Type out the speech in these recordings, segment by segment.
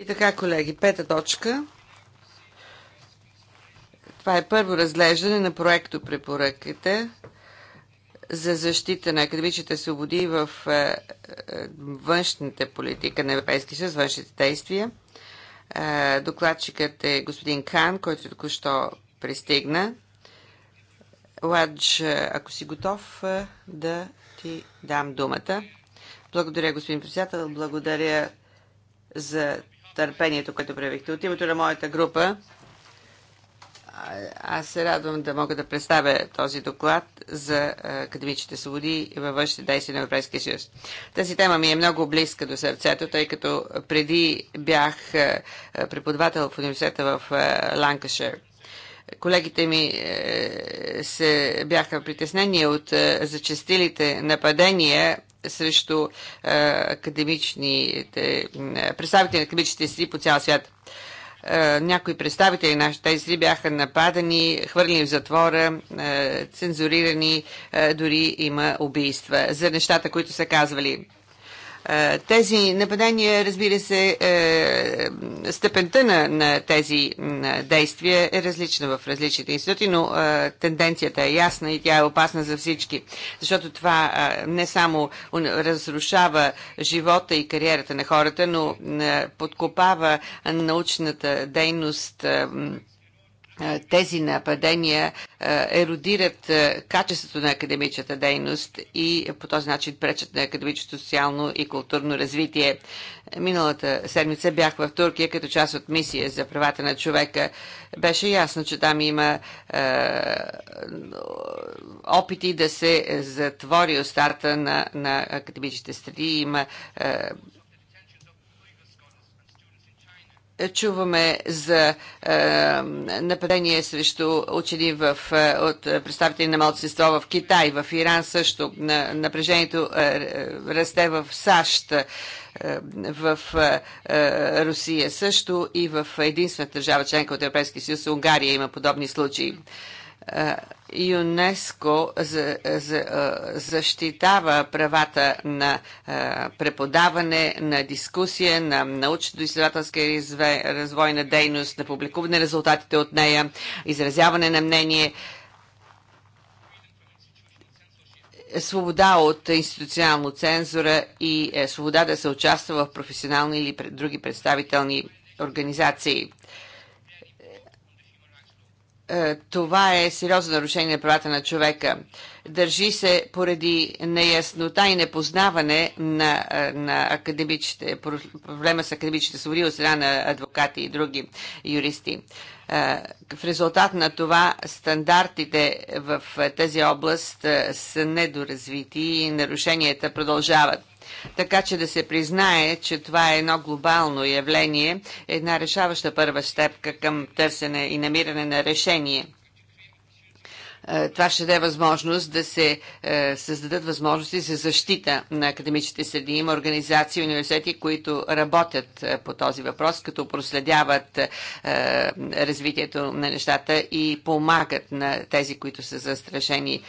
И така, колеги, пета точка. Това е първо разглеждане на проекто препоръките за защита на академичните свободи в е, е, външната политика на Европейския съюз, външните действия. Е, докладчикът е господин Кан, който току-що пристигна. Ладж, ако си готов да ти дам думата. Благодаря, господин председател. Благодаря за търпението, което проявихте. От името на моята група, аз се радвам да мога да представя този доклад за академичните свободи във външните действия на Европейския съюз. Тази тема ми е много близка до сърцето, тъй като преди бях преподавател в университета в Ланкашир колегите ми е, се бяха притеснени от зачастилите нападения срещу е, академичните, представители на академичните сили по цял свят. Е, някои представители на тези сили бяха нападани, хвърлени в затвора, е, цензурирани, дори има убийства за нещата, които са казвали. Е, тези нападения, разбира се, е, степента на, на тези действия е различна в различните институти, но е, тенденцията е ясна и тя е опасна за всички, защото това не само разрушава живота и кариерата на хората, но подкопава научната дейност, е, тези нападения е, еродират е, качеството на академичната дейност и по този начин пречат на академичното, социално и културно развитие. Миналата седмица бях в Турция като част от мисия за правата на човека. Беше ясно, че там има е, опити да се затвори остарта на, на академичните среди. Има е, чуваме за е, нападение срещу учени в, е, от представители на младсинство в Китай, в Иран също. На, напрежението е, е расте в САЩ, е, в е, е, Русия също и в единствената държава, членка от Европейския съюз, Унгария има подобни случаи. Е, ЮНЕСКО защитава правата на преподаване, на дискусия, на научно-изследователска развойна дейност, на публикуване на резултатите от нея, изразяване на мнение, свобода от институционална цензура и е, свобода да се участва в професионални или други представителни организации. Е, това е сериозно нарушение на правата на човека. Държи се поради неяснота и непознаване на, е, на академичните, проблема с академичните свободи от страна на адвокати и други юристи. Е, в резултат на това стандартите в тази област са недоразвити и нарушенията продължават така че да се признае, че това е едно глобално явление, една решаваща първа степка към търсене и намиране на решение е, това ще даде възможност да се е, създадат възможности за защита на академичните среди. Има организации и университети, които работят е, по този въпрос, като проследяват развитието на нещата и помагат на тези, които са застрашени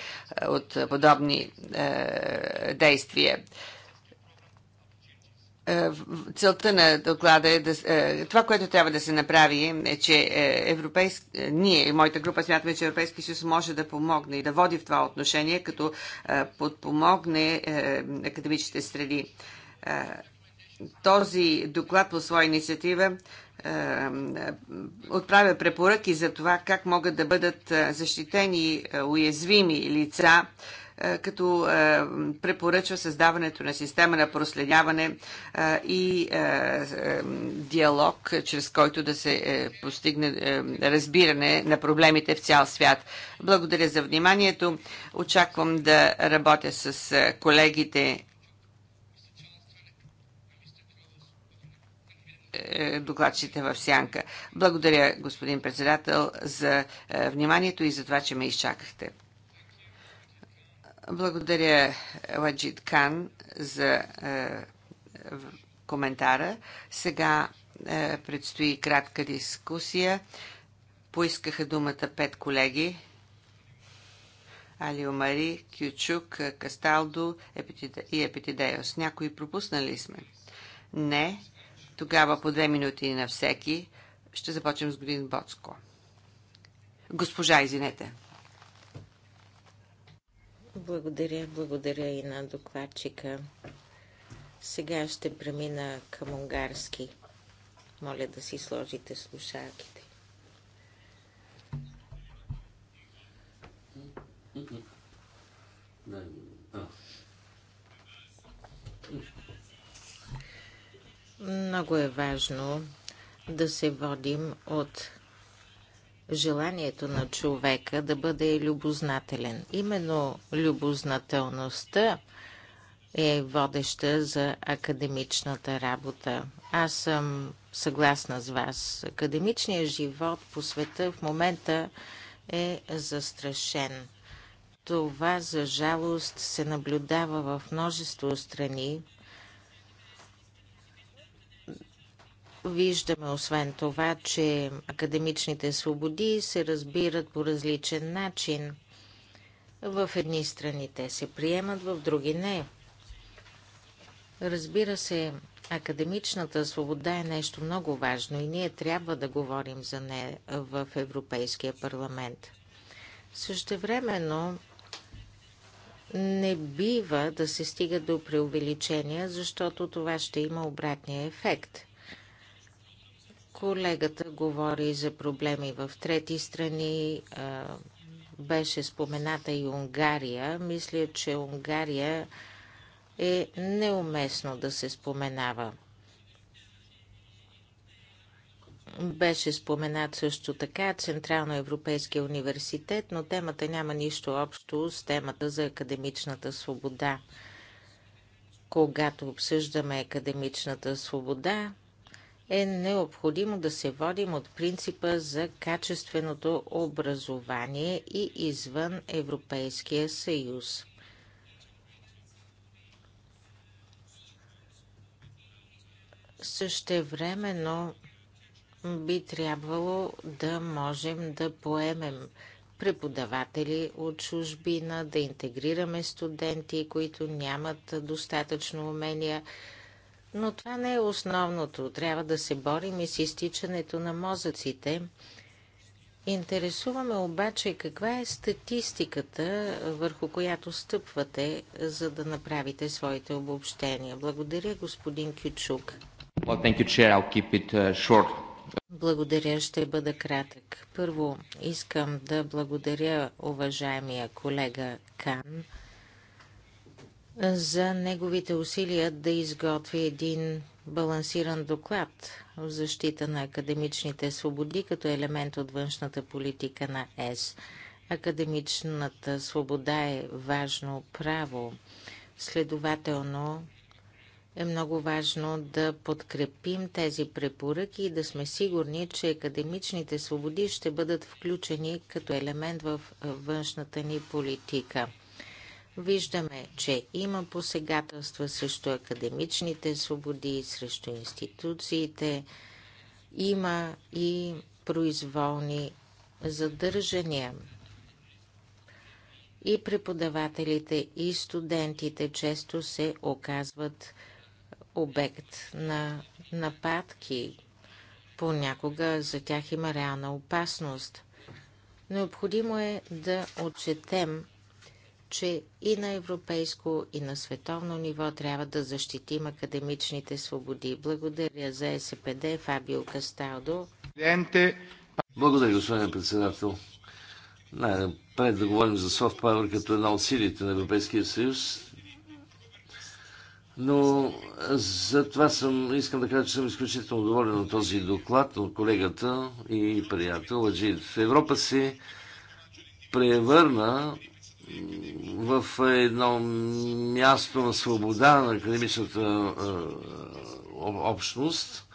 от подобни действия. Е, целта на доклада е да... Е, това, което трябва да се направи е, че е, европейск... ние, моята група, смятаме, че Европейски съюз може да помогне и да води в това отношение, като подпомогне академичните среди. Този доклад по своя инициатива отправя препоръки за това как могат да бъдат защитени уязвими лица е, като е, препоръчва създаването на система на проследяване е, и диалог, чрез който да се постигне разбиране на проблемите в цял свят. Благодаря за вниманието. Очаквам да работя с колегите докладчите в сянка. Благодаря, господин председател, за вниманието и за това, че ме изчакахте. Благодаря, Ладжит Кан, за е, коментара. Сега е, предстои кратка дискусия. Поискаха думата пет колеги. Алио Мари, Кючук, Касталдо и Епитидеос. Някои пропуснали сме? Не. Тогава по две минути на всеки. Ще започнем с годин Боцко. Госпожа, извинете. Благодаря, благодаря и на докладчика. Сега ще премина към унгарски. Моля да си сложите слушалките. Много е важно да се водим от желанието на човека да бъде любознателен. Именно любознателността е водеща за академичната работа. Аз съм съгласна с вас. Академичният живот по света в момента е застрашен. Това, за жалост, се наблюдава в множество страни, Виждаме освен това, че академичните свободи се разбират по различен начин. В едни страни те се приемат, в други не. Разбира се, академичната свобода е нещо много важно и ние трябва да говорим за нея в Европейския парламент. Същевременно не бива да се стига до преувеличения, защото това ще има обратния ефект – Колегата говори за проблеми в трети страни. Беше спомената и Унгария. Мисля, че Унгария е неуместно да се споменава. Беше споменат също така Централноевропейския университет, но темата няма нищо общо с темата за академичната свобода. Когато обсъждаме академичната свобода, е необходимо да се водим от принципа за качественото образование и извън Европейския съюз. Същевременно би трябвало да можем да поемем преподаватели от чужбина, да интегрираме студенти, които нямат достатъчно умения. Но това не е основното. Трябва да се борим и с изтичането на мозъците. Интересуваме обаче каква е статистиката, върху която стъпвате, за да направите своите обобщения. Благодаря, господин Кючук. Well, uh, благодаря, ще бъда кратък. Първо искам да благодаря уважаемия колега Кан за неговите усилия да изготви един балансиран доклад в защита на академичните свободи като елемент от външната политика на ЕС. Академичната свобода е важно право. Следователно е много важно да подкрепим тези препоръки и да сме сигурни, че академичните свободи ще бъдат включени като елемент в външната ни политика – Виждаме, че има посегателства срещу академичните свободи, срещу институциите. Има и произволни задържания. И преподавателите, и студентите често се оказват обект на нападки. Понякога за тях има реална опасност. Необходимо е да отчетем че и на европейско, и на световно ниво трябва да защитим академичните свободи. Благодаря за СПД Фабио Касталдо. Благодаря, господин председател. Най-напред да говорим за софт пауър като една от силите на Европейския съюз. Но за това съм, искам да кажа, че съм изключително доволен от този доклад от колегата и приятел в Европа се превърна в едно място на свобода на академичната е, общност.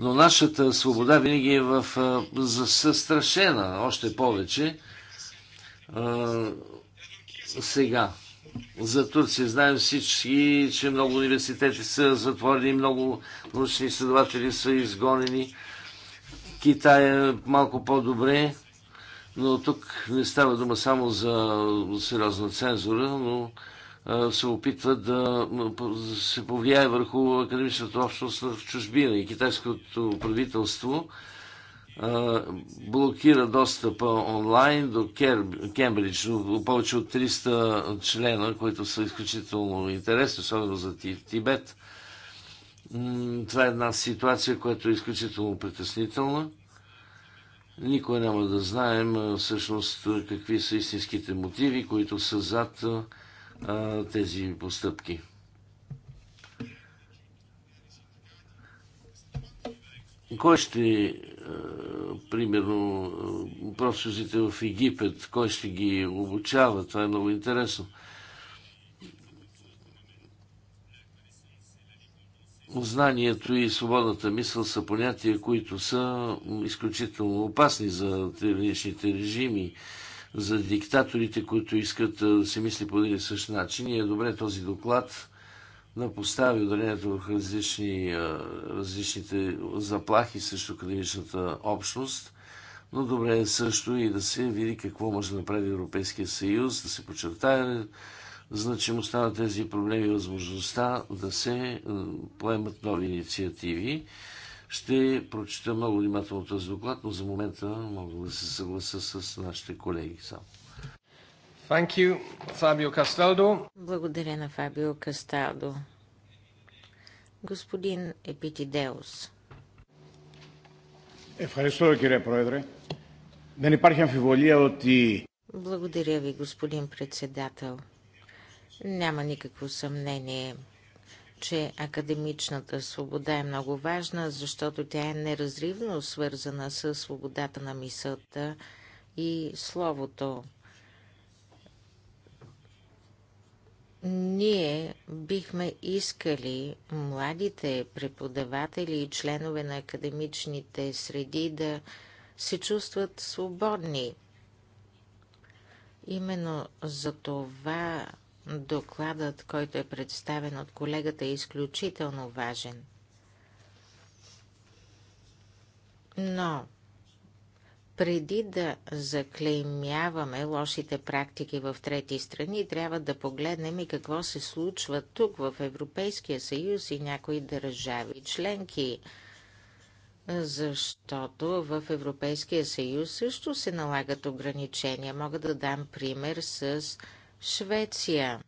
Но нашата свобода винаги е в, е, застрашена още повече е, сега. За Турция знаем всички, че много университети са затворени, много научни изследователи са изгонени. Китай е малко по-добре но тук не става дума само за сериозна цензура, но се опитва да се повлияе върху академичната общност в чужбина. И китайското правителство блокира достъпа онлайн до Кембридж, до повече от 300 члена, които са изключително интересни, особено за Тибет. Това е една ситуация, която е изключително притеснителна. Никой няма да знаем всъщност какви са истинските мотиви, които са зад тези постъпки. Кой ще, примерно, профсъюзите в Египет, кой ще ги обучава? Това е много интересно. Знанието и свободната мисъл са понятия, които са изключително опасни за терористичните режими, за диктаторите, които искат да се мисли по един и същ начин. И е добре този доклад да постави ударението в различни, различните заплахи срещу академичната общност, но добре е също и да се види какво може да направи Европейския съюз, да се подчертае значимостта на тези проблеми и възможността да се е, поемат нови инициативи. Ще прочета много внимателно този доклад, но за момента мога да се съгласа с нашите колеги само. Thank you, Fabio Castaldo. Благодаря на Фабио Касталдо. Господин Епитидеус. Ευχαριστώ, κύριε Πρόεδρε. Δεν υπάρχει αμφιβολία ότι... Благодаря ви, господин председател. Няма никакво съмнение, че академичната свобода е много важна, защото тя е неразривно свързана с свободата на мисълта и словото. Ние бихме искали младите преподаватели и членове на академичните среди да се чувстват свободни. Именно за това Докладът, който е представен от колегата, е изключително важен. Но преди да заклеймяваме лошите практики в трети страни, трябва да погледнем и какво се случва тук в Европейския съюз и някои държави членки. Защото в Европейския съюз също се налагат ограничения. Мога да дам пример с Швеция.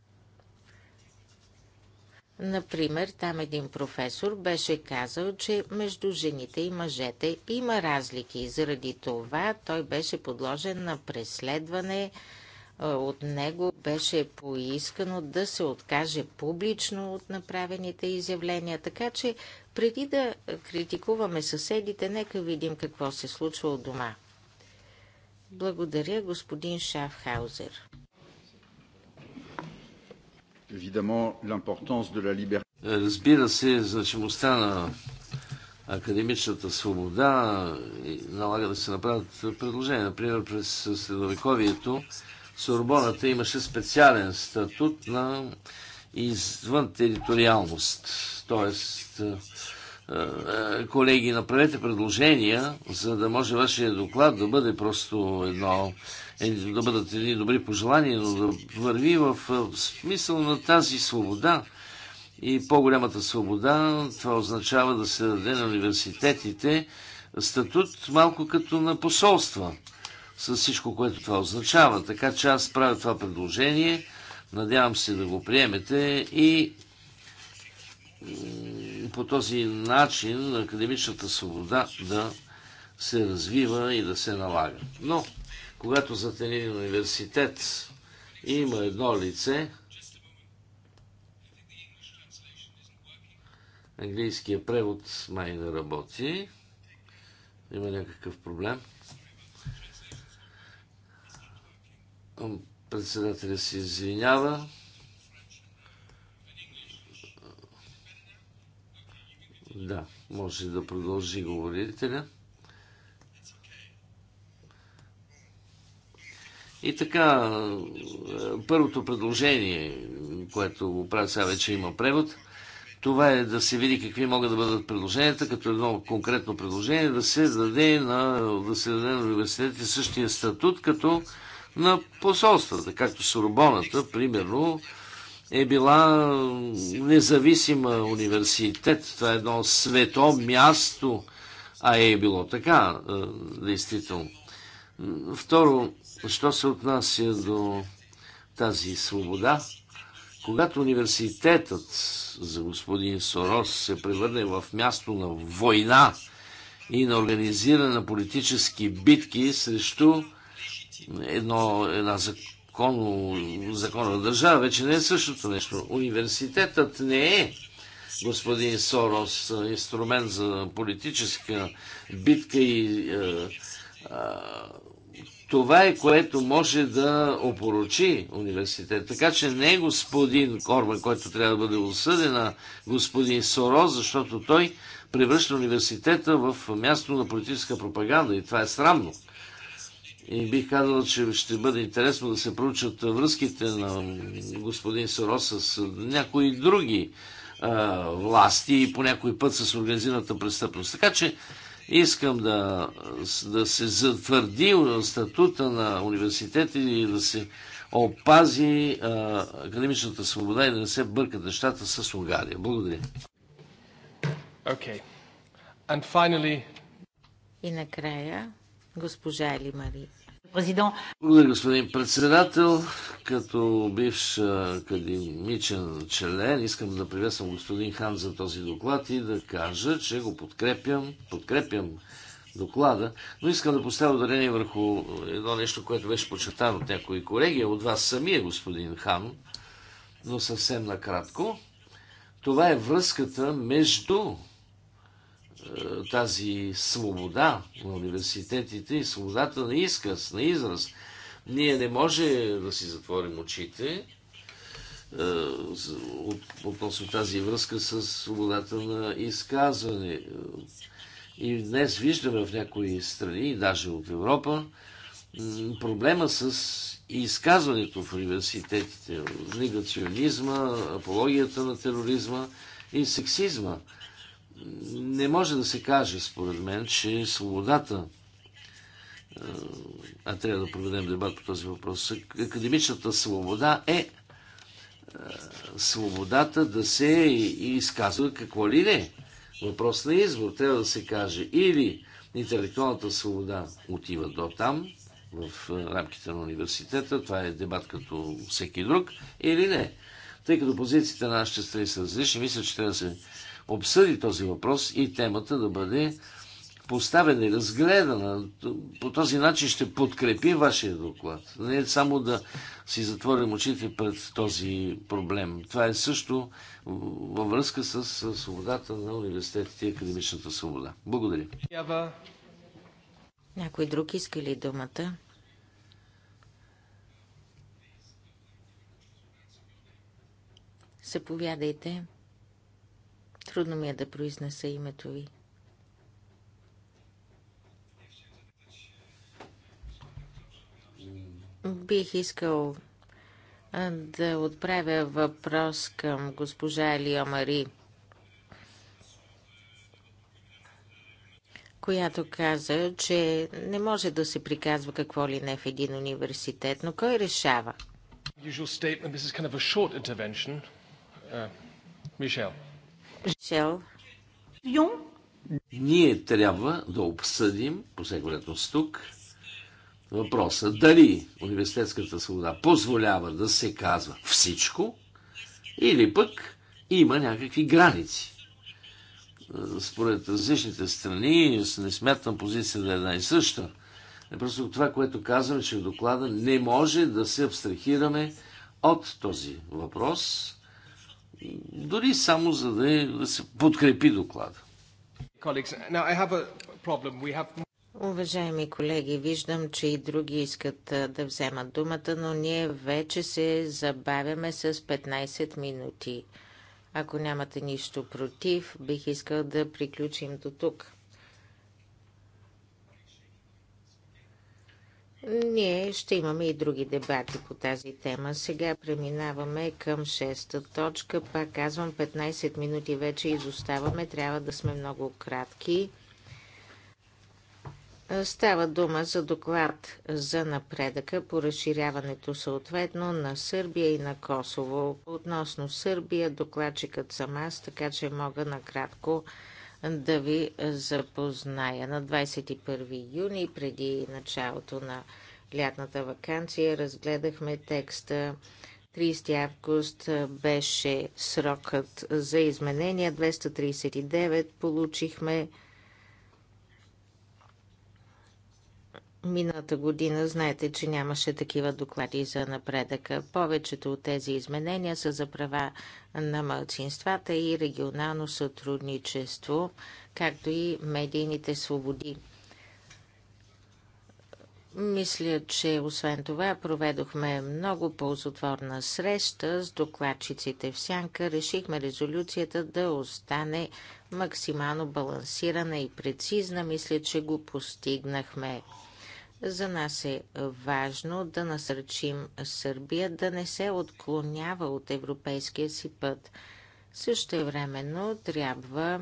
Например, там един професор беше казал, че между жените и мъжете има разлики. Заради това той беше подложен на преследване. Е, от него беше поискано да се откаже публично от направените изявления. Така че, преди да критикуваме съседите, нека видим какво се случва от дома. Благодаря, господин Шафхаузер. Разбира се, значимостта на академичната свобода е, налага да се направят предложения. Например, през средовековието Сорбоната имаше специален статут на извън териториалност. Тоест, е, е, колеги, направете предложения, за да може вашия доклад да бъде просто едно е, да бъдат едни добри пожелания, но да върви в смисъл на тази свобода и по-голямата свобода, това означава да се даде на университетите статут малко като на посолства, с всичко, което това означава. Така че аз правя това предложение, надявам се да го приемете и по този начин академичната свобода да се развива и да се налага. Но когато зад един университет има едно лице, английският превод май не работи, има някакъв проблем. Председателя се извинява. Да, може да продължи говорителя. И така, е, първото предложение, което правя сега вече има превод, това е да се види какви могат да бъдат предложенията, като едно конкретно предложение да се даде на, да се даде на университетите същия статут, като на посолствата, както Сорбоната, примерно, е била независима университет. Това е едно свето място, а е било така, е, действително. Второ, що се отнася до тази свобода, когато университетът за господин Сорос се превърне в място на война и на организиране на политически битки срещу едно, една законно, законна държава, вече не е същото нещо. Университетът не е господин Сорос инструмент за политическа битка и е, е това е което може да опорочи университет. Така че не е господин Корбан, който трябва да бъде осъден, а господин Соро, защото той превръща университета в място на политическа пропаганда и това е срамно. И бих казал, че ще бъде интересно да се проучат връзките на господин Соро с някои други а, власти и по някой път с организираната престъпност. Така че Искам да, да се затвърди статута на университета и да се опази а, академичната свобода и да не се бъркат нещата с Унгария. Благодаря. Okay. And finally... И накрая госпожа Ели Президент. Благодаря, господин председател. Като бивш академичен член, искам да приветствам господин Хан за този доклад и да кажа, че го подкрепям, подкрепям доклада, но искам да поставя ударение върху едно нещо, което беше почетано от някои колеги, от вас самия, господин Хан, но съвсем накратко. Това е връзката между е, тази свобода на университетите и свободата на изказ, на израз. Ние не може да си затворим очите е, относно тази връзка с свободата на изказване. И днес виждаме в някои страни, даже от Европа, проблема с изказването в университетите, негационизма, апологията на тероризма и сексизма не може да се каже, според мен, че свободата, а трябва да проведем дебат по този въпрос, академичната свобода е свободата да се изказва какво ли не. Въпрос на избор трябва да се каже или интелектуалната свобода отива до там, в рамките на университета, това е дебат като всеки друг, или не. Тъй като позициите на нашите страни са различни, мисля, че трябва да се обсъди този въпрос и темата да бъде поставена и разгледана. По този начин ще подкрепи вашия доклад. Не е само да си затворим очите пред този проблем. Това е също във връзка с свободата на университетите и академичната свобода. Благодаря. Някой друг иска ли думата? Заповядайте. Трудно ми е да произнеса името ви. Бих искал да отправя въпрос към госпожа Елио Мари, която каза, че не може да се приказва какво ли не в един университет, но кой решава? Мишел. Жел. Ние трябва да обсъдим, по секретност тук, въпроса дали университетската свобода позволява да се казва всичко или пък има някакви граници. Според различните страни не смятам позиция да е една и съща. Е просто това, което казваме, че в доклада не може да се абстрахираме от този въпрос, дори само за да, е, да се подкрепи доклада. Уважаеми колеги, виждам, че и други искат да вземат думата, но ние вече се забавяме с 15 минути. Ако нямате нищо против, бих искал да приключим до тук. Ние ще имаме и други дебати по тази тема. Сега преминаваме към шеста точка. Пак казвам, 15 минути вече изоставаме. Трябва да сме много кратки. Става дума за доклад за напредъка по разширяването съответно на Сърбия и на Косово. Относно Сърбия, докладчикът съм аз, така че мога накратко да да ви запозная. На 21 юни, преди началото на лятната вакансия, разгледахме текста 30 август беше срокът за изменения. 239 получихме Миналата година знаете, че нямаше такива доклади за напредъка. Повечето от тези изменения са за права на малцинствата и регионално сътрудничество, както и медийните свободи. Мисля, че освен това проведохме много ползотворна среща с докладчиците в Сянка. Решихме резолюцията да остане максимално балансирана и прецизна. Мисля, че го постигнахме. За нас е важно да насръчим Сърбия да не се отклонява от европейския си път. Също времено трябва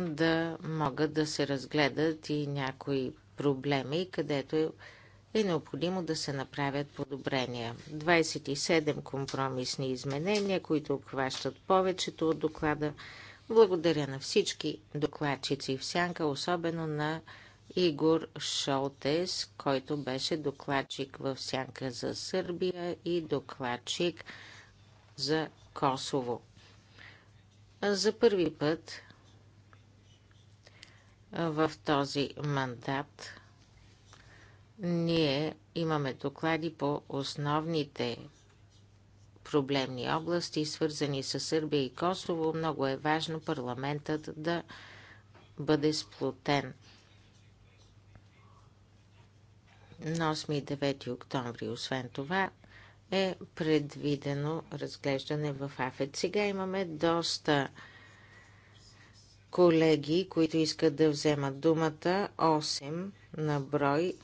да могат да се разгледат и някои проблеми, където е, е необходимо да се направят подобрения. 27 компромисни изменения, които обхващат повечето от доклада. Благодаря на всички докладчици в сянка, особено на Игор Шолтес, който беше докладчик в Сянка за Сърбия и докладчик за Косово. За първи път в този мандат ние имаме доклади по основните проблемни области, свързани с Сърбия и Косово. Много е важно парламентът да бъде сплотен – на 8 и 9 октомври. Освен това е предвидено разглеждане в АФЕД. Сега имаме доста колеги, които искат да вземат думата. 8 на брой.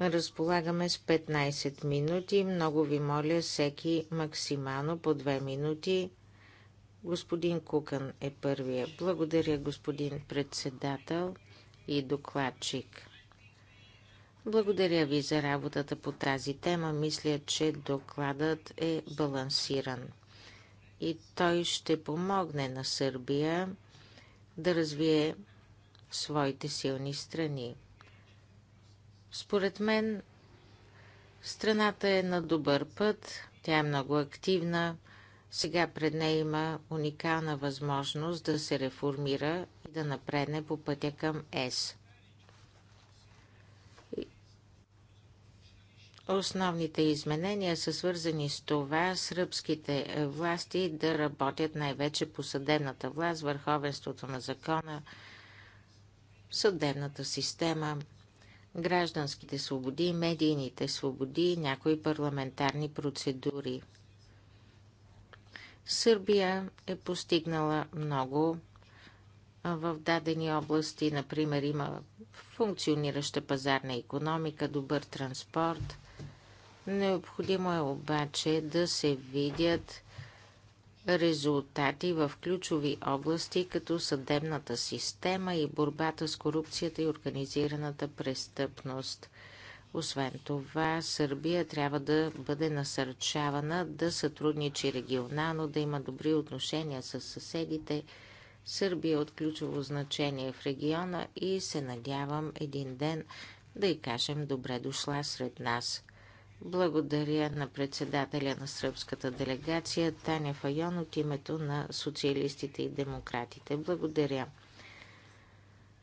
Разполагаме с 15 минути. Много ви моля всеки максимално по 2 минути. Господин Кукан е първия. Благодаря, господин председател и докладчик. Благодаря ви за работата по тази тема. Мисля, че докладът е балансиран и той ще помогне на Сърбия да развие своите силни страни. Според мен, страната е на добър път, тя е много активна. Сега пред нея има уникална възможност да се реформира и да напредне по пътя към ЕС. Основните изменения са свързани с това сръбските власти да работят най-вече по съдебната власт, върховенството на закона, съдебната система, гражданските свободи, медийните свободи, някои парламентарни процедури. Сърбия е постигнала много в дадени области. Например, има функционираща пазарна економика, добър транспорт – Необходимо е обаче да се видят резултати в ключови области, като съдебната система и борбата с корупцията и организираната престъпност. Освен това, Сърбия трябва да бъде насърчавана да сътрудничи регионално, да има добри отношения с съседите. Сърбия е от ключово значение в региона и се надявам един ден да й кажем добре дошла сред нас. Благодаря на председателя на сръбската делегация Таня Файон от името на социалистите и демократите. Благодаря.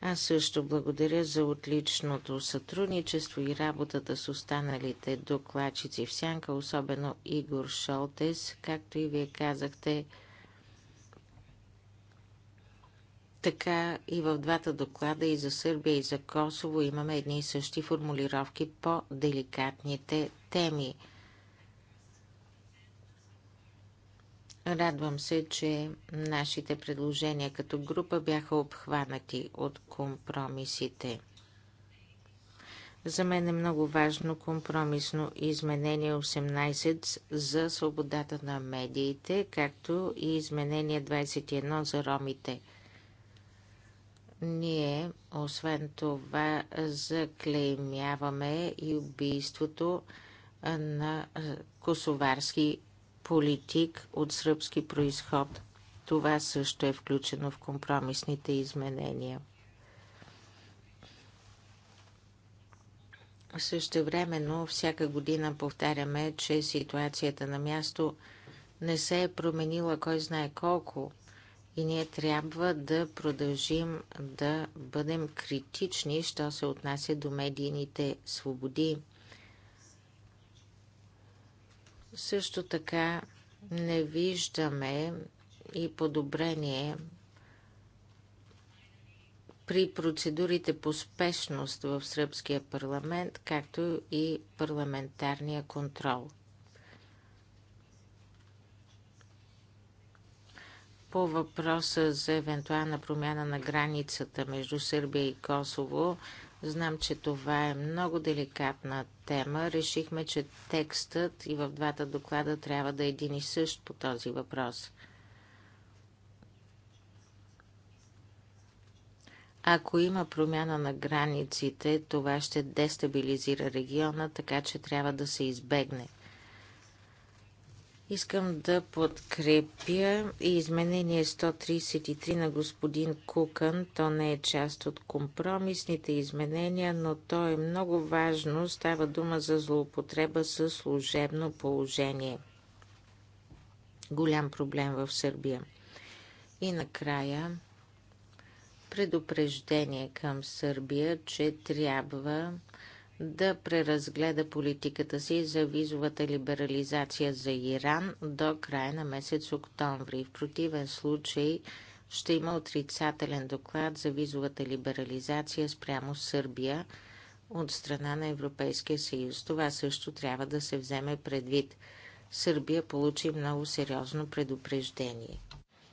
Аз също благодаря за отличното сътрудничество и работата с останалите докладчици в Сянка, особено Игор Шолтес, както и вие казахте, така и в двата доклада и за Сърбия и за Косово имаме едни и същи формулировки по деликатните теми. Радвам се, че нашите предложения като група бяха обхванати от компромисите. За мен е много важно компромисно изменение 18 за свободата на медиите, както и изменение 21 за ромите. Ние, освен това, заклеймяваме и убийството на косоварски политик от сръбски происход. Това също е включено в компромисните изменения. Също Същевременно всяка година повтаряме, че ситуацията на място не се е променила кой знае колко и ние трябва да продължим да бъдем критични, що се отнася до медийните свободи. Също така не виждаме и подобрение при процедурите по спешност в сръбския парламент, както и парламентарния контрол. По въпроса за евентуална промяна на границата между Сърбия и Косово, Знам, че това е много деликатна тема. Решихме, че текстът и в двата доклада трябва да е един и същ по този въпрос. Ако има промяна на границите, това ще дестабилизира региона, така че трябва да се избегне. Искам да подкрепя и изменение 133 на господин Кукън. То не е част от компромисните изменения, но то е много важно. Става дума за злоупотреба с служебно положение. Голям проблем в Сърбия. И накрая предупреждение към Сърбия, че трябва да преразгледа политиката си за визовата либерализация за Иран до края на месец октомври. В противен случай ще има отрицателен доклад за визовата либерализация спрямо Сърбия от страна на Европейския съюз. Това също трябва да се вземе предвид. Сърбия получи много сериозно предупреждение.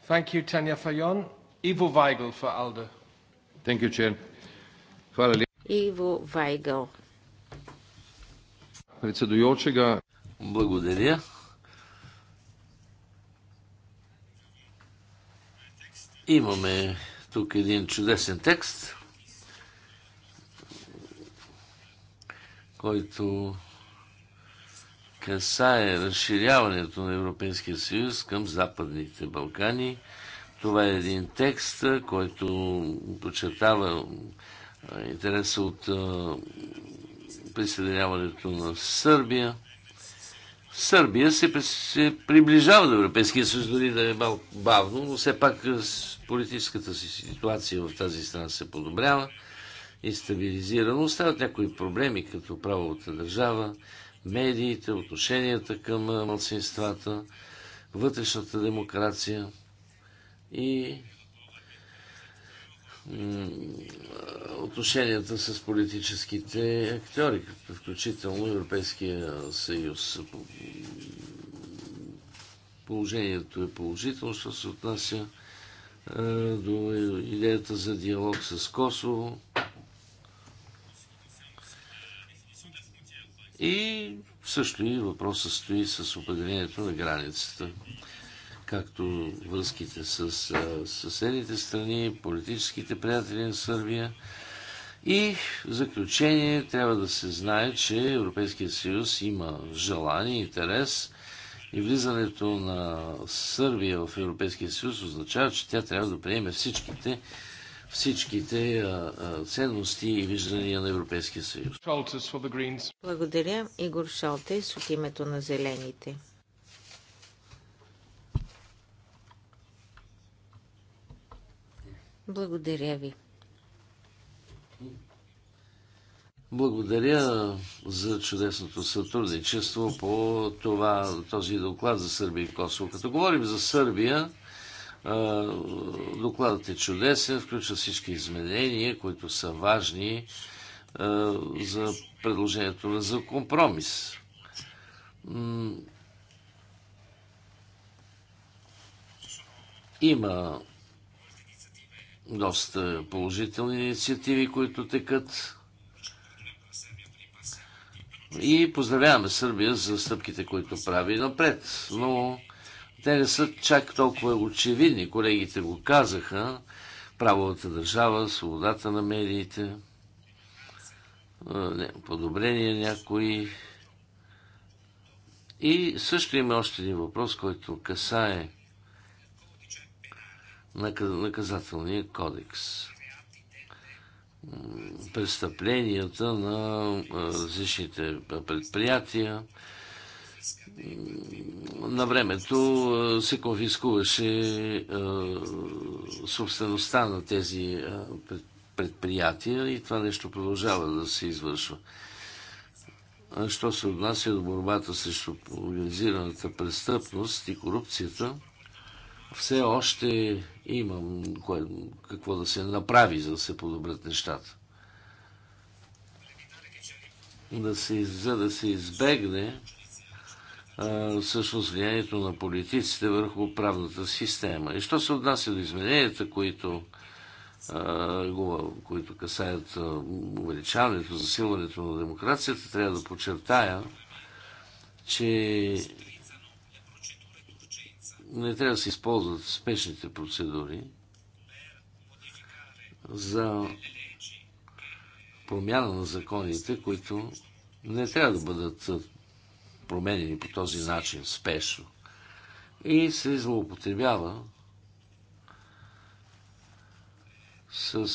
Thank you, Tanya Fayon. Ivo Weigel for ALDE. Thank you, Chair. Иво Вайгъл председуючега. Благодаря. Имаме тук един чудесен текст, който касае разширяването на Европейския съюз към Западните Балкани. Това е един текст, който подчертава интереса от присъединяването на Сърбия. Сърбия се, се приближава до Европейския съюз, дори да е малко бавно, но все пак е, политическата си ситуация в тази страна се подобрява и стабилизира. Но остават някои проблеми, като правовата държава, медиите, отношенията към младсинствата, вътрешната демокрация и отношенията с политическите актьори, включително Европейския съюз. Положението е положително, що се отнася до идеята за диалог с Косово. И също и въпросът стои с определението на границата както връзките с съседните страни, политическите приятели на Сърбия. И в заключение трябва да се знае, че Европейския съюз има желание, интерес и влизането на Сърбия в Европейския съюз означава, че тя трябва да приеме всичките всичките а, а, ценности и виждания на Европейския съюз. Благодаря, Игор Шолтес, от името на Зелените. Благодаря ви. Благодаря за чудесното сътрудничество по това, този доклад за Сърбия и Косово. Като говорим за Сърбия, докладът е чудесен, включва всички изменения, които са важни за предложението за компромис. Има доста положителни инициативи, които текат. И поздравяваме Сърбия за стъпките, които прави напред. Но те не са чак толкова очевидни. Колегите го казаха. Правовата държава, свободата на медиите, подобрение някои. И също има още един въпрос, който касае наказателния кодекс. Престъпленията на различните предприятия. На времето се конфискуваше собствеността на тези предприятия и това нещо продължава да се извършва. Що се отнася до борбата срещу организираната престъпност и корупцията, все още имам какво да се направи, за да се подобрят нещата. Да се, за да се избегне а, всъщност влиянието на политиците върху правната система. И що се отнася до измененията, които, а, които касаят увеличаването, засилването на демокрацията, трябва да подчертая, че не трябва да се използват спешните процедури за промяна на законите, които не трябва да бъдат променени по този начин спешно. И се злоупотребява с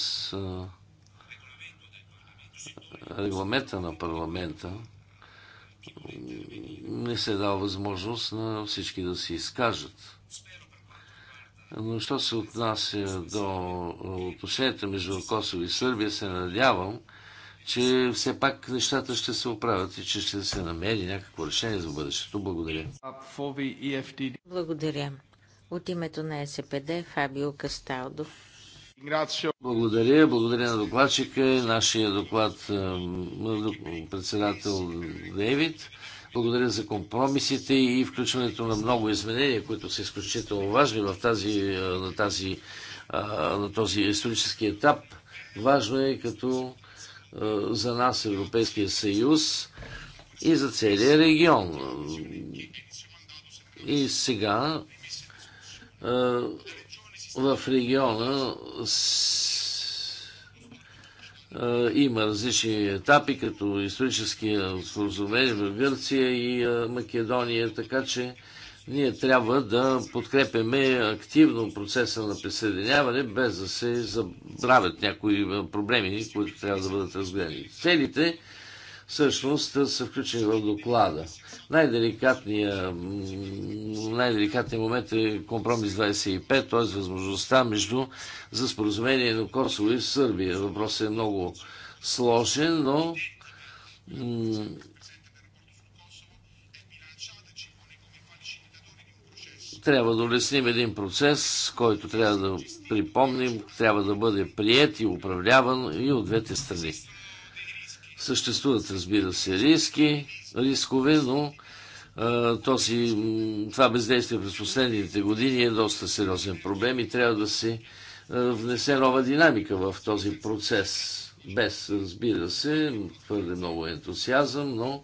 регламента на парламента не се дава възможност на всички да се изкажат. Но що се отнася до отношенията между Косово и Сърбия, се надявам, че все пак нещата ще се оправят и че ще се намери някакво решение за бъдещето. Благодаря. Благодаря. От името на СПД Фабио Касталдов. Благодаря. Благодаря на докладчика и нашия доклад председател Дейвид. Благодаря за компромисите и включването на много изменения, които са изключително важни в тази, е, на, тази, е, на този исторически етап. Важно е като е, за нас Европейския съюз и за целия регион. И сега в региона има различни етапи, като историческия споразумение в Гърция и Македония, така че ние трябва да подкрепяме активно процеса на присъединяване, без да се забравят някои проблеми, които трябва да бъдат разгледани. Целите всъщност са включени в доклада. Най-деликатният най момент е компромис 25, т.е. възможността между за споразумение на Косово и Сърбия. Въпросът е много сложен, но трябва да улесним един процес, който трябва да припомним, трябва да бъде прият и управляван и от двете страни. Съществуват, разбира се, риски, рискове, но този, това бездействие през последните години е доста сериозен проблем и трябва да се внесе нова динамика в този процес. Без, разбира се, твърде много ентусиазъм, но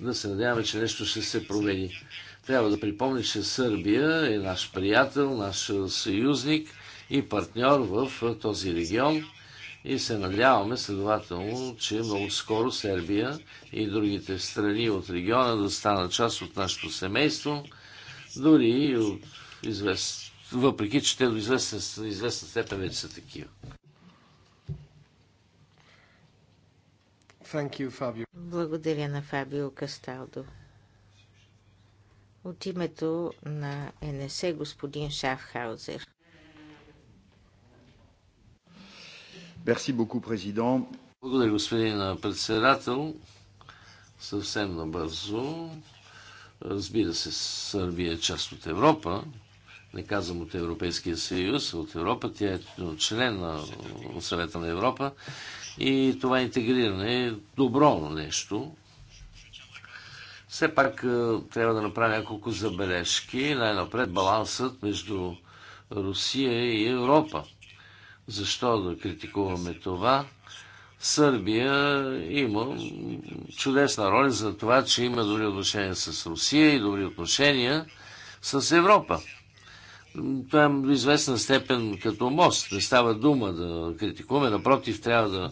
да се надяваме, че нещо ще се промени. Трябва да припомня, че Сърбия е наш приятел, наш съюзник и партньор в този регион. И се надяваме, следователно, че много скоро Сърбия и другите страни от региона да станат част от нашето семейство, дори и от извест... въпреки, че те до известна, известна степен вече са такива. You, Благодаря на Фабио Касталдо. От името на НС господин Шафхаузер. Merci beaucoup, Благодаря, господин председател. Съвсем набързо. Разбира се, Сърбия е част от Европа. Не казвам от Европейския съюз, а от Европа. Тя е член на Съвета на Европа. И това интегриране е добро нещо. Все пак е, трябва да направя няколко забележки. Най-напред балансът между Русия и Европа. Защо да критикуваме това? Сърбия има чудесна роля за това, че има добри отношения с Русия и добри отношения с Европа. Това е до известна степен като мост. Не става дума да критикуваме. Напротив, трябва да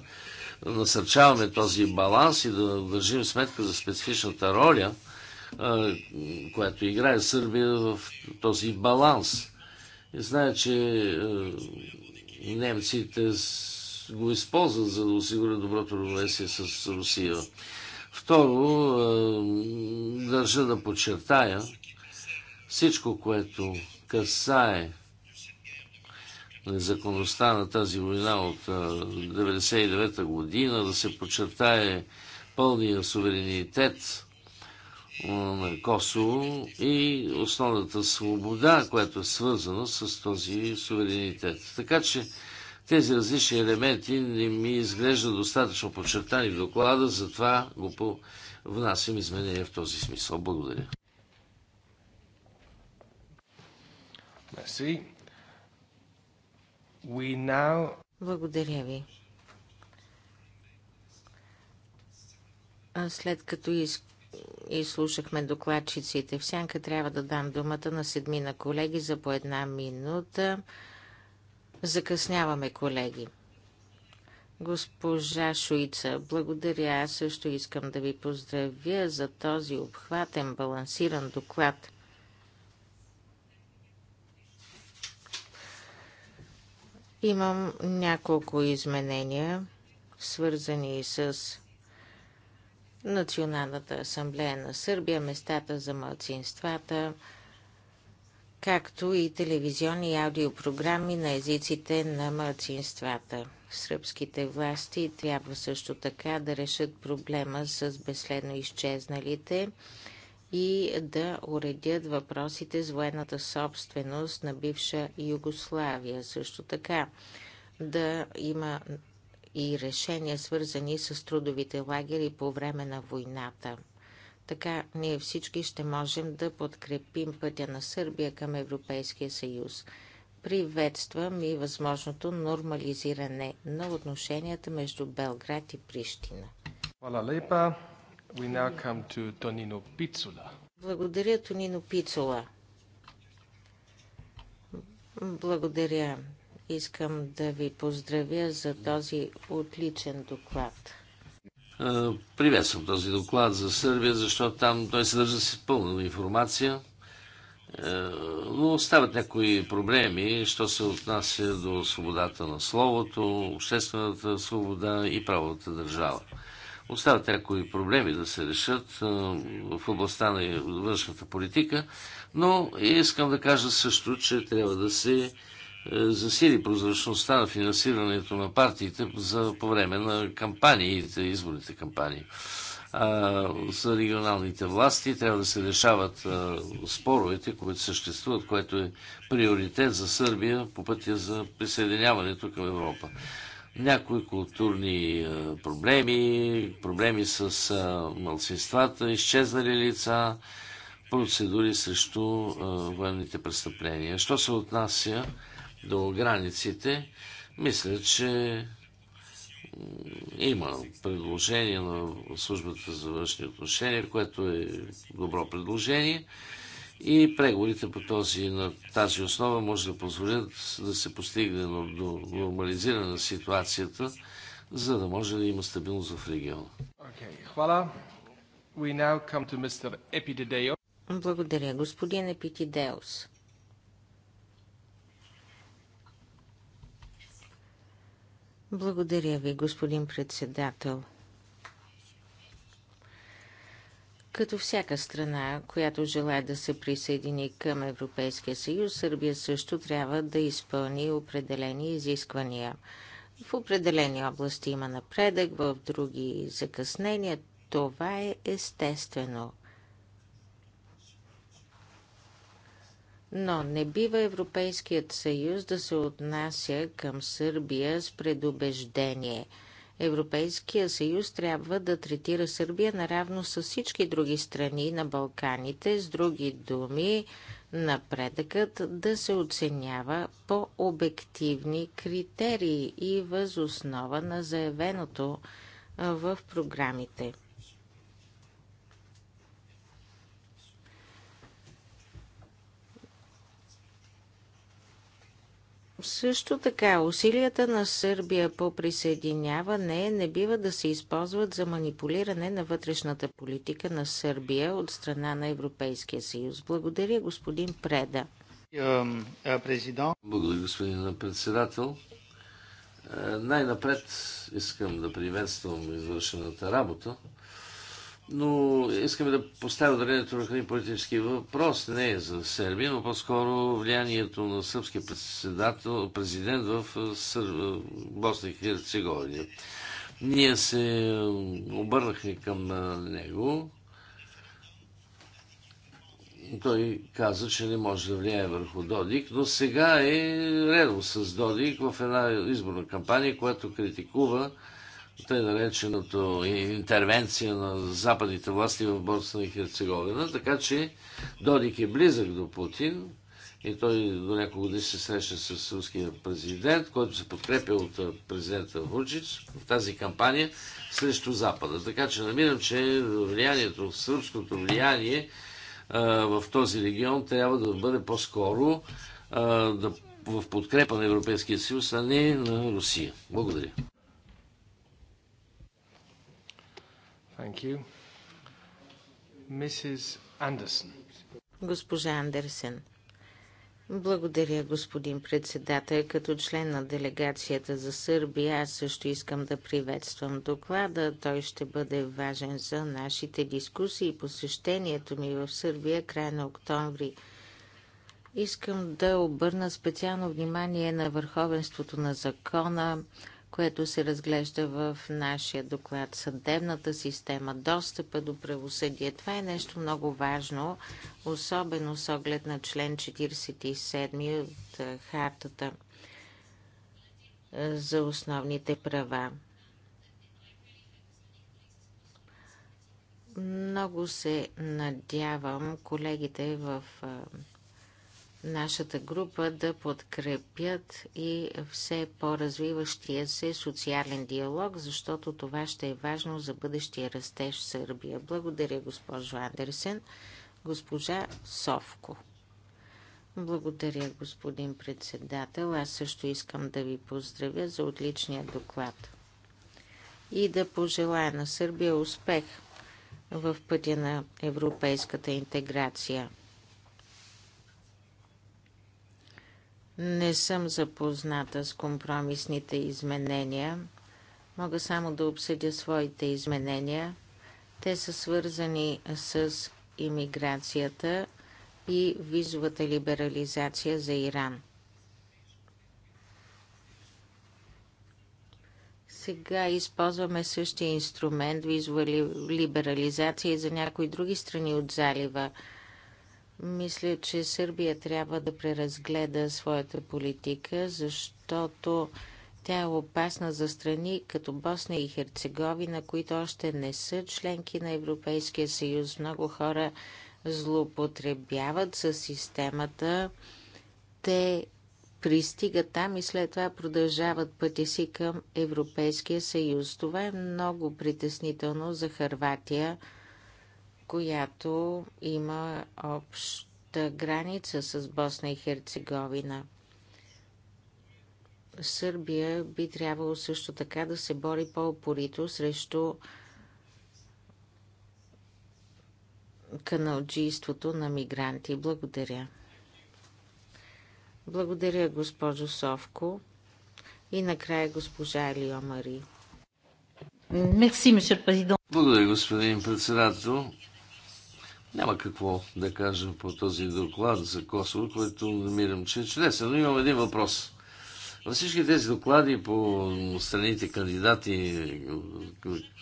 насърчаваме този баланс и да държим сметка за специфичната роля, която играе Сърбия в този баланс. И знае, че и немците го използват, за да осигурят доброто равновесие с Русия. Второ, е, държа да подчертая всичко, което касае незаконността на тази война от 1999 е, година, да се подчертае пълния суверенитет на Косово и основната свобода, която е свързана с този суверенитет. Така че тези различни елементи не ми изглежда достатъчно подчертани в доклада, затова го внасям изменение в този смисъл. Благодаря. Благодаря ви. А след като из и слушахме докладчиците. сянка. трябва да дам думата на седмина колеги за по една минута. Закъсняваме, колеги. Госпожа Шуица, благодаря. Аз също искам да ви поздравя за този обхватен, балансиран доклад. Имам няколко изменения, свързани с Националната асамблея на Сърбия, местата за мълцинствата, както и телевизионни и аудиопрограми на езиците на мълцинствата. Сръбските власти трябва също така да решат проблема с безследно изчезналите и да уредят въпросите с военната собственост на бивша Югославия. Също така да има и решения, свързани с трудовите лагери по време на войната. Така ние всички ще можем да подкрепим пътя на Сърбия към Европейския съюз. Приветствам и възможното нормализиране на отношенията между Белград и Прищина. Благодаря, Тонино Пицула. Благодаря. Искам да ви поздравя за този отличен доклад. Приветствам този доклад за Сърбия, защото там той съдържа с пълна информация, но остават някои проблеми, що се отнася до свободата на словото, обществената свобода и правовата държава. Остават някои проблеми да се решат в областта на външната политика, но искам да кажа също, че трябва да се е, засили прозрачността на финансирането на партиите за, по време на кампаниите, изборните кампании. А, за регионалните власти трябва да се решават а, споровете, които съществуват, което е приоритет за Сърбия по пътя за присъединяването към Европа. Някои културни а, проблеми, проблеми с а, изчезнали лица, процедури срещу а, военните престъпления. Що се отнася до границите, мисля, че има предложение на службата за външни отношения, което е добро предложение. И преговорите по този, на тази основа може да позволят да се постигне до нормализиране на ситуацията, за да може да има стабилност в региона. Благодаря, господин Епитидеос. Благодаря ви, господин председател. Като всяка страна, която желая да се присъедини към Европейския съюз, Сърбия също трябва да изпълни определени изисквания. В определени области има напредък, в други закъснения. Това е естествено. Но не бива Европейският съюз да се отнася към Сърбия с предубеждение. Европейския съюз трябва да третира Сърбия наравно с всички други страни на Балканите. С други думи, напредъкът да се оценява по обективни критерии и въз основа на заявеното в програмите. Също така, усилията на Сърбия по присъединяване не бива да се използват за манипулиране на вътрешната политика на Сърбия от страна на Европейския съюз. Благодаря, господин Преда. Е, Благодаря, господин председател. Е, най-напред искам да приветствам извършената работа но искаме да поставя ударението на един политически въпрос. Не е за Сърбия, но по-скоро влиянието на сръбския председател, президент в Сър... Босна и Херцеговина. Ние се обърнахме към него. Той каза, че не може да влияе върху Додик, но сега е редно с Додик в една изборна кампания, която критикува тъй нареченото интервенция на западните власти в Босна и Херцеговина, така че Додик е близък до Путин и той до няколко дни се среща с руския президент, който се подкрепя от президента Вучич в тази кампания срещу Запада. Така че намирам, че влиянието, сръбското влияние а, в този регион трябва да бъде по-скоро да, в подкрепа на Европейския съюз, а не на Русия. Благодаря. Thank you. Mrs. Anderson. Госпожа Андерсен. Благодаря, господин председател. Като член на делегацията за Сърбия, аз също искам да приветствам доклада. Той ще бъде важен за нашите дискусии и посещението ми в Сърбия края на октомври. Искам да обърна специално внимание на върховенството на закона, което се разглежда в нашия доклад. Съдебната система, достъпа до правосъдие. Това е нещо много важно, особено с оглед на член 47 от е, Хартата е, за основните права. Много се надявам колегите в е, нашата група да подкрепят и все по-развиващия се социален диалог, защото това ще е важно за бъдещия растеж в Сърбия. Благодаря, госпожо Андерсен. Госпожа Совко. Благодаря, господин председател. Аз също искам да ви поздравя за отличния доклад. И да пожелая на Сърбия успех в пътя на европейската интеграция – Не съм запозната с компромисните изменения. Мога само да обсъдя своите изменения. Те са свързани с имиграцията и визовата либерализация за Иран. Сега използваме същия инструмент визова либерализация и за някои други страни от залива – мисля, че Сърбия трябва да преразгледа своята политика, защото тя е опасна за страни като Босна и Херцеговина, които още не са членки на Европейския съюз. Много хора злоупотребяват със системата. Те пристигат там и след това продължават пътя си към Европейския съюз. Това е много притеснително за Харватия която има обща граница с Босна и Херцеговина. Сърбия би трябвало също така да се бори по-опорито срещу каналджийството на мигранти. Благодаря. Благодаря, госпожо Совко. И накрая госпожа Елио Мари. Благодаря, господин председател. Няма какво да кажем по този доклад за Косово, който намирам, че е чудесен. Но имам един въпрос. Във всички тези доклади по страните кандидати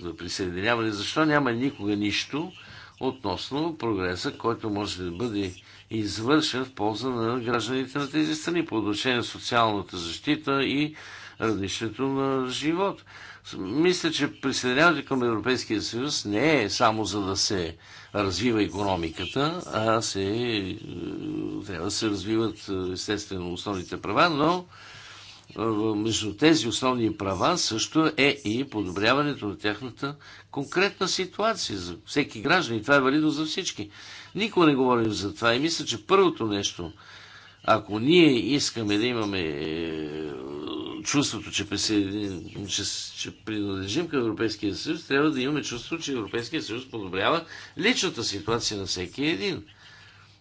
за присъединяване, защо няма никога нищо относно прогреса, който може да бъде извършен в полза на гражданите на тези страни по отношение на социалната защита и равнището на живот. Мисля, че присъединяването към Европейския съюз не е само за да се развива економиката, а се, е, трябва да се развиват е, естествено основните права, но е, между тези основни права също е и подобряването на тяхната конкретна ситуация за всеки граждан. И това е валидно за всички. Никога не говорим за това. И мисля, че първото нещо, ако ние искаме да имаме е, чувството, че, присъедин... че, че принадлежим към Европейския съюз, трябва да имаме чувство, че Европейския съюз подобрява личната ситуация на всеки един.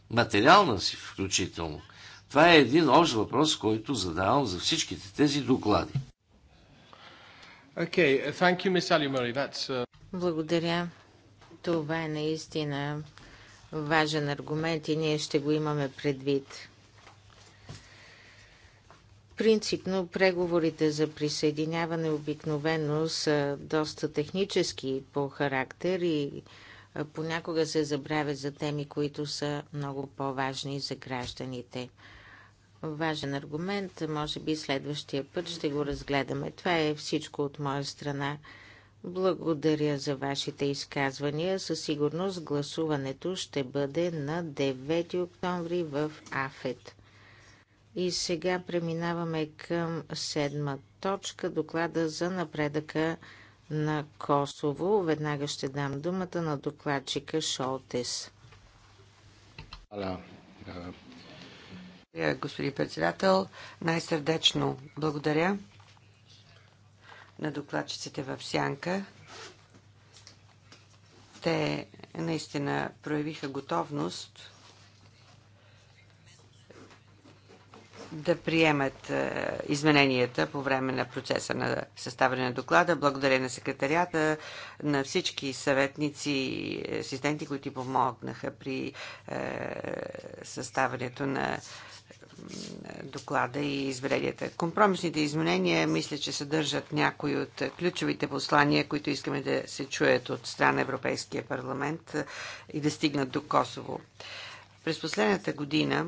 Материална си включително. Това е един общ въпрос, който задавам за всичките тези доклади. Okay, thank you, Miss Murray. That's, uh... Благодаря. Това е наистина важен аргумент и ние ще го имаме предвид. Принципно преговорите за присъединяване обикновено са доста технически по характер и понякога се забравя за теми, които са много по-важни за гражданите. Важен аргумент, може би следващия път ще го разгледаме. Това е всичко от моя страна. Благодаря за вашите изказвания. Със сигурност гласуването ще бъде на 9 октомври в АФЕТ. И сега преминаваме към седма точка, доклада за напредъка на Косово. Веднага ще дам думата на докладчика Шолтес. Е, благодаря, господин председател. Най-сърдечно благодаря на докладчиците в Сянка. Те наистина проявиха готовност да приемат е, измененията по време на процеса на съставяне на доклада. Благодаря на секретарията, на всички съветници и асистенти, които помогнаха при е, съставянето на доклада и измененията. Компромисните изменения мисля, че съдържат някои от ключовите послания, които искаме да се чуят от страна Европейския парламент и да стигнат до Косово. През последната година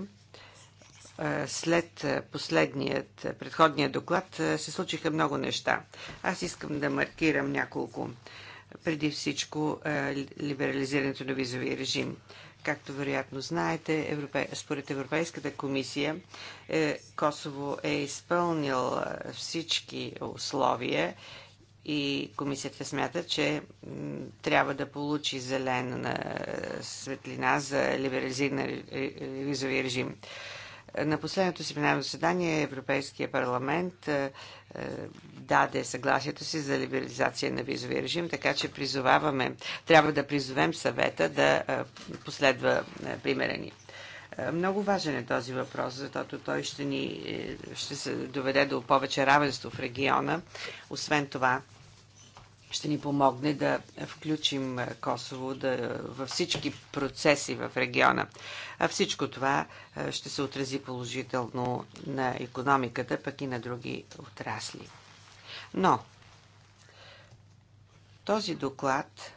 след последният, предходният доклад се случиха много неща. Аз искам да маркирам няколко. Преди всичко либерализирането на визовия режим. Както вероятно знаете, според Европейската комисия, е, Косово е изпълнил всички условия и комисията смята, че трябва да получи зелена светлина за на визовия режим. На последното си пленарно заседание Европейския парламент е, е, даде съгласието си за либерализация на визовия режим, така че призоваваме, трябва да призовем съвета да е, последва примера ни. Много важен е този въпрос, защото той ще ни ще се доведе до повече равенство в региона. Освен това, ще ни помогне да включим Косово да, във всички процеси в региона. А всичко това ще се отрази положително на економиката, пък и на други отрасли. Но този доклад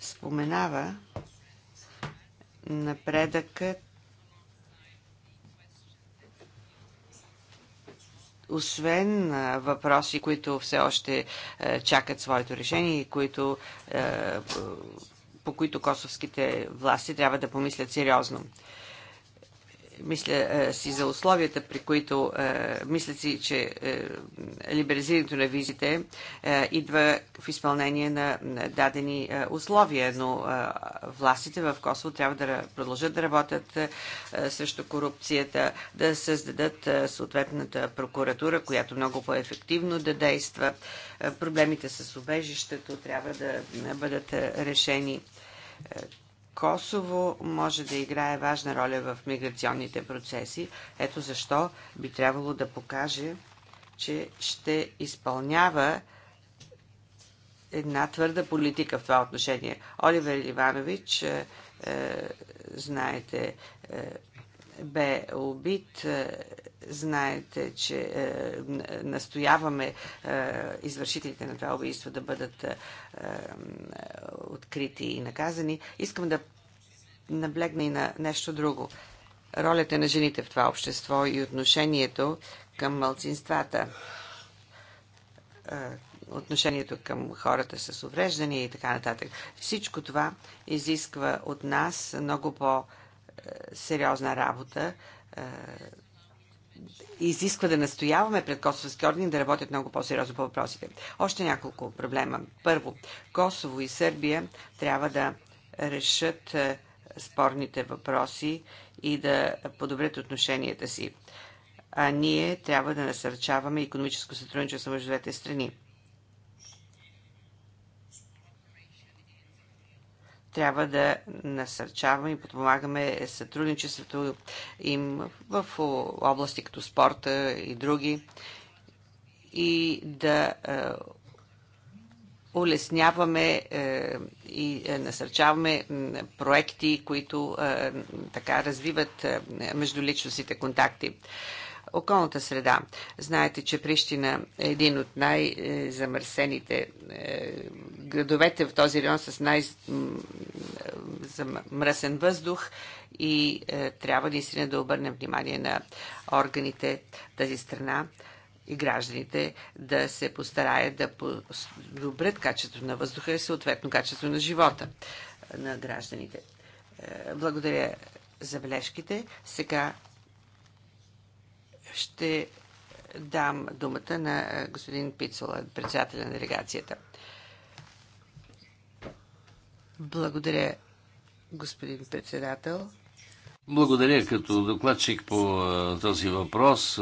споменава напредъкът освен въпроси, които все още е, чакат своето решение и които, е, по които косовските власти трябва да помислят сериозно мисля е, си за условията, при които е, мисля си, че е, либерализирането на визите идва в изпълнение на дадени условия, но властите в Косово трябва да продължат да работят срещу корупцията, да създадат съответната прокуратура, която много по-ефективно да действа. Проблемите с убежището трябва да бъдат решени Косово може да играе важна роля в миграционните процеси. Ето защо би трябвало да покаже, че ще изпълнява една твърда политика в това отношение. Оливер Иванович, е, е знаете, е, бе убит. Е, знаете, че е, настояваме е, извършителите на това убийство да бъдат открити и наказани. Искам да наблегна и на нещо друго. Ролята на жените в това общество и отношението към мълцинствата отношението към хората с увреждания и така нататък. Всичко това изисква от нас много по- сериозна работа. Е, изисква да настояваме пред косовски органи да работят много по-сериозно по въпросите. Още няколко проблема. Първо, Косово и Сърбия трябва да решат е, спорните въпроси и да подобрят отношенията си. А ние трябва да насърчаваме економическо сътрудничество между двете страни. трябва да насърчаваме и подпомагаме сътрудничеството им в области като спорта и други и да е, улесняваме е, и насърчаваме проекти, които е, така развиват междуличностните контакти околната среда. Знаете, че Прищина е един от най-замърсените е, градовете в този район с най-замръсен въздух и е, трябва наистина да обърнем внимание на органите тази страна и гражданите да се постараят да подобрят качеството на въздуха и съответно качеството на живота е, на гражданите. Благодаря за бележките. Сега ще дам думата на господин Пицола, председателя на делегацията. Благодаря, господин председател. Благодаря като докладчик по този въпрос.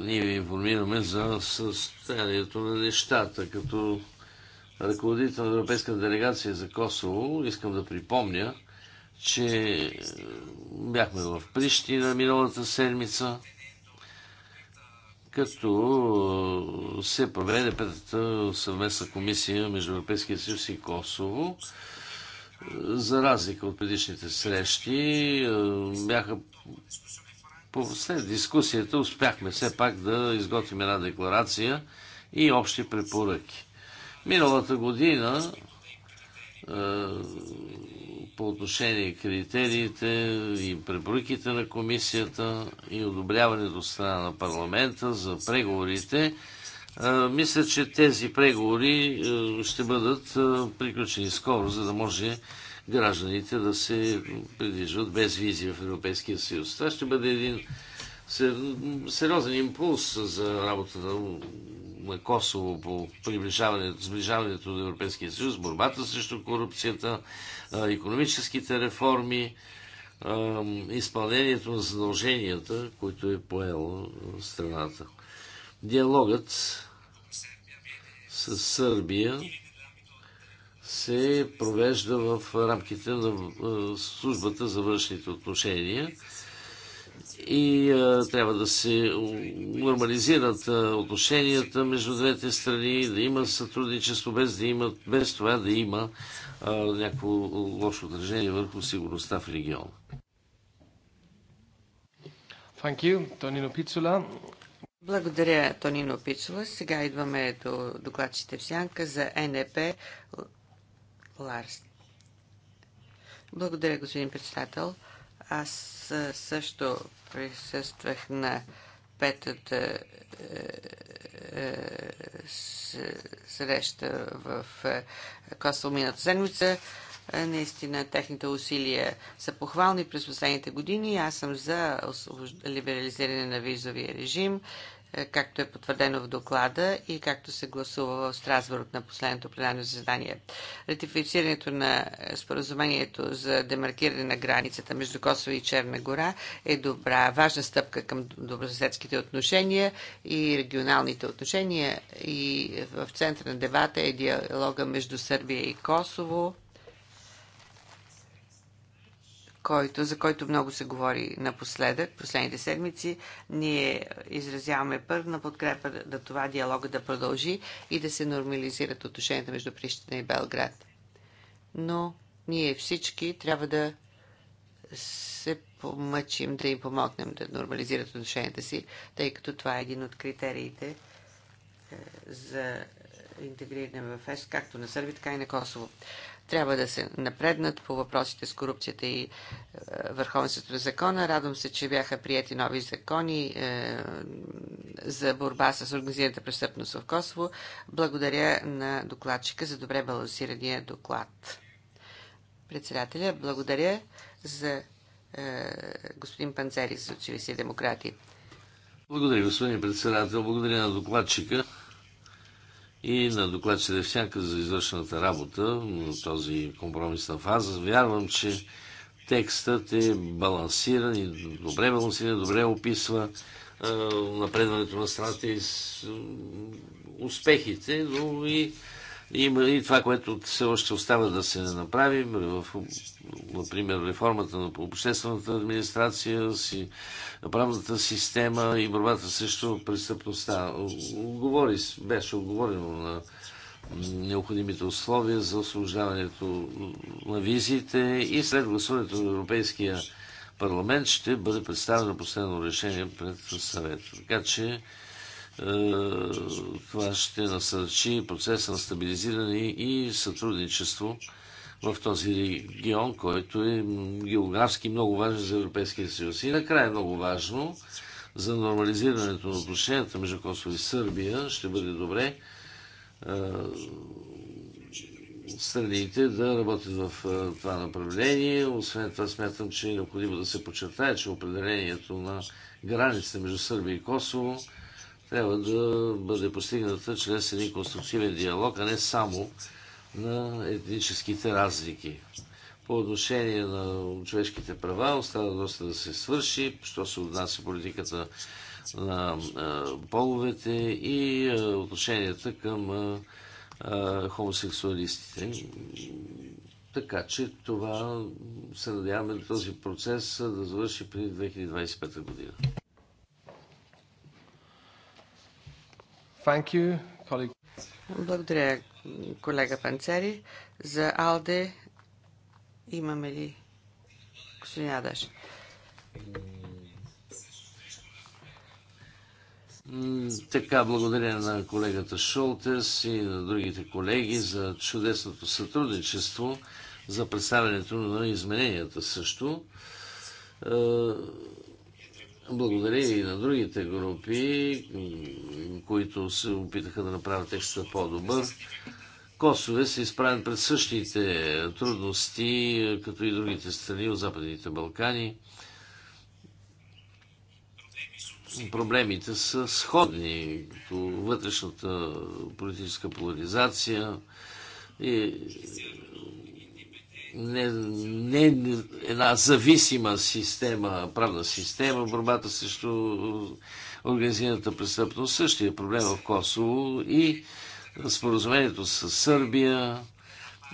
Ние ви информираме за състоянието на нещата. Като ръководител на Европейска делегация за Косово искам да припомня, че е, бяхме в Прищина миналата седмица, като е, се проведе пред съвместна комисия между Европейския съюз и Косово. Е, за разлика от предишните срещи, бяха след дискусията успяхме все пак да изготвим една декларация и общи препоръки. Миналата година по отношение критериите и препоръките на комисията и одобряването от страна на парламента за преговорите. Мисля, че тези преговори ще бъдат приключени скоро, за да може гражданите да се придвижват без визия в Европейския съюз. Това ще бъде един сериозен импулс за работата на Косово по приближаването, сближаването до Европейския съюз, борбата срещу корупцията, економическите реформи, изпълнението на задълженията, които е поела страната. Диалогът с Сърбия се провежда в рамките на службата за външните отношения и а, трябва да се нормализират а, отношенията между двете страни, да има сътрудничество, без, да има, без това да има а, някакво лошо отражение върху сигурността в региона. Thank you, Благодаря, Тонино Пицула. Сега идваме до докладчите в сянка за НЕП Ларс. Благодаря, господин председател. Аз също присъствах на петата е, е, среща в е, Косово миналата седмица. Наистина, техните усилия са похвални през последните години. Аз съм за либерализиране на визовия режим е, както е потвърдено в доклада и както се гласува в Страсбург на последното пленарно заседание. Ратифицирането на е, споразумението за демаркиране на границата между Косово и Черна гора е добра, важна стъпка към добросъседските отношения и регионалните отношения и в центъра на дебата е диалога между Сърбия и Косово който, за който много се говори напоследък, последните седмици, ние изразяваме първна подкрепа да това диалога да продължи и да се нормализират отношенията между Прищина и Белград. Но ние всички трябва да се помъчим да им помогнем да нормализират отношенията си, тъй като това е един от критериите е, за интегриране в ЕС, както на Сърби, така и на Косово. Трябва да се напреднат по въпросите с корупцията и е, върховенството на закона. Радвам се, че бяха прияти нови закони е, за борба с организираната престъпност в Косово. Благодаря на докладчика за добре балансирания доклад. Председателя, благодаря за е, господин Панцери, социалисти и демократи. Благодаря, господин председател. Благодаря на докладчика и на се всяка за извършената работа на този компромисна фаза. Вярвам, че текстът е балансиран и добре балансиран, добре описва напредването на страната и успехите, но и има и това, което все още остава да се направи, в, например, реформата на обществената администрация, си, правната система и борбата срещу престъпността. Говори, беше отговорено на необходимите условия за освобождаването на визите и след гласуването на Европейския парламент ще бъде представено последно решение пред съвета. Така че е, това ще насърчи процеса на стабилизиране и сътрудничество в този регион, който е географски много важен за Европейския съюз. И накрая е много важно за нормализирането на отношенията между Косово и Сърбия. Ще бъде добре е, страните да работят в е, това направление. Освен това смятам, че е необходимо да се подчертае, че определението на границите между Сърбия и Косово трябва да бъде постигната чрез един конструктивен диалог, а не само на етническите разлики. По отношение на човешките права остава доста да се свърши, що се отнася политиката на половете и отношенията към хомосексуалистите. Така че това се надяваме този процес да завърши при 2025 година. Thank you, colleague. Благодаря, колега Панцери. За Алде имаме ли господин Адаш? Така, благодаря на колегата Шолтес и на другите колеги за чудесното сътрудничество, за представянето на измененията също. Е, благодаря и на другите групи, които се опитаха да направят текста по-добър. Косове се изправят пред същите трудности, като и другите страни от Западните Балкани. Проблемите са сходни, като вътрешната политическа поляризация и не, не една зависима система, правна система, борбата срещу организираната престъпност. Същия проблем в Косово и споразумението с Сърбия,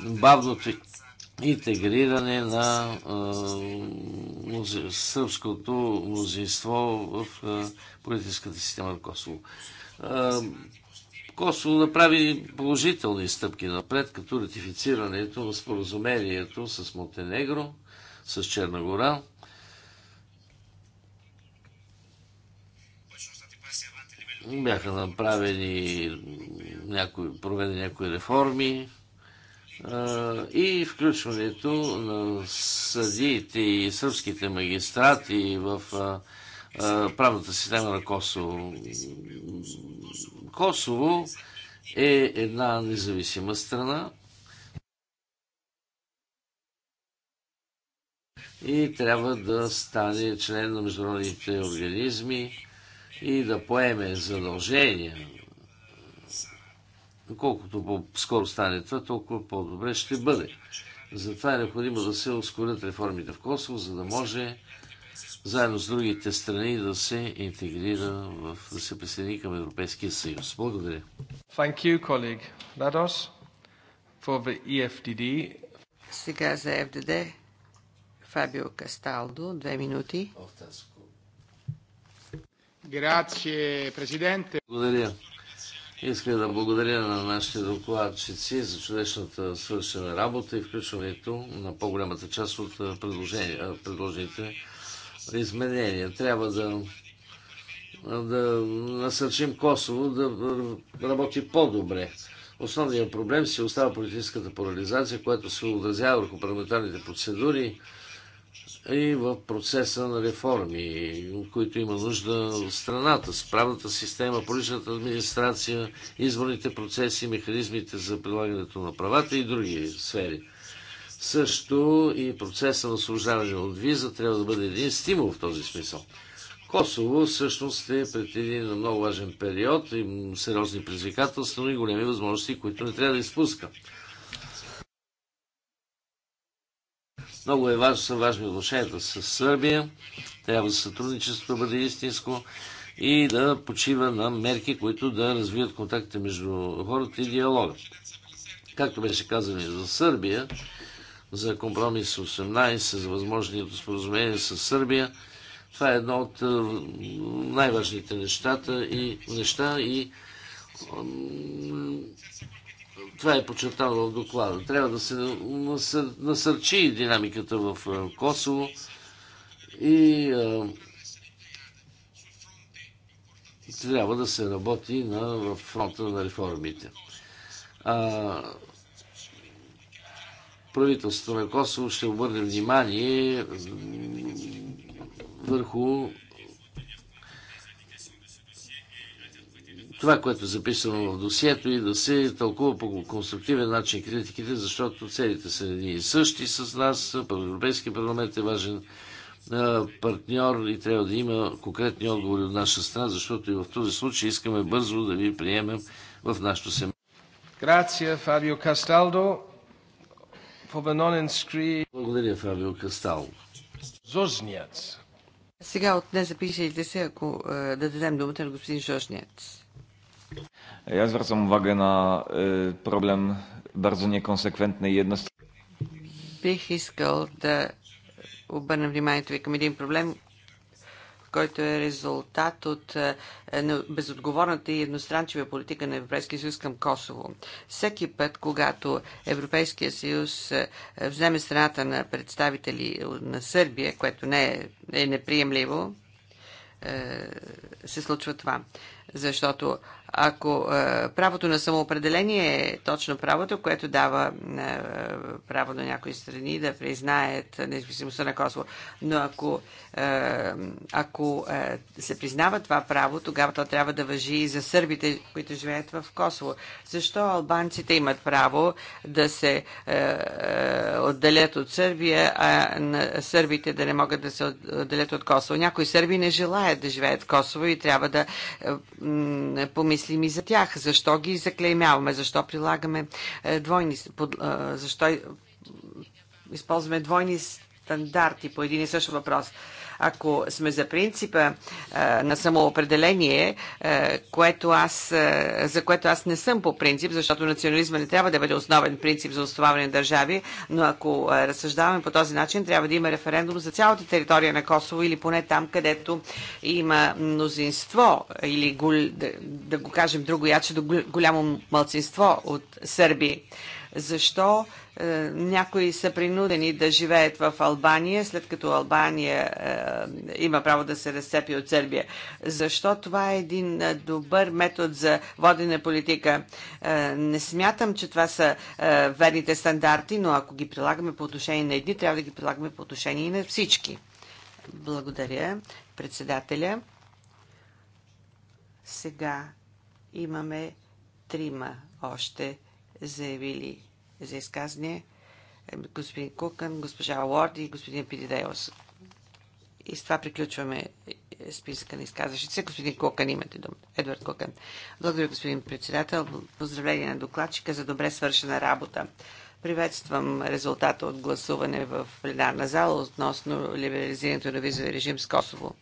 бавното интегриране на а, сръбското мнозинство в а, политическата система на Косово. А, Косово направи положителни стъпки напред, като ратифицирането на споразумението с Монтенегро, с Черна гора. Бяха направени някои, проведени някои реформи и включването на съдиите и сръбските магистрати в правната система на Косово. Косово е една независима страна и трябва да стане член на международните организми и да поеме задължения. Колкото по-скоро стане това, толкова по-добре ще бъде. Затова е необходимо да се ускорят реформите в Косово, за да може заедно с другите страни да се интегрира, в, да се присъедини към Европейския съюз. Благодаря. Thank you, colleague Lados, for the EFDD. Сега за ФДД Фабио Касталдо, две минути. Грация, президенте. Благодаря. Искам да благодаря на нашите докладчици за чудесната свършена работа и включването на по-голямата част от предложените изменения. Трябва да, да насърчим Косово да работи по-добре. Основният проблем си остава политическата парализация, която се отразява върху парламентарните процедури и в процеса на реформи, които има нужда страната, справната система, поличната администрация, изборните процеси, механизмите за прилагането на правата и други сфери. Също и процеса на освобождаване от виза трябва да бъде един стимул в този смисъл. Косово всъщност е пред един много важен период и сериозни предизвикателства, но и големи възможности, които не трябва да изпуска. Много е важно, са важни отношенията с Сърбия. Трябва да сътрудничеството да бъде истинско и да почива на мерки, които да развият контактите между хората и диалога. Както беше казано и за Сърбия, за компромис 18 за възможното споразумение с Сърбия. Това е едно от е, най-важните нещата и неща и това е подчертано в доклада. Трябва да се насърчи динамиката в е, Косово и е, трябва да се работи на, в фронта на реформите. А, правителството на Косово ще обърне внимание върху това, което е записано в досието и да се тълкува по конструктивен начин критиките, защото целите са едни и същи с нас. Европейския парламент е важен партньор и трябва да има конкретни отговори от наша страна, защото и в този случай искаме бързо да ви приемем в нашото семейство. Грация, Фабио Касталдо. Благодаря, Фабио Кастал. Зожняц. Сега от не запишете се, ако е, да дадем думата на господин Жожняц. Ja zwracam uwagę na проблем бързо niekonsekwentny i jednostronny. Бих искал да обърна вниманието ви към един проблем, който е резултат от е, безотговорната и едностранчива политика на Европейския съюз към Косово. Всеки път, когато Европейския съюз е, вземе страната на представители на Сърбия, което не е, е неприемливо, е, се случва това. Защото ако е, правото на самоопределение е точно правото, което дава е, право на някои страни да признаят независимостта на Косово, но ако, е, ако е, се признава това право, тогава то трябва да въжи и за сърбите, които живеят в Косово. Защо албанците имат право да се е, е отделят от Сърбия, а на сърбите да не могат да се отделят от Косово? Някои сърби не желаят да живеят в Косово и трябва да е, помислят мислим и за тях. Защо ги заклеймяваме? Защо прилагаме е, двойни... Е, защо е, използваме двойни стандарти по един и същ въпрос? Ако сме за принципа на самоопределение, което аз, за което аз не съм по принцип, защото национализма не трябва да бъде основен принцип за основаване на държави, но ако разсъждаваме по този начин, трябва да има референдум за цялата територия на Косово или поне там, където има мнозинство или да, да го кажем друго яче, до голямо мълцинство от сърби. Защо е, някои са принудени да живеят в Албания, след като Албания е, има право да се разцепи от Сърбия? Защо това е един е, добър метод за водене политика? Е, не смятам, че това са е, верните стандарти, но ако ги прилагаме по отношение на едни, трябва да ги прилагаме по отношение и на всички. Благодаря, председателя. Сега имаме трима още заявили за изказване господин Кукън, госпожа Лорди и господин Пиридеос. И с това приключваме списка на изказващите се. Господин Кукън, имате дума. Едвард Кукън. Благодаря, господин председател. Поздравление на докладчика за добре свършена работа. Приветствам резултата от гласуване в пленарна зала относно либерализирането на визовия режим с Косово.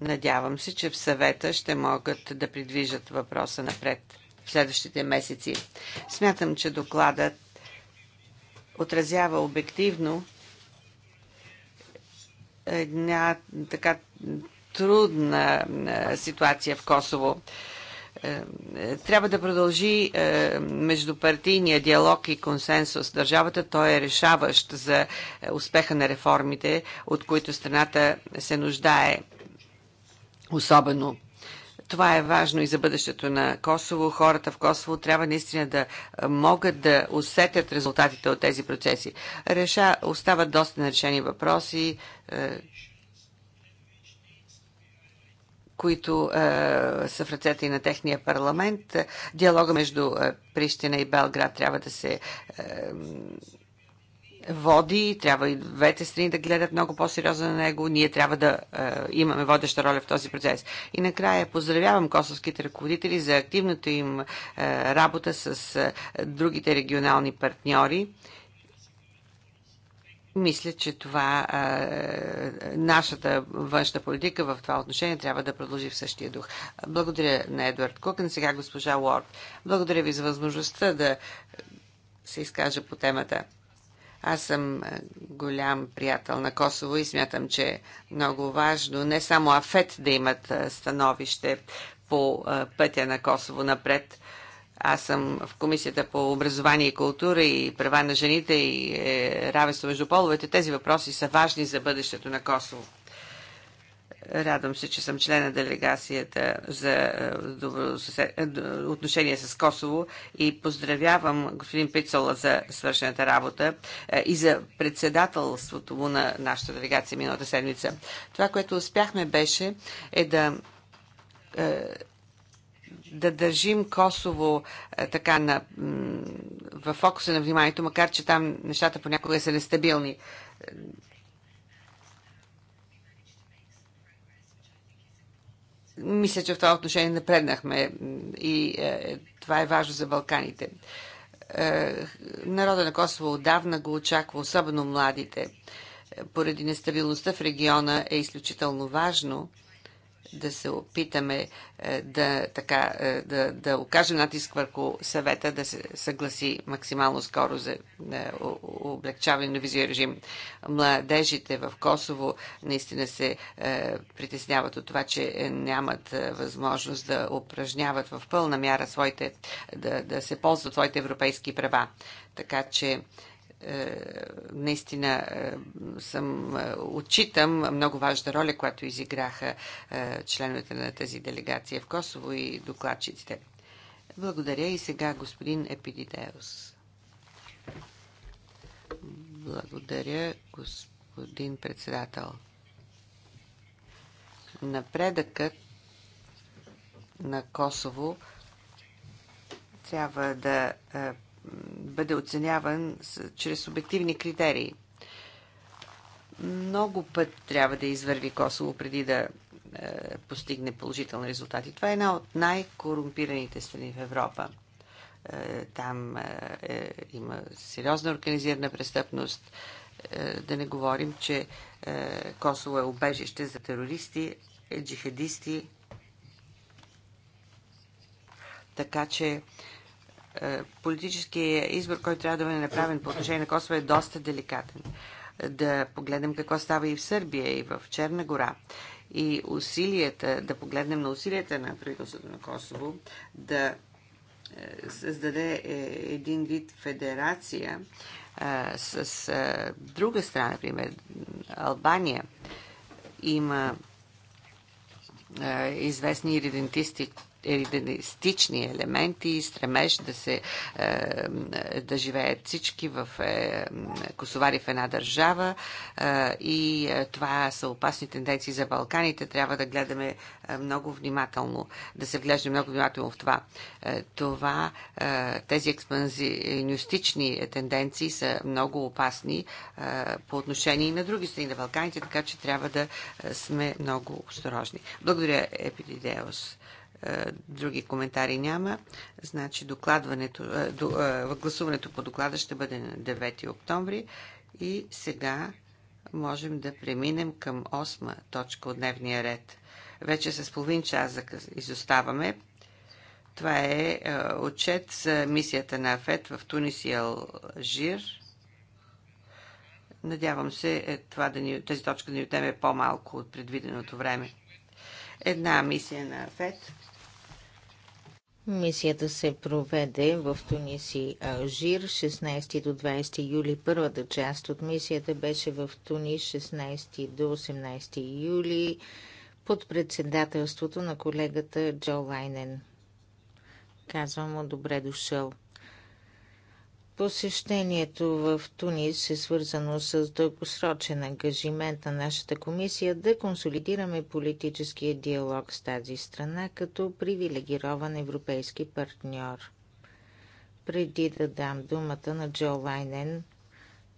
Надявам се, че в съвета ще могат да придвижат въпроса напред в следващите месеци. Смятам, че докладът отразява обективно една така трудна е, ситуация в Косово. Е, трябва да продължи е, междупартийния диалог и консенсус. Държавата той е решаващ за успеха на реформите, от които страната се нуждае особено това е важно и за бъдещето на Косово. Хората в Косово трябва наистина да могат да усетят резултатите от тези процеси. Реша, остават доста нарешени въпроси, е, които е, са в ръцете и на техния парламент. Диалога между е, Прищина и Белград трябва да се е, води, трябва и двете страни да гледат много по-сериозно на него. Ние трябва да е, имаме водеща роля в този процес. И накрая поздравявам косовските ръководители за активната им е, работа с е, другите регионални партньори. Мисля, че това е, нашата външна политика в това отношение трябва да продължи в същия дух. Благодаря на Едвард Кукен, сега госпожа Уорд. Благодаря ви за възможността да се изкажа по темата. Аз съм е, голям приятел на Косово и смятам, че е много важно не само АФЕТ да имат е, становище по е, пътя на Косово напред. Аз съм в Комисията по образование и култура и права на жените и равенство между половете. Тези въпроси са важни за бъдещето на Косово. Радвам се, че съм член на делегацията за е, е, отношение с Косово и поздравявам господин Пицола за свършената работа е, и за председателството му на нашата делегация миналата седмица. Това, което успяхме беше е да да държим Косово така на, в фокуса на вниманието, макар че там нещата понякога са нестабилни Мисля, че в това отношение напреднахме и е, това е важно за Балканите. Е, народа на Косово отдавна го очаква, особено младите. Е, поради нестабилността в региона е изключително важно да се опитаме е, да, така, е, да, да окажем натиск върху съвета да се съгласи максимално скоро за е, облегчаване на визия режим. Младежите в Косово наистина се притесняват от това, че нямат възможност да упражняват в пълна мяра своите, да, да се ползват своите европейски права. Така че е, наистина е, съм, е, отчитам много важна роля, която изиграха членовете на тази делегация в Косово и докладчиците. Благодаря и сега господин Епидидеус. Благодаря, господин председател. Напредъкът на Косово трябва да бъде оценяван с, чрез обективни критерии. Много път трябва да извърви Косово преди да е, постигне положителни резултати. Това е една от най-корумпираните страни в Европа. Е, там е, е има сериозна организирана престъпност. Е, да не говорим, че е, Косово е убежище за терористи, е, джихадисти. Така че е, политическия избор, който трябва да бъде направен по отношение на Косово е доста деликатен. Да погледнем какво става и в Сърбия, и в Черна гора. И усилията, да погледнем на усилията на правителството на Косово да е, създаде е, един вид федерация с друга страна, например, Албания. Има известни редентисти, единистични елементи и стремеж да се е, да живеят всички в е, косовари в една държава е, и това са опасни тенденции за Балканите. Трябва да гледаме много внимателно, да се вглеждаме много внимателно в това. Това, тези експанзионистични тенденции са много опасни по отношение и на други страни на Балканите, така че трябва да сме много осторожни. Благодаря, Епидидеос. Е, други коментари няма. Значи докладването, е, е, гласуването по доклада ще бъде на 9 октомври. И сега можем да преминем към 8 точка от дневния ред. Вече с половин час изоставаме. Това е отчет за мисията на АФЕТ в Тунис и Алжир. Надявам се това да ни, тази точка да ни отнеме по-малко от предвиденото време. Една мисия на АФЕТ Мисията се проведе в Тунис и Алжир 16 до 20 юли. Първата част от мисията беше в Тунис 16 до 18 юли под председателството на колегата Джо Лайнен. Казвам му добре дошъл. Посещението в Тунис е свързано с дългосрочен ангажимент на нашата комисия да консолидираме политическия диалог с тази страна като привилегирован европейски партньор. Преди да дам думата на Джо Лайнен,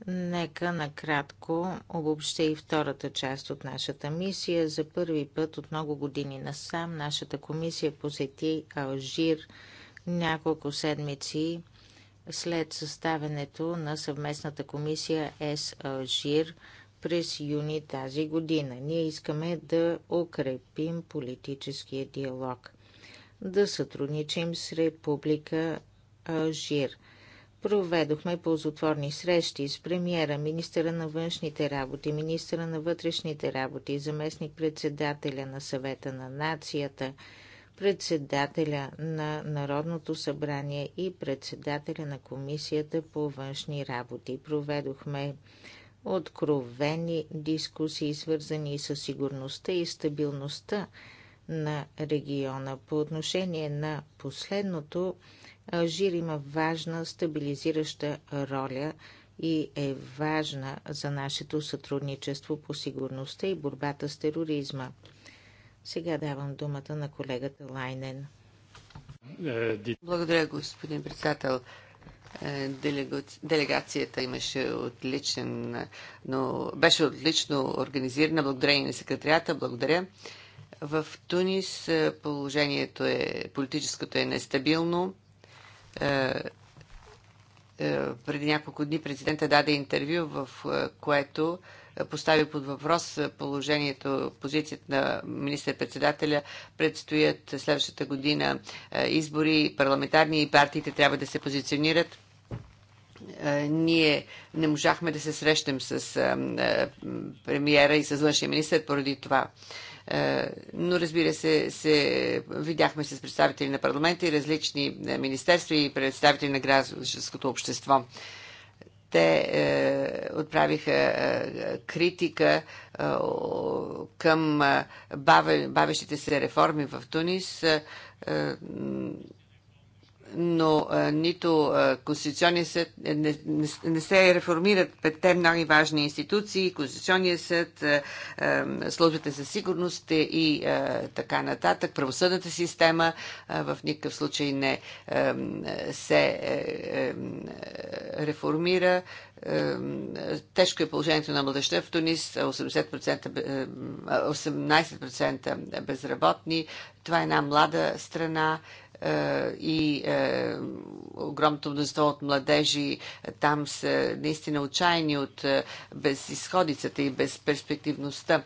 нека накратко обобща и втората част от нашата мисия. За първи път от много години насам нашата комисия посети Алжир няколко седмици след съставянето на съвместната комисия С Алжир през юни тази година. Ние искаме да укрепим политическия диалог, да сътрудничим с Република Алжир. Проведохме ползотворни срещи с премьера, министра на външните работи, министра на вътрешните работи, заместник-председателя на съвета на нацията – председателя на Народното събрание и председателя на Комисията по външни работи. Проведохме откровени дискусии, свързани с сигурността и стабилността на региона. По отношение на последното, Алжир има важна стабилизираща роля и е важна за нашето сътрудничество по сигурността и борбата с тероризма. Сега давам думата на колегата Лайнен. Благодаря, господин председател. Е, делегацията имаше отличен, но беше отлично организирана. Благодарение на секретарията. Благодаря. В Тунис е, положението е, политическото е нестабилно. Е, преди няколко дни президента даде интервю, в което постави под въпрос положението, позицията на министър-председателя. Предстоят следващата година е, избори, парламентарни и партиите трябва да се позиционират е, ние не можахме да се срещнем с е, премиера и с външния министър поради това. Но разбира се, се, видяхме с представители на парламента и различни министерства и представители на гражданското общество. Те е, отправиха е, критика е, към е, бавещите се реформи в Тунис е, но нито Конституционния съд е, не, не, не се реформират петте много важни институции, Конституционния съд, службите за сигурност и така нататък, правосъдната система в никакъв случай не се е, е, реформира. Тежко е положението на младеща в Тунис, 80%, 18% безработни. Това е една млада страна, е, и е, огромното мнозинство от младежи там са наистина отчаяни от е, безисходицата и безперспективността.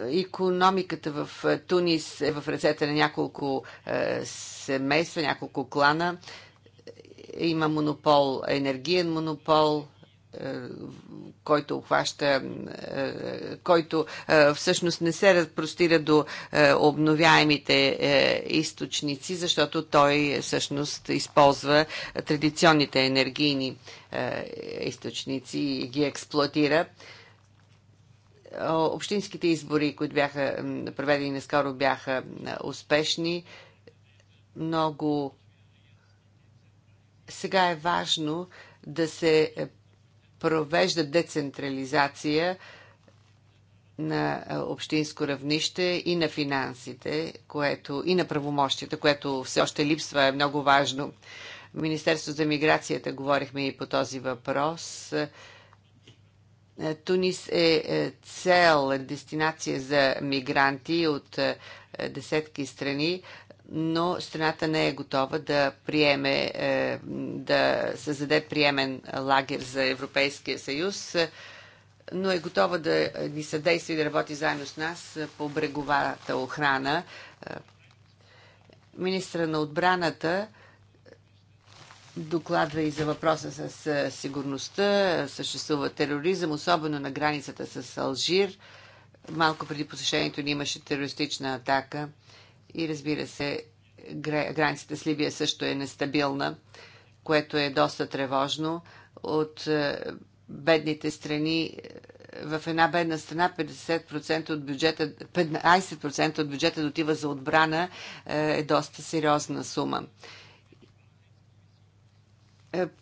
Економиката в Тунис е в ръцете на няколко е, семейства, няколко клана. Има монопол, енергиен монопол е, който обхваща, е, който е, всъщност не се разпростира до обновяемите източници, защото той всъщност използва традиционните енергийни източници и ги експлуатира. Общинските избори, които бяха проведени наскоро, бяха успешни. Много сега е важно да се провежда децентрализация на общинско равнище и на финансите, което, и на правомощията, което все още липсва, е много важно. Министерство за миграцията говорихме и по този въпрос. Тунис е, е цел, дестинация за мигранти от десетки страни но страната не е готова да приеме, е, да създаде приемен лагер за Европейския съюз, е, но е готова да ни съдейства и да работи заедно с нас е, по бреговата охрана. Министра на отбраната докладва и за въпроса с сигурността. Съществува тероризъм, особено на границата с Алжир. Малко преди посещението ни имаше терористична атака – и разбира се, границата с Ливия също е нестабилна, което е доста тревожно. От е, бедните страни е, в една бедна страна 50% от бюджета, 15% от бюджета дотива за отбрана е, е доста сериозна сума.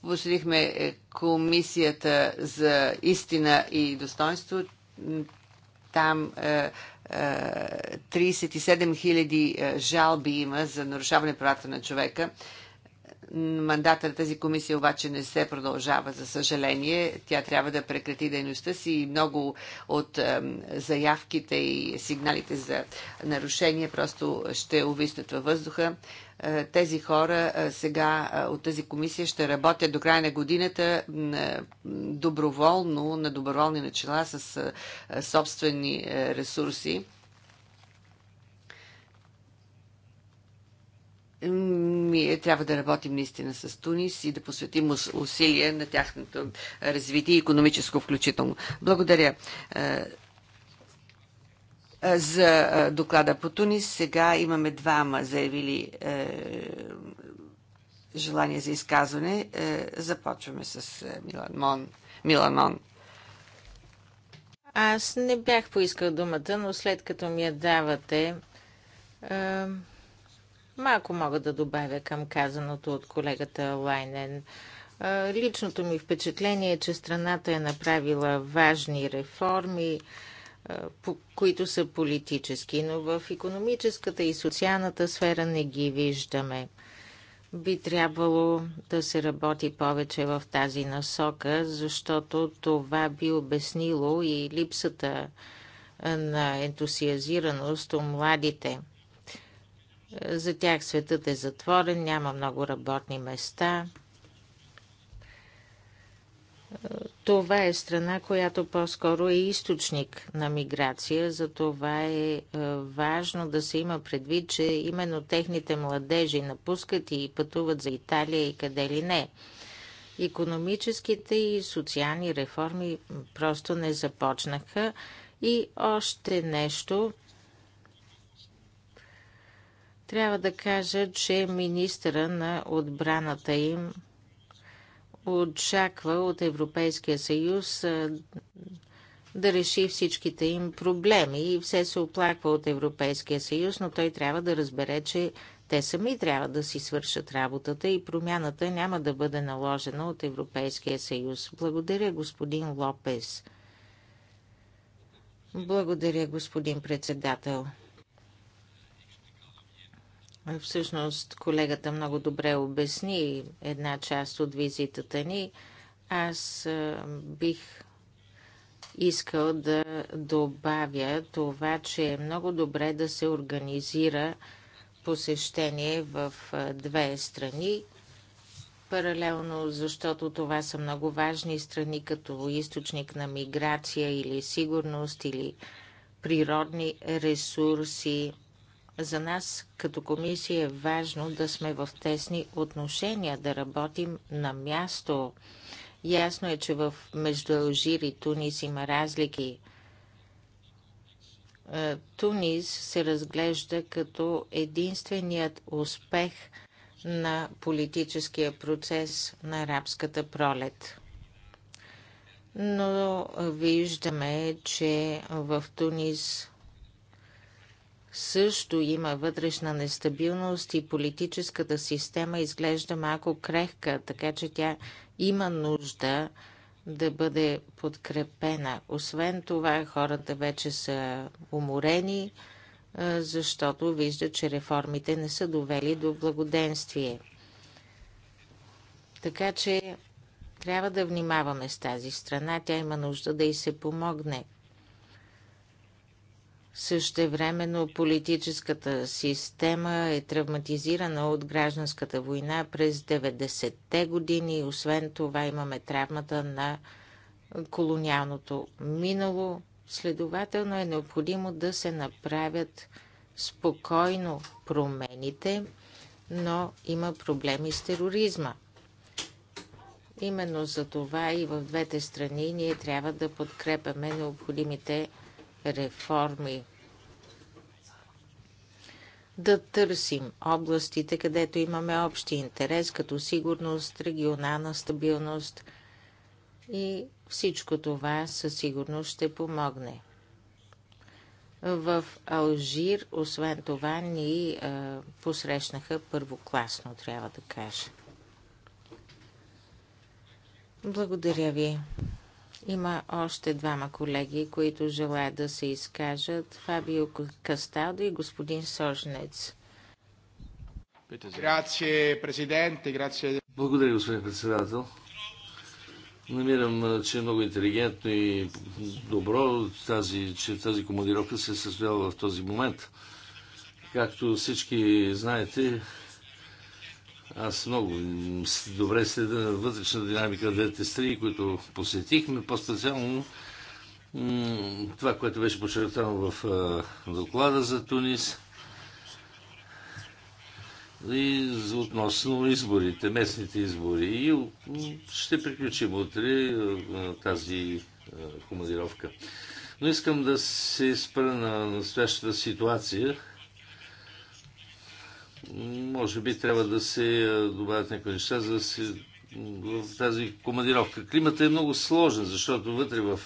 Посетихме комисията за истина и достоинство. Там е. 37 000 е, жалби има за нарушаване правата на човека Мандата на тази комисия обаче не се продължава, за съжаление. Тя трябва да прекрати дейността си и много от заявките и сигналите за нарушение просто ще увиснат във въздуха. Е, тези хора е, сега е, от тази комисия ще работят до края на годината доброволно, на доброволни начала с собствени ресурси ние трябва да работим наистина с Тунис и да посветим усилия на тяхното развитие, економическо включително. Благодаря е, е, за е, доклада по Тунис. Сега имаме двама заявили желание за изказване. започваме с Милан Мон. Милан Мон. Аз не бях поискал думата, но след като ми я давате, Малко мога да добавя към казаното от колегата Лайнен. Личното ми впечатление е, че страната е направила важни реформи, които са политически, но в економическата и социалната сфера не ги виждаме. Би трябвало да се работи повече в тази насока, защото това би обяснило и липсата на ентусиазираност у младите – за тях светът е затворен, няма много работни места. Това е страна, която по-скоро е източник на миграция, затова е, е важно да се има предвид, че именно техните младежи напускат и пътуват за Италия и къде ли не. Економическите и социални реформи просто не започнаха. И още нещо трябва да кажа, че министъра на отбраната им очаква от Европейския съюз да реши всичките им проблеми и все се оплаква от Европейския съюз, но той трябва да разбере, че те сами трябва да си свършат работата и промяната няма да бъде наложена от Европейския съюз. Благодаря, господин Лопес. Благодаря, господин председател. Всъщност колегата много добре обясни една част от визитата ни. Аз бих искал да добавя това, че е много добре да се организира посещение в две страни паралелно, защото това са много важни страни като източник на миграция или сигурност или природни ресурси. За нас като комисия е важно да сме в тесни отношения, да работим на място. Ясно е, че в между Алжир и Тунис има разлики. Е, Тунис се разглежда като единственият успех на политическия процес на арабската пролет. Но виждаме, че в Тунис също има вътрешна нестабилност и политическата система изглежда малко крехка, така че тя има нужда да бъде подкрепена. Освен това, хората вече са уморени, защото виждат, че реформите не са довели до благоденствие. Така че трябва да внимаваме с тази страна. Тя има нужда да и се помогне. Същевременно политическата система е травматизирана от гражданската война през 90-те години. Освен това имаме травмата на колониалното минало. Следователно е необходимо да се направят спокойно промените, но има проблеми с тероризма. Именно за това и в двете страни ние трябва да подкрепяме необходимите реформи. Да търсим областите, където имаме общи интерес, като сигурност, регионална стабилност и всичко това със сигурност ще помогне. В Алжир, освен това, ни е, посрещнаха първокласно, трябва да кажа. Благодаря ви. Има още двама колеги, които желаят да се изкажат. Фабио Касталдо и господин Сожнец. Благодаря, господин председател. Намирам, че е много интелигентно и добро, тази, че тази командировка се е състояла в този момент. Както всички знаете, аз много добре следа вътрешна динамика на двете страни, които посетихме. По-специално това, което беше подчертано в доклада за Тунис и относно изборите, местните избори. И ще приключим утре тази командировка. Но искам да се спра на настоящата ситуация – може би трябва да се добавят някои неща, за да се в тази командировка. Климата е много сложен, защото вътре в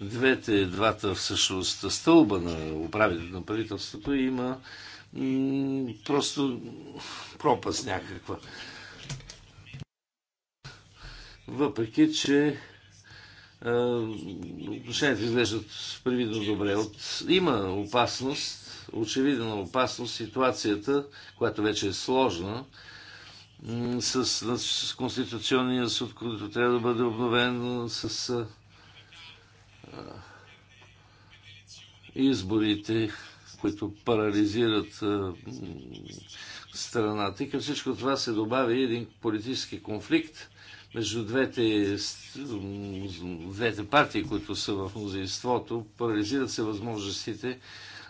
двете, двата всъщност стълба на управителите на правителството има просто пропаст някаква. Въпреки, че отношенията изглеждат привидно добре. От... Има опасност очевидна опасност ситуацията, която вече е сложна, с, с Конституционния съд, който трябва да бъде обновен с а, изборите, които парализират а, страната. И към всичко това се добави един политически конфликт между двете, двете партии, които са в мнозинството. Парализират се възможностите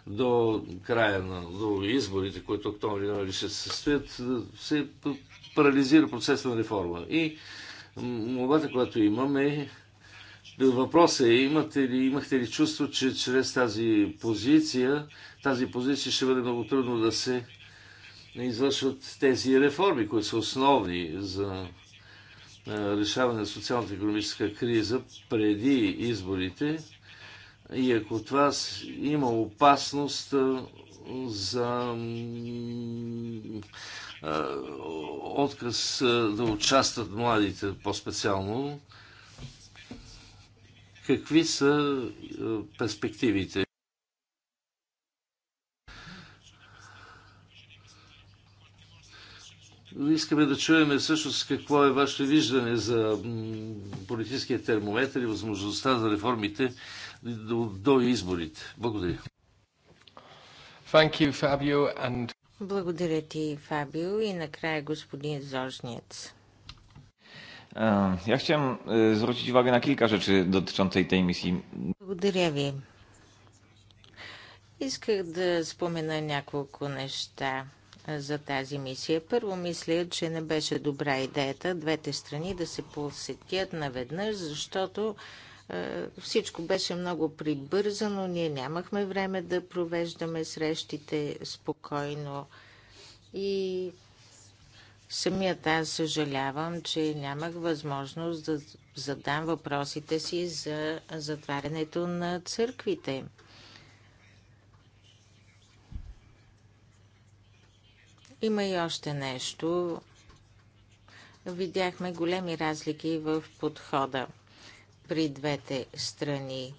до края на до изборите, които октомври ноември ще се състоят, се парализира процеса на реформа. И молбата, която имаме, въпросът е, имате ли, имахте ли чувство, че чрез тази позиция, тази позиция ще бъде много трудно да се извършват тези реформи, които са основни за решаване на социалната и економическа криза преди изборите, и ако това има опасност за отказ да участват младите по-специално, какви са перспективите? Искаме да чуем всъщност какво е вашето виждане за политическия термометр и възможността за реформите до, до изборите. Благодаря. Thank you, Fabio, and... Благодаря ти, Фабио. И накрая господин Зожниец. Ja chciałem е, zwrócić uwagę na kilka rzeczy dotyczącej tej misji. Благодаря ви. Исках да спомена няколко неща е, за тази мисия. Първо мисля, че не беше добра идеята двете страни да се посетят наведнъж, защото е, всичко беше много прибързано, ние нямахме време да провеждаме срещите спокойно и самият аз съжалявам, че нямах възможност да задам въпросите си за затварянето на църквите. Има и още нещо. Видяхме големи разлики в подхода при двете страни.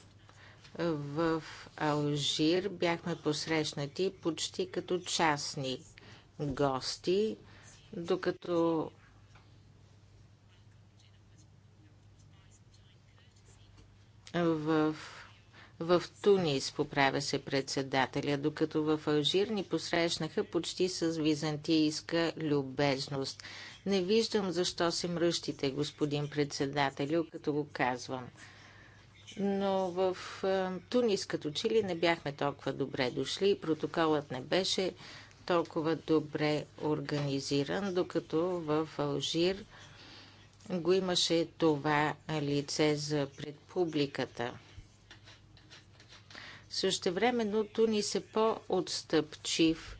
В Алжир бяхме посрещнати почти като частни гости, докато в, в Тунис поправя се председателя, докато в Алжир ни посрещнаха почти с византийска любезност – не виждам защо се мръщите, господин председателю, като го казвам. Но в е, Тунис като че ли не бяхме толкова добре дошли. Протоколът не беше толкова добре организиран, докато в Алжир го имаше това лице за пред публиката. Същевременно Тунис е по-отстъпчив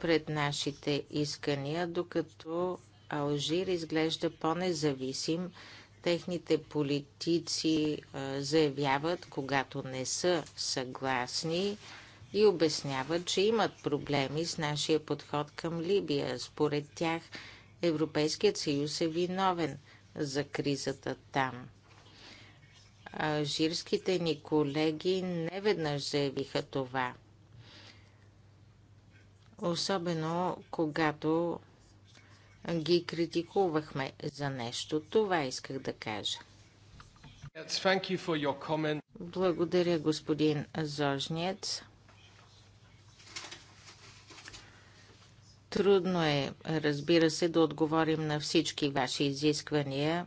пред нашите искания, докато Алжир изглежда по-независим. Техните политици заявяват, когато не са съгласни и обясняват, че имат проблеми с нашия подход към Либия. Според тях Европейският съюз е виновен за кризата там. Алжирските ни колеги неведнъж заявиха това особено когато ги критикувахме за нещо. Това исках да кажа. Благодаря, господин Зожнец. Трудно е, разбира се, да отговорим на всички ваши изисквания.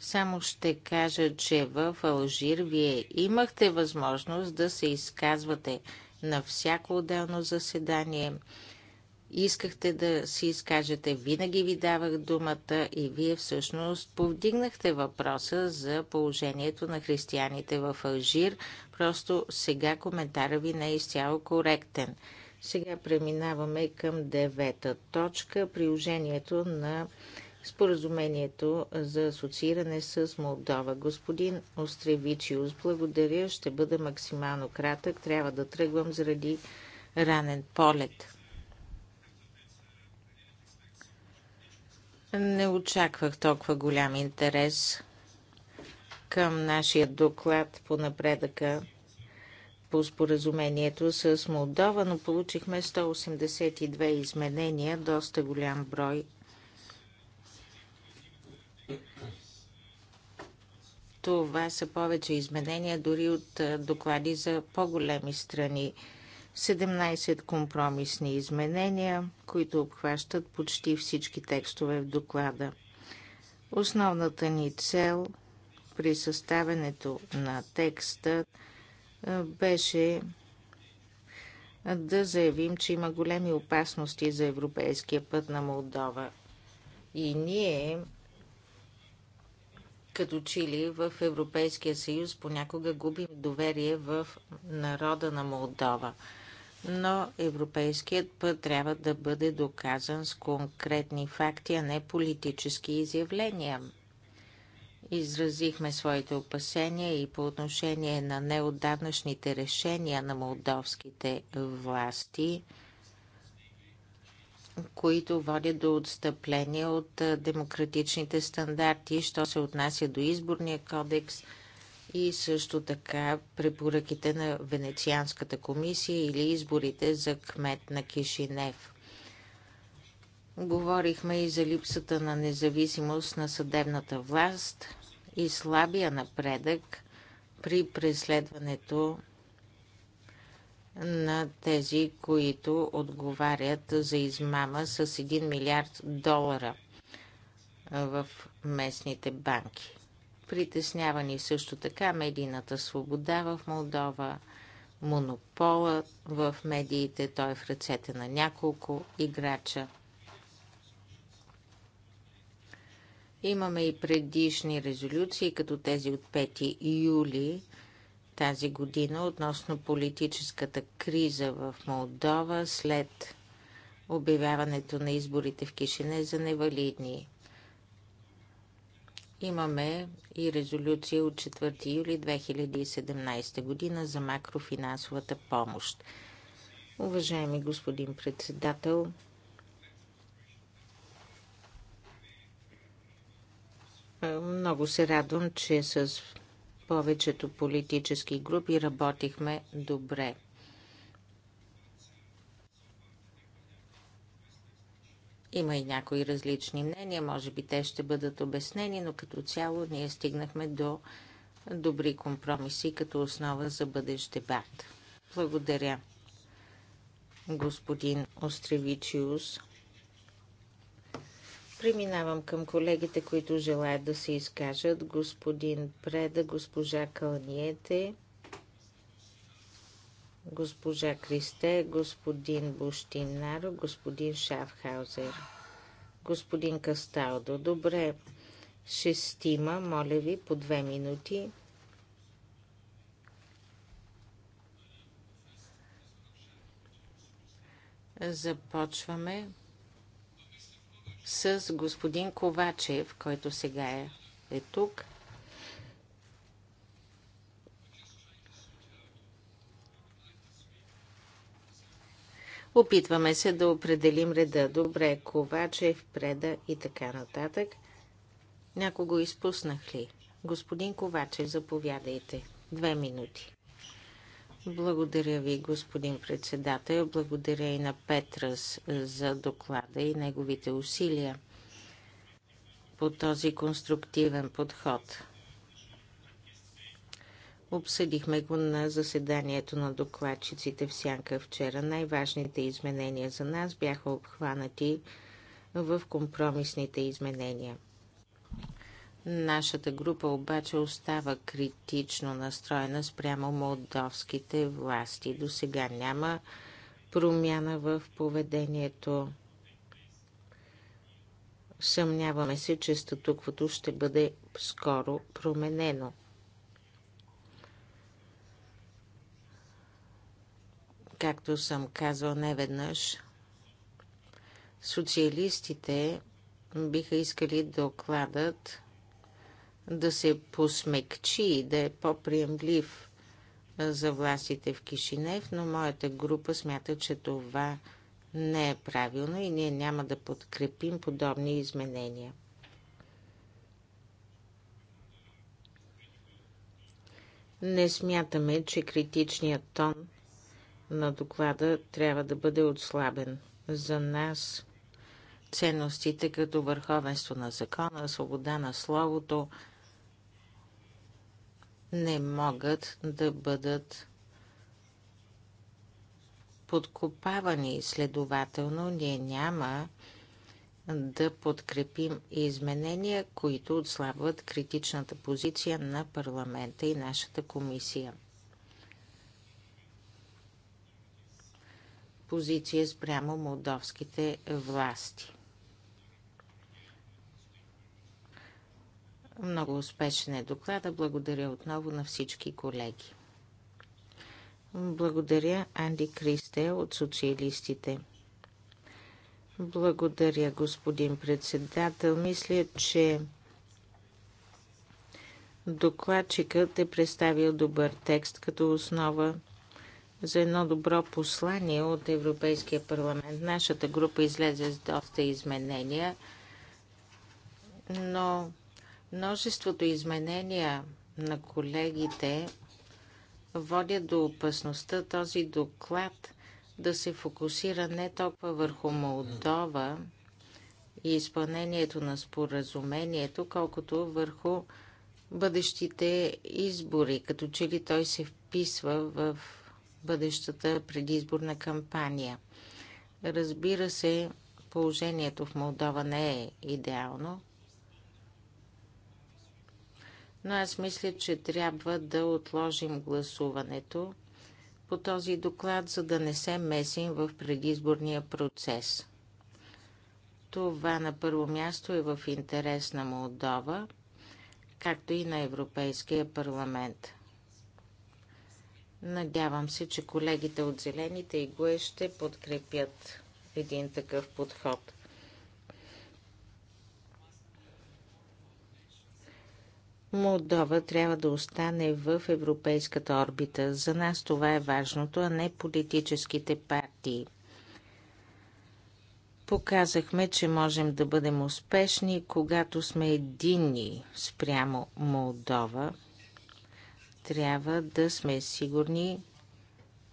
Само ще кажа, че в Алжир вие имахте възможност да се изказвате на всяко отделно заседание – искахте да си изкажете. Винаги ви давах думата и вие всъщност повдигнахте въпроса за положението на християните в Алжир. Просто сега коментара ви не е изцяло коректен. Сега преминаваме към девета точка. Приложението на споразумението за асоцииране с Молдова. Господин Остревичиус, благодаря. Ще бъда максимално кратък. Трябва да тръгвам заради ранен полет. Не очаквах толкова голям интерес към нашия доклад по напредъка по споразумението с Молдова, но получихме 182 изменения, доста голям брой. Това са повече изменения дори от доклади за по-големи страни – 17 компромисни изменения, които обхващат почти всички текстове в доклада. Основната ни цел при съставянето на текста беше да заявим, че има големи опасности за европейския път на Молдова. И ние, като чили в Европейския съюз, понякога губим доверие в народа на Молдова – но европейският път трябва да бъде доказан с конкретни факти, а не политически изявления. Изразихме своите опасения и по отношение на неотдавнашните решения на молдовските власти, които водят до отстъпление от демократичните стандарти, що се отнася до изборния кодекс – и също така препоръките на Венецианската комисия или изборите за кмет на Кишинев. Говорихме и за липсата на независимост на съдебната власт и слабия напредък при преследването на тези, които отговарят за измама с 1 милиард долара в местните банки. Притеснявани също така медийната свобода в Молдова, монопола в медиите, той е в ръцете на няколко играча. Имаме и предишни резолюции, като тези от 5 юли тази година относно политическата криза в Молдова след обявяването на изборите в Кишине за невалидни. Имаме и резолюция от 4 юли 2017 година за макрофинансовата помощ. Уважаеми господин председател, много се радвам, че с повечето политически групи работихме добре. Има и някои различни мнения, може би те ще бъдат обяснени, но като цяло ние стигнахме до добри компромиси като основа за бъдещ дебат. Благодаря, господин Остревичиус. Преминавам към колегите, които желаят да се изкажат. Господин Преда, госпожа Калниете госпожа Кристе, господин Буштинаро, господин Шафхаузер, господин Касталдо. Добре, шестима, моля ви, по две минути. Започваме с господин Ковачев, който сега е, е тук. Опитваме се да определим реда. Добре, Ковачев, Преда и така нататък. Някого изпуснах ли? Господин Ковачев, заповядайте. Две минути. Благодаря ви, господин председател. Благодаря и на Петрас за доклада и неговите усилия по този конструктивен подход. Обсъдихме го на заседанието на докладчиците в Сянка вчера. Най-важните изменения за нас бяха обхванати в компромисните изменения. Нашата група обаче остава критично настроена спрямо молдовските власти. До сега няма промяна в поведението. Съмняваме се, че статуквото ще бъде скоро променено. Както съм казал неведнъж, социалистите биха искали докладът да се посмекчи и да е по-приемлив за властите в Кишинев, но моята група смята, че това не е правилно и ние няма да подкрепим подобни изменения. Не смятаме, че критичният тон – на доклада трябва да бъде отслабен. За нас ценностите като върховенство на закона, свобода на словото не могат да бъдат подкопавани. Следователно, ние няма да подкрепим изменения, които отслабват критичната позиция на парламента и нашата комисия. позиция спрямо молдовските власти. Много успешен е доклада. Благодаря отново на всички колеги. Благодаря Анди Кристе от социалистите. Благодаря, господин председател. Мисля, че докладчикът е представил добър текст като основа за едно добро послание от Европейския парламент. Нашата група излезе с доста изменения, но множеството изменения на колегите водят до опасността този доклад да се фокусира не толкова върху Молдова и изпълнението на споразумението, колкото върху бъдещите избори, като че ли той се вписва в бъдещата предизборна кампания. Разбира се, положението в Молдова не е идеално, но аз мисля, че трябва да отложим гласуването по този доклад, за да не се месим в предизборния процес. Това на първо място е в интерес на Молдова, както и на Европейския парламент. Надявам се, че колегите от Зелените и ГУЕ ще подкрепят един такъв подход. Молдова трябва да остане в европейската орбита. За нас това е важното, а не политическите партии. Показахме, че можем да бъдем успешни, когато сме единни спрямо Молдова – трябва да сме сигурни,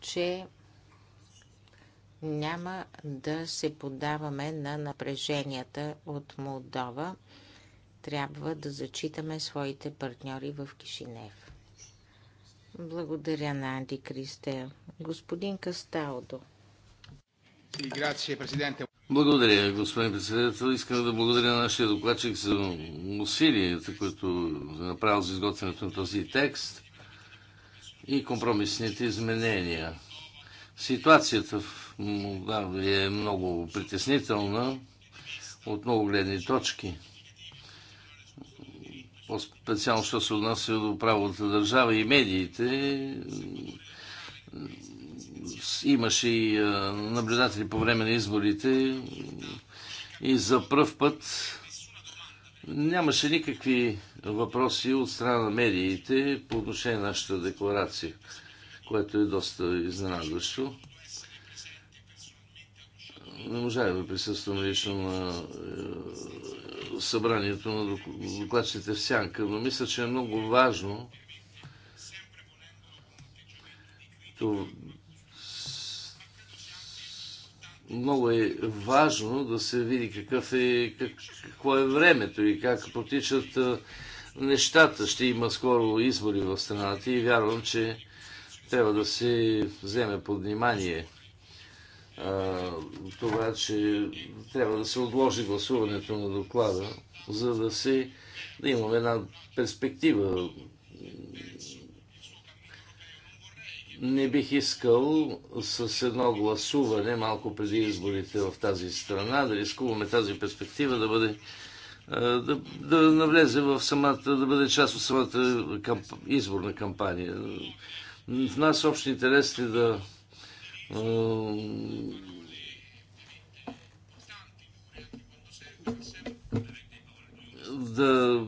че няма да се подаваме на напреженията от Молдова. Трябва да зачитаме своите партньори в Кишинев. Благодаря на Анди Кристе. Господин Касталдо. Благодаря, господин председател. Искам да благодаря на нашия докладчик за усилията, които е направил за изготвянето на този текст и компромисните изменения. Ситуацията в Молдавия е много притеснителна от много гледни точки. По-специално, що се отнася до правилата държава и медиите, имаше и наблюдатели по време на изборите и за първ път Нямаше никакви въпроси от страна на медиите по отношение на нашата декларация, което е доста изненадващо. Не можа да присъствам лично на е, събранието на докладчите в Сянка, но мисля, че е много важно много е важно да се види какъв е, как, какво е времето и как протичат нещата. Ще има скоро избори в страната и вярвам, че трябва да се вземе под внимание а, това, че трябва да се отложи гласуването на доклада, за да, се, да имаме една перспектива не бих искал с едно гласуване малко преди изборите в тази страна да рискуваме тази перспектива да бъде да, да навлезе в самата, да бъде част от самата камп, изборна кампания. В нас общи интерес е да да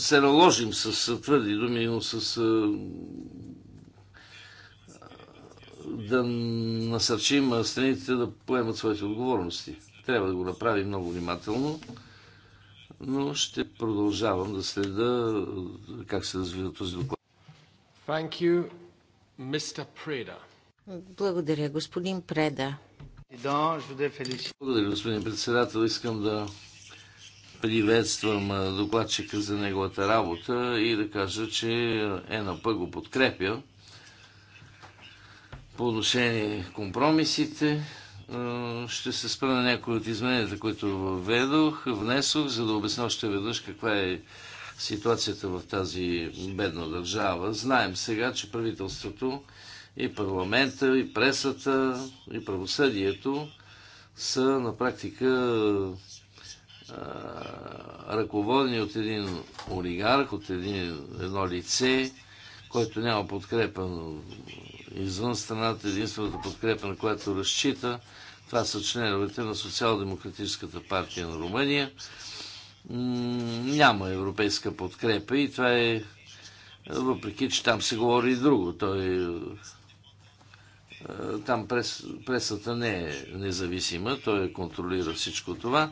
се наложим с твърди думи, но с да насърчим страните да поемат своите отговорности. Трябва да го направим много внимателно, но ще продължавам да следа е, как се развива този доклад. Thank you, Mr. Preda. Благодаря, господин Преда. Благодаря, господин председател. Искам да приветствам е, докладчика за неговата работа и да кажа, че ЕНАП го подкрепя по отношение компромисите. Ще се спра на някои от измененията, които введох, внесох, за да обясня още веднъж каква е ситуацията в тази бедна държава. Знаем сега, че правителството и парламента, и пресата, и правосъдието са на практика а, ръководни от един олигарх, от един, едно лице, който няма подкрепа извън страната, единствената подкрепа, на която разчита, това са членовете на Социал-демократическата партия на Румъния. Няма европейска подкрепа и това е, въпреки че там се говори и друго. Той, е, там прес, пресата не е независима, той е контролира всичко това.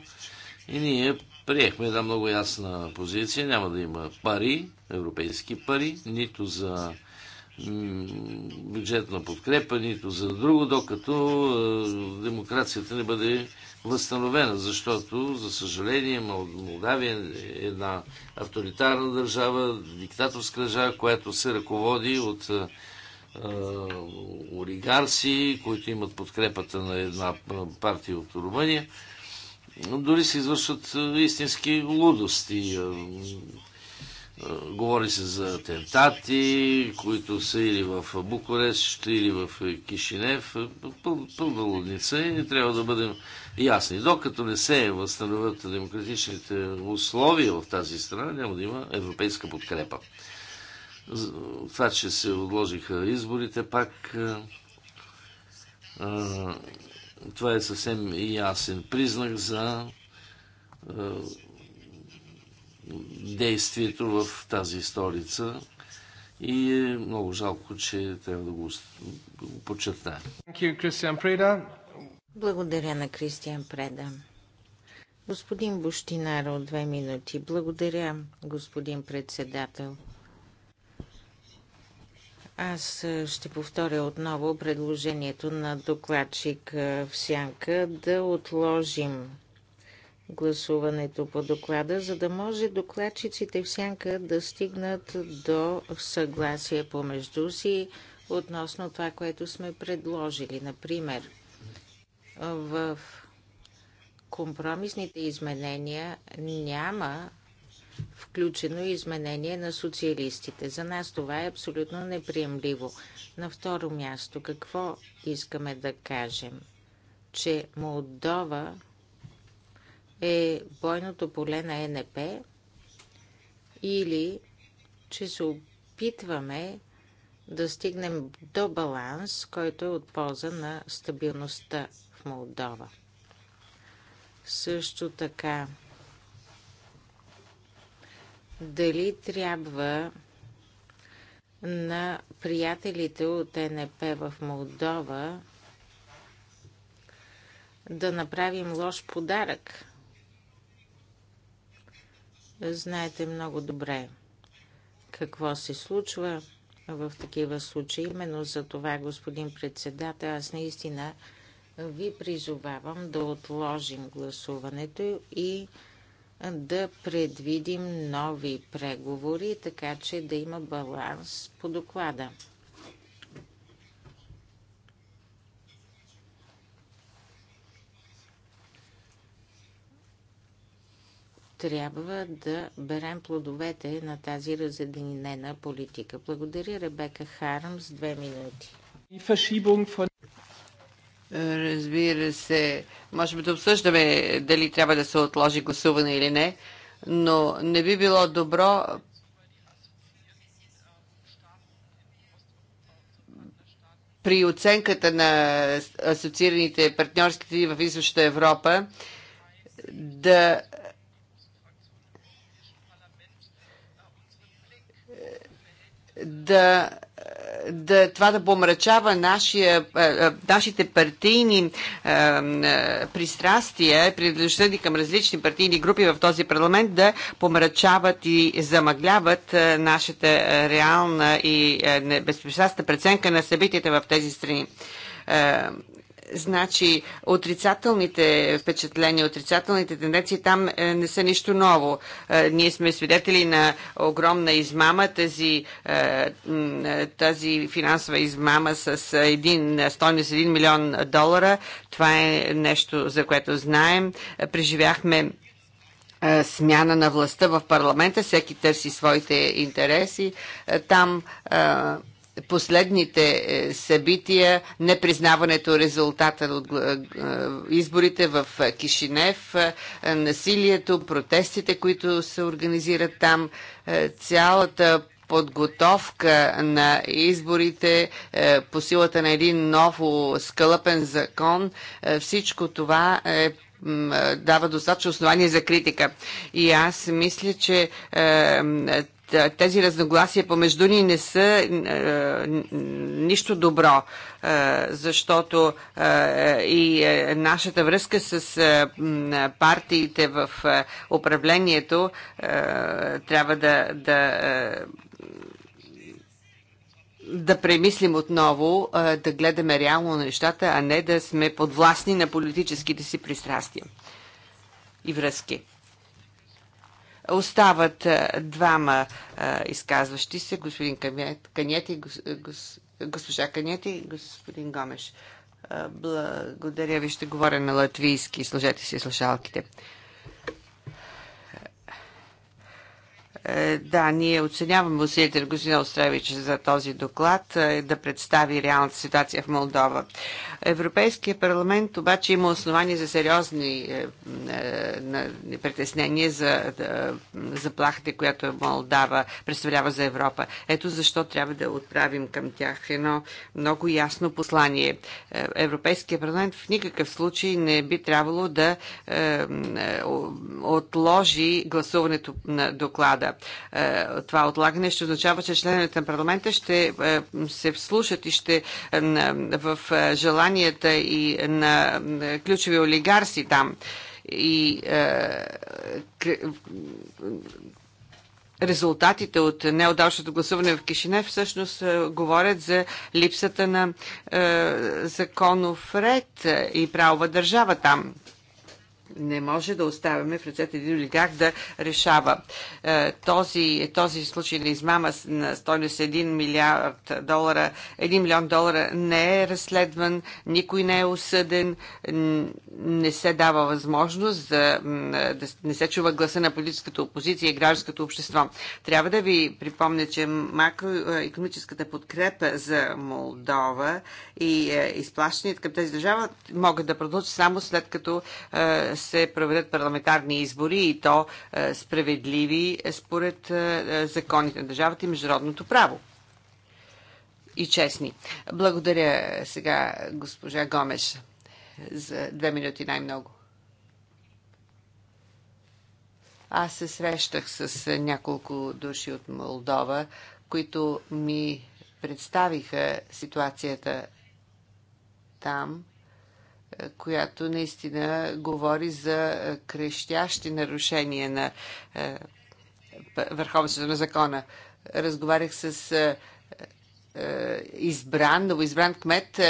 И ние приехме една много ясна позиция. Няма да има пари, европейски пари, нито за бюджетна подкрепа, нито за друго, докато е, демокрацията не бъде възстановена, защото, за съжаление, Молдавия е една авторитарна държава, диктаторска държава, която се ръководи от е, е, олигарси, които имат подкрепата на една партия от Румъния. Дори се извършват истински лудости. Е, говори се за атентати, които са или в Букурещ, или в Кишинев. Е, пълна лудница и трябва да бъдем ясни. Докато не се възстановят демократичните условия в тази страна, няма да има европейска подкрепа. Това, че се отложиха изборите, пак е, това е съвсем ясен признак за действието в тази столица и е много жалко, че трябва да го, го подчертаем. Благодаря на Кристиан Преда. Господин Буштинаро, две минути. Благодаря, господин председател. Аз ще повторя отново предложението на докладчик в сянка да отложим гласуването по доклада, за да може докладчиците в сянка да стигнат до съгласие помежду си относно това, което сме предложили. Например, в компромисните изменения няма включено изменение на социалистите. За нас това е абсолютно неприемливо. На второ място, какво искаме да кажем? Че Молдова е бойното поле на ЕНП или че се опитваме да стигнем до баланс, който е от полза на стабилността в Молдова. Също така, дали трябва на приятелите от ЕНП в Молдова да направим лош подарък Знаете много добре какво се случва в такива случаи. Именно за това, господин председател, аз наистина ви призовавам да отложим гласуването и да предвидим нови преговори, така че да има баланс по доклада. трябва да берем плодовете на тази разединена политика. Благодаря Ребека Харам с две минути. Разбира се, може би да обсъждаме дали трябва да се отложи гласуване или не, но не би било добро при оценката на асоциираните партньорските в Източна Европа да да, да, това да помрачава нашия, е, е, нашите партийни е, е пристрастия, пристрастия, ни към различни партийни групи в този парламент, да помрачават и замъгляват е, нашата реална и е, безпристрастна преценка на събитията в тези страни. Е, Значи, отрицателните впечатления, отрицателните тенденции там е, не са нищо ново. Е, ние сме свидетели на огромна измама, тази, е, тази финансова измама с един, стойност 1 милион долара. Това е нещо, за което знаем. Преживяхме смяна на властта в парламента, всеки търси своите интереси. Там последните е, събития, непризнаването резултата от е, е, изборите в Кишинев, насилието, протестите, които се организират там, цялата подготовка на изборите по силата на един ново скълъпен закон, всичко това е дава достатъчно основание за критика. И аз мисля, че е, тези разногласия помежду ни не са е, нищо добро, е, защото е, е и е, нашата връзка с е, партиите в е, управлението е, трябва да. да е, да премислим отново, е, да гледаме реално на нещата, а не да сме подвластни на политическите си пристрастия и връзки. Остават двама изказващи се, господин Канети, госпожа Канети и господин Гомеш. Благодаря ви, ще говоря на латвийски. Сложете си слушалките. Е, да, ние оценяваме усилите на господин Остревич за този доклад е, да представи реалната ситуация в Молдова. Европейския парламент обаче има основания за сериозни е, притеснения за заплахите, която Молдава представлява за Европа. Ето защо трябва да отправим към тях едно много ясно послание. Европейския парламент в никакъв случай не би трябвало да отложи гласуването на доклада е, това отлагане ще означава, че членовете на парламента ще е, се вслушат и ще е, в желанията и на ключови олигарси там. И резултатите от неудачното гласуване в Кишинев всъщност говорят за липсата на е, законов ред и правова държава там не може да оставяме в ръцете един олигарх да решава. Е, този, този случай на измама на стойност 1 милиард долара, 1 милион долара не е разследван, никой не е осъден, не се дава възможност за, да не се чува гласа на политическата опозиция и гражданското общество. Трябва да ви припомня, че макроекономическата подкрепа за Молдова и е, изплащането към тези държава могат да продължат само след като е, се проведат парламентарни избори и то е, справедливи е, според е, законите на държавата и международното право и честни. Благодаря сега госпожа Гомеш за две минути най-много. Аз се срещах с няколко души от Молдова, които ми представиха ситуацията там която наистина говори за е, крещящи нарушения на е, върховенството на закона. Разговарях с е, избран, новоизбран кмет,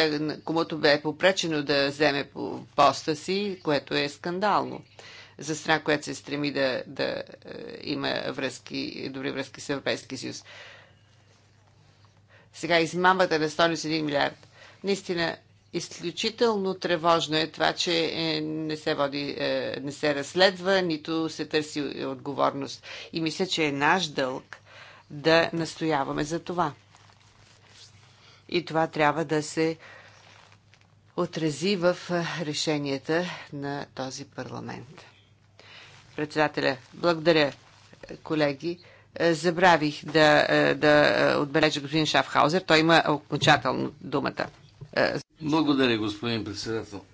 комуто бе попречено да вземе поста си, което е скандално за страна, която се стреми да, да има връзки, добри връзки с Европейския съюз. Сега измамата на 101 милиард. Наистина, Изключително тревожно е това, че е, не се, води, е, не се разследва, нито се търси отговорност. И мисля, че е наш дълг да настояваме за това. И това трябва да се отрази в е, решенията на този парламент. Председателя, благодаря, колеги. Забравих да, да отбележа господин Шафхаузер. Той има окончателно думата. Благодаря, господин председател.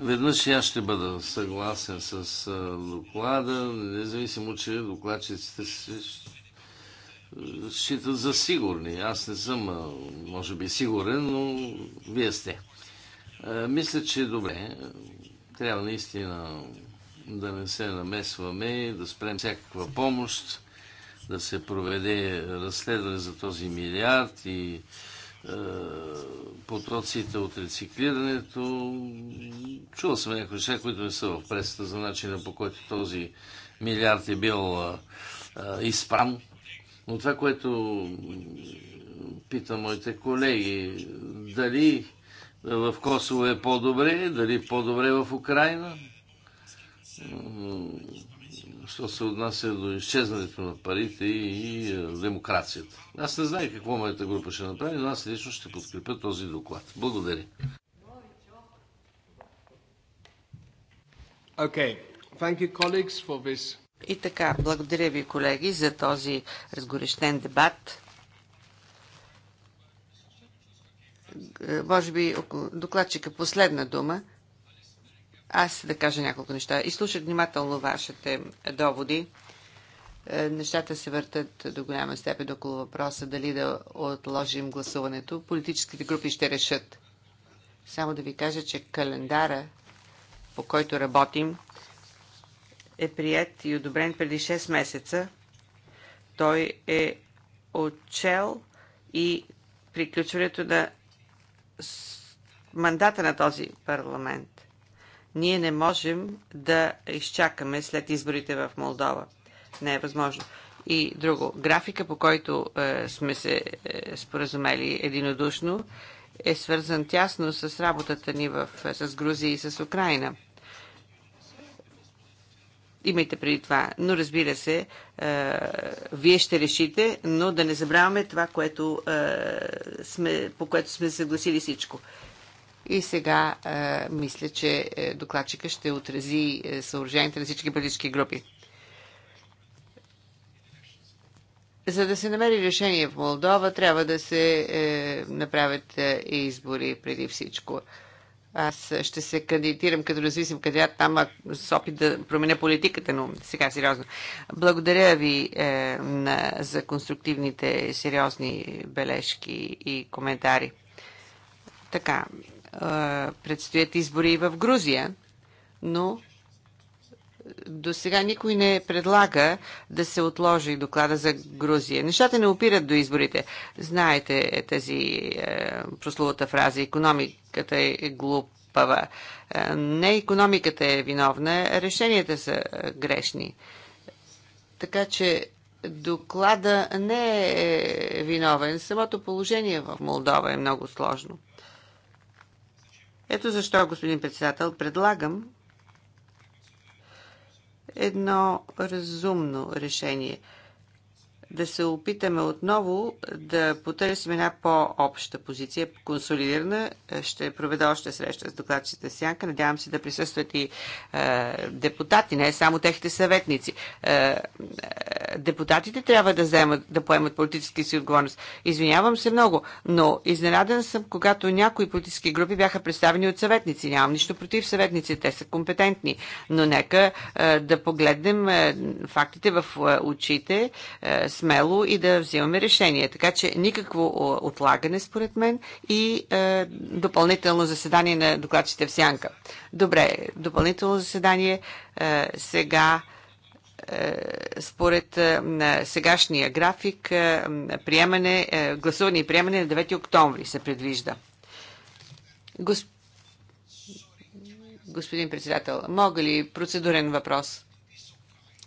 Веднъж и аз ще бъда съгласен с доклада, независимо, че докладчиците се считат за сигурни. Аз не съм, може би, сигурен, но вие сте. Мисля, че е добре. Трябва наистина да не се намесваме, да спрем всякаква помощ да се проведе разследване за този милиард и е, потоците от рециклирането. Чувал съм някои неща, които не са в пресата за начина по който този милиард е бил е, е изпран. Но това, което питам моите колеги, дали в Косово е по-добре, дали по-добре в Украина що се отнася до изчезването на парите и е, демокрацията. Аз не знае какво моята група ще направи, но аз лично ще подкрепя този доклад. Благодаря. Okay. Thank you, colleagues, for this. И така, благодаря ви, колеги, за този разгорещен дебат. Е, може би докладчика последна дума аз да кажа няколко неща. И слушах внимателно вашите доводи. Е, нещата се въртат до голяма степен около въпроса дали да отложим гласуването. Политическите групи ще решат. Само да ви кажа, че календара, по който работим, е прият и одобрен преди 6 месеца. Той е отчел и приключването на мандата на този парламент. Ние не можем да изчакаме след изборите в Молдова. Не е възможно. И друго, графика, по който е, сме се е, споразумели единодушно, е свързан тясно с работата ни в, е, с Грузия и с Украина. Имайте преди това. Но разбира се, е, вие ще решите, но да не забравяме това, което, е, сме, по което сме съгласили всичко. И сега а, е, мисля, че е, докладчика ще отрази е, съоръженията на всички политически групи. За да се намери решение в Молдова, трябва да се е, направят е, избори преди всичко. Аз ще се кандидатирам като независим кандидат там с опит да променя политиката, но сега сериозно. Благодаря ви е, на, за конструктивните сериозни бележки и коментари. Така, предстоят избори и в Грузия, но до сега никой не предлага да се отложи доклада за Грузия. Нещата не опират до изборите. Знаете е, тази е, прословата фраза економиката е глупава. Е, не економиката е виновна, решенията са е, грешни. Така че доклада не е виновен. Самото положение в Молдова е много сложно. Ето защо, господин председател, предлагам едно разумно решение – да се опитаме отново да потърсим една по-обща позиция, консолидирана. Е, ще проведа още среща с докладчите Сянка. Надявам се да присъстват и е, депутати, не само техните съветници. Е, е, депутатите трябва да, вземат, да поемат политически си отговорност. Извинявам се много, но изненаден съм, когато някои политически групи бяха представени от съветници. Нямам нищо против съветници, те са компетентни. Но нека е, да погледнем е, фактите в е, очите. Е, смело и да взимаме решение. Така че никакво отлагане, според мен, и е, допълнително заседание на докладчите в Сянка. Добре, допълнително заседание е, сега според сегашния график приемане, гласуване и приемане на 9 октомври се предвижда. Господин председател, мога ли процедурен въпрос?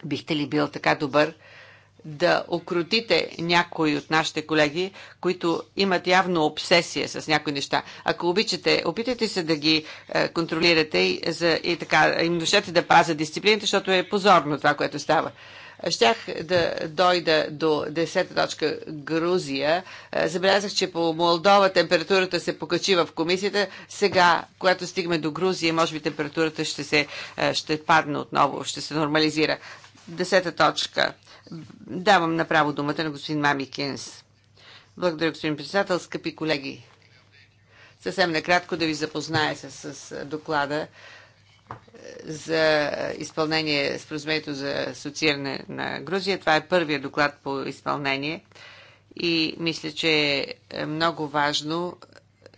Бихте ли бил така добър да окрутите някои от нашите колеги, които имат явно обсесия с някои неща. Ако обичате, опитайте се да ги е, контролирате и, за, и така, им дошете да пазят дисциплината, защото е позорно това, което става. Щях да дойда до 10 точка Грузия. Е, забелязах, че по Молдова температурата се покачи в комисията. Сега, когато стигме до Грузия, може би температурата ще, се, е, ще падне отново, ще се нормализира. Десета точка Давам направо думата на господин Кенс. Благодаря, господин председател, скъпи колеги. Съвсем накратко да ви запозная с, с доклада е, за изпълнение споразумението за асоцииране на Грузия. Това е първият доклад по изпълнение и мисля, че е много важно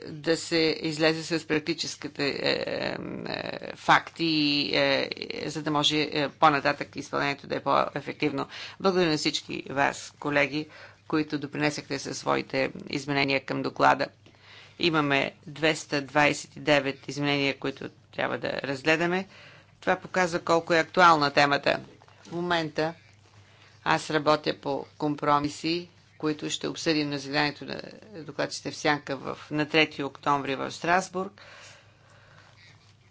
да се излезе с практическите е, е, е, факти, е, за да може е, по-нататък изпълнението да е по-ефективно. Благодаря на всички вас, колеги, които допринесахте със своите изменения към доклада. Имаме 229 изменения, които трябва да разгледаме. Това показва колко е актуална темата. В момента аз работя по компромиси които ще обсъдим на заседанието на докладчите в Сянка в, на 3 октомври в Страсбург.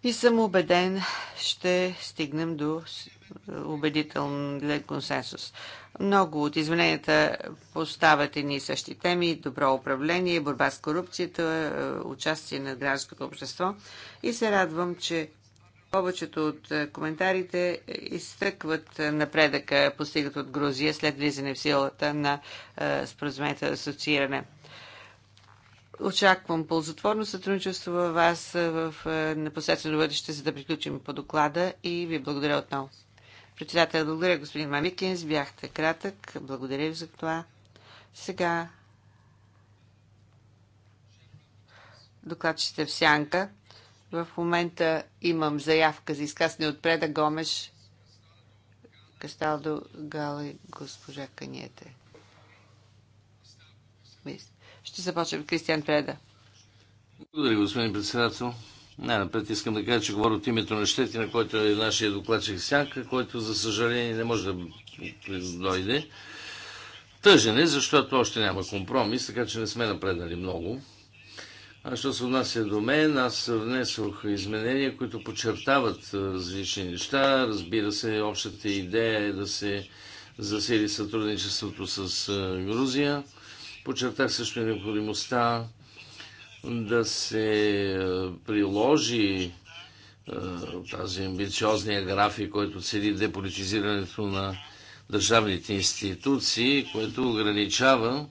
И съм убеден, ще стигнем до убедителен консенсус. Много от измененията поставят едни и същи теми добро управление, борба с корупцията, е, участие на гражданското общество. И се радвам, че повечето от е, коментарите изтъкват е, напредъка, постигат от Грузия след влизане в силата на е, споразумението за асоцииране. Очаквам ползотворно сътрудничество във вас в непосредствено бъдеще, за да приключим по доклада и ви благодаря отново. Председател, благодаря господин Мамикинс, бяхте кратък, благодаря ви за това. Сега докладчите в сянка. В момента имам заявка за изказване от Преда Гомеш, Касталдо Гала и госпожа Каниете. Ще започнем Кристиан Преда. Благодаря, господин председател. Най-напред искам да кажа, че говоря от името на Щетина, който е нашия докладчик Сянка, който за съжаление не може да дойде. Тъжен е, защото още няма компромис, така че не сме напреднали много. А що се отнася до мен, аз внесох изменения, които подчертават различни неща. Разбира се, общата идея е да се засили сътрудничеството с Грузия. Подчертах също необходимостта да се приложи тази амбициозния график, който цели деполитизирането на държавните институции, което ограничава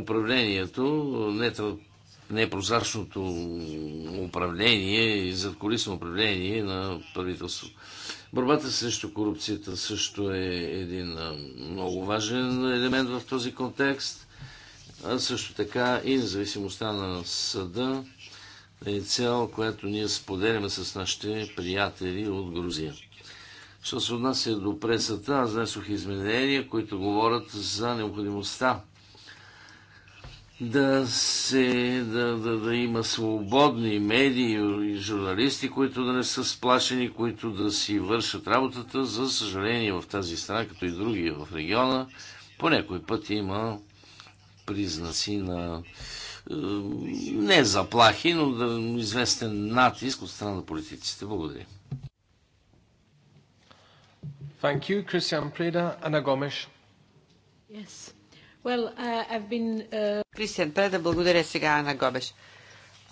управлението, непрозрачното управление и задколисно управление на правителството. Борбата срещу корупцията също е един много важен елемент в този контекст. А също така и независимостта на съда е цел, която ние споделяме с нашите приятели от Грузия. Що се отнася до пресата, аз внесох изменения, които говорят за необходимостта да, се, да, да, да има свободни медии и журналисти, които да не са сплашени, които да си вършат работата. За съжаление в тази страна, като и други в региона, по някой път има признаци на не заплахи, но да, известен натиск от страна на политиците. Благодаря. Thank you, Christian Preda, Anna Gomes. Yes. Uh, uh, Кристиан, uh, да Преда, благодаря сега на Гобеш.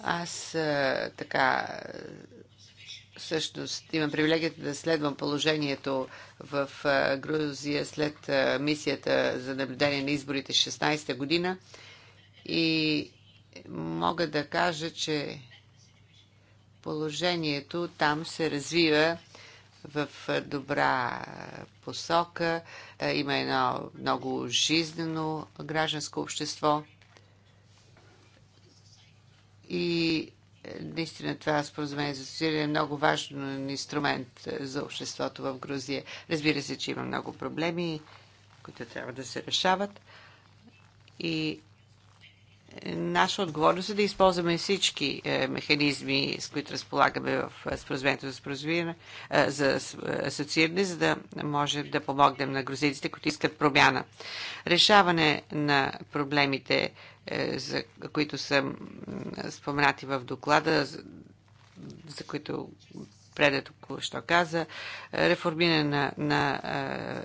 Аз така всъщност имам привилегията да следвам положението в Грузия след мисията за наблюдение на изборите 16-та година и мога да кажа, че положението там се развива в добра посока. Има едно много жизнено гражданско общество. И е, наистина това споразумение за асоцииране е много важен инструмент е, за обществото в Грузия. Разбира се, че има много проблеми, които трябва да се решават. И е, наша отговорност е да използваме всички е, механизми, с които разполагаме в е, споразумението за, за асоцииране, за да може да помогнем на грузинците, които искат промяна. Решаване на проблемите, за които са споменати в доклада, за които преде току-що каза. Реформиране на, на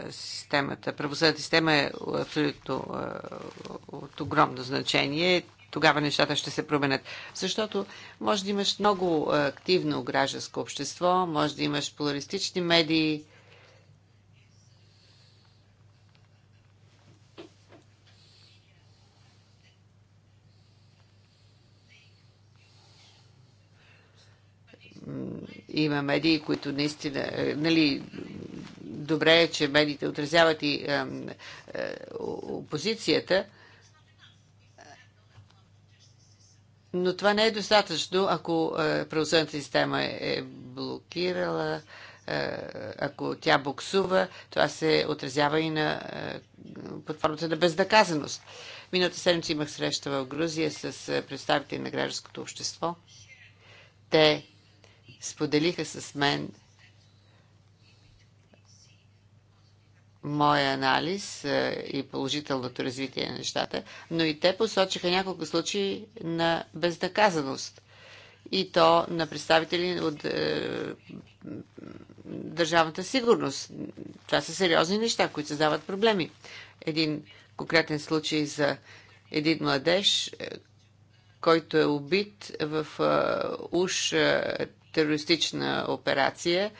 системата, правосъдната система е абсолютно от огромно значение тогава нещата ще се променят. Защото може да имаш много активно гражданско общество, може да имаш поларистични медии, има медии, които наистина, е, нали, добре е, че медиите отразяват и е, опозицията, но това не е достатъчно, ако е, правосъдната система е блокирала, ако тя буксува, това се отразява и на платформата на бездаказаност. Миналата седмица имах среща в Грузия с представители на гражданското общество. Те споделиха с мен моя анализ е, и положителното развитие на нещата, но и те посочиха няколко случаи на безнаказаност. И то на представители от е, държавната сигурност. Това са сериозни неща, които създават проблеми. Един конкретен случай за един младеж, е, който е убит в е, уж е, терористична операция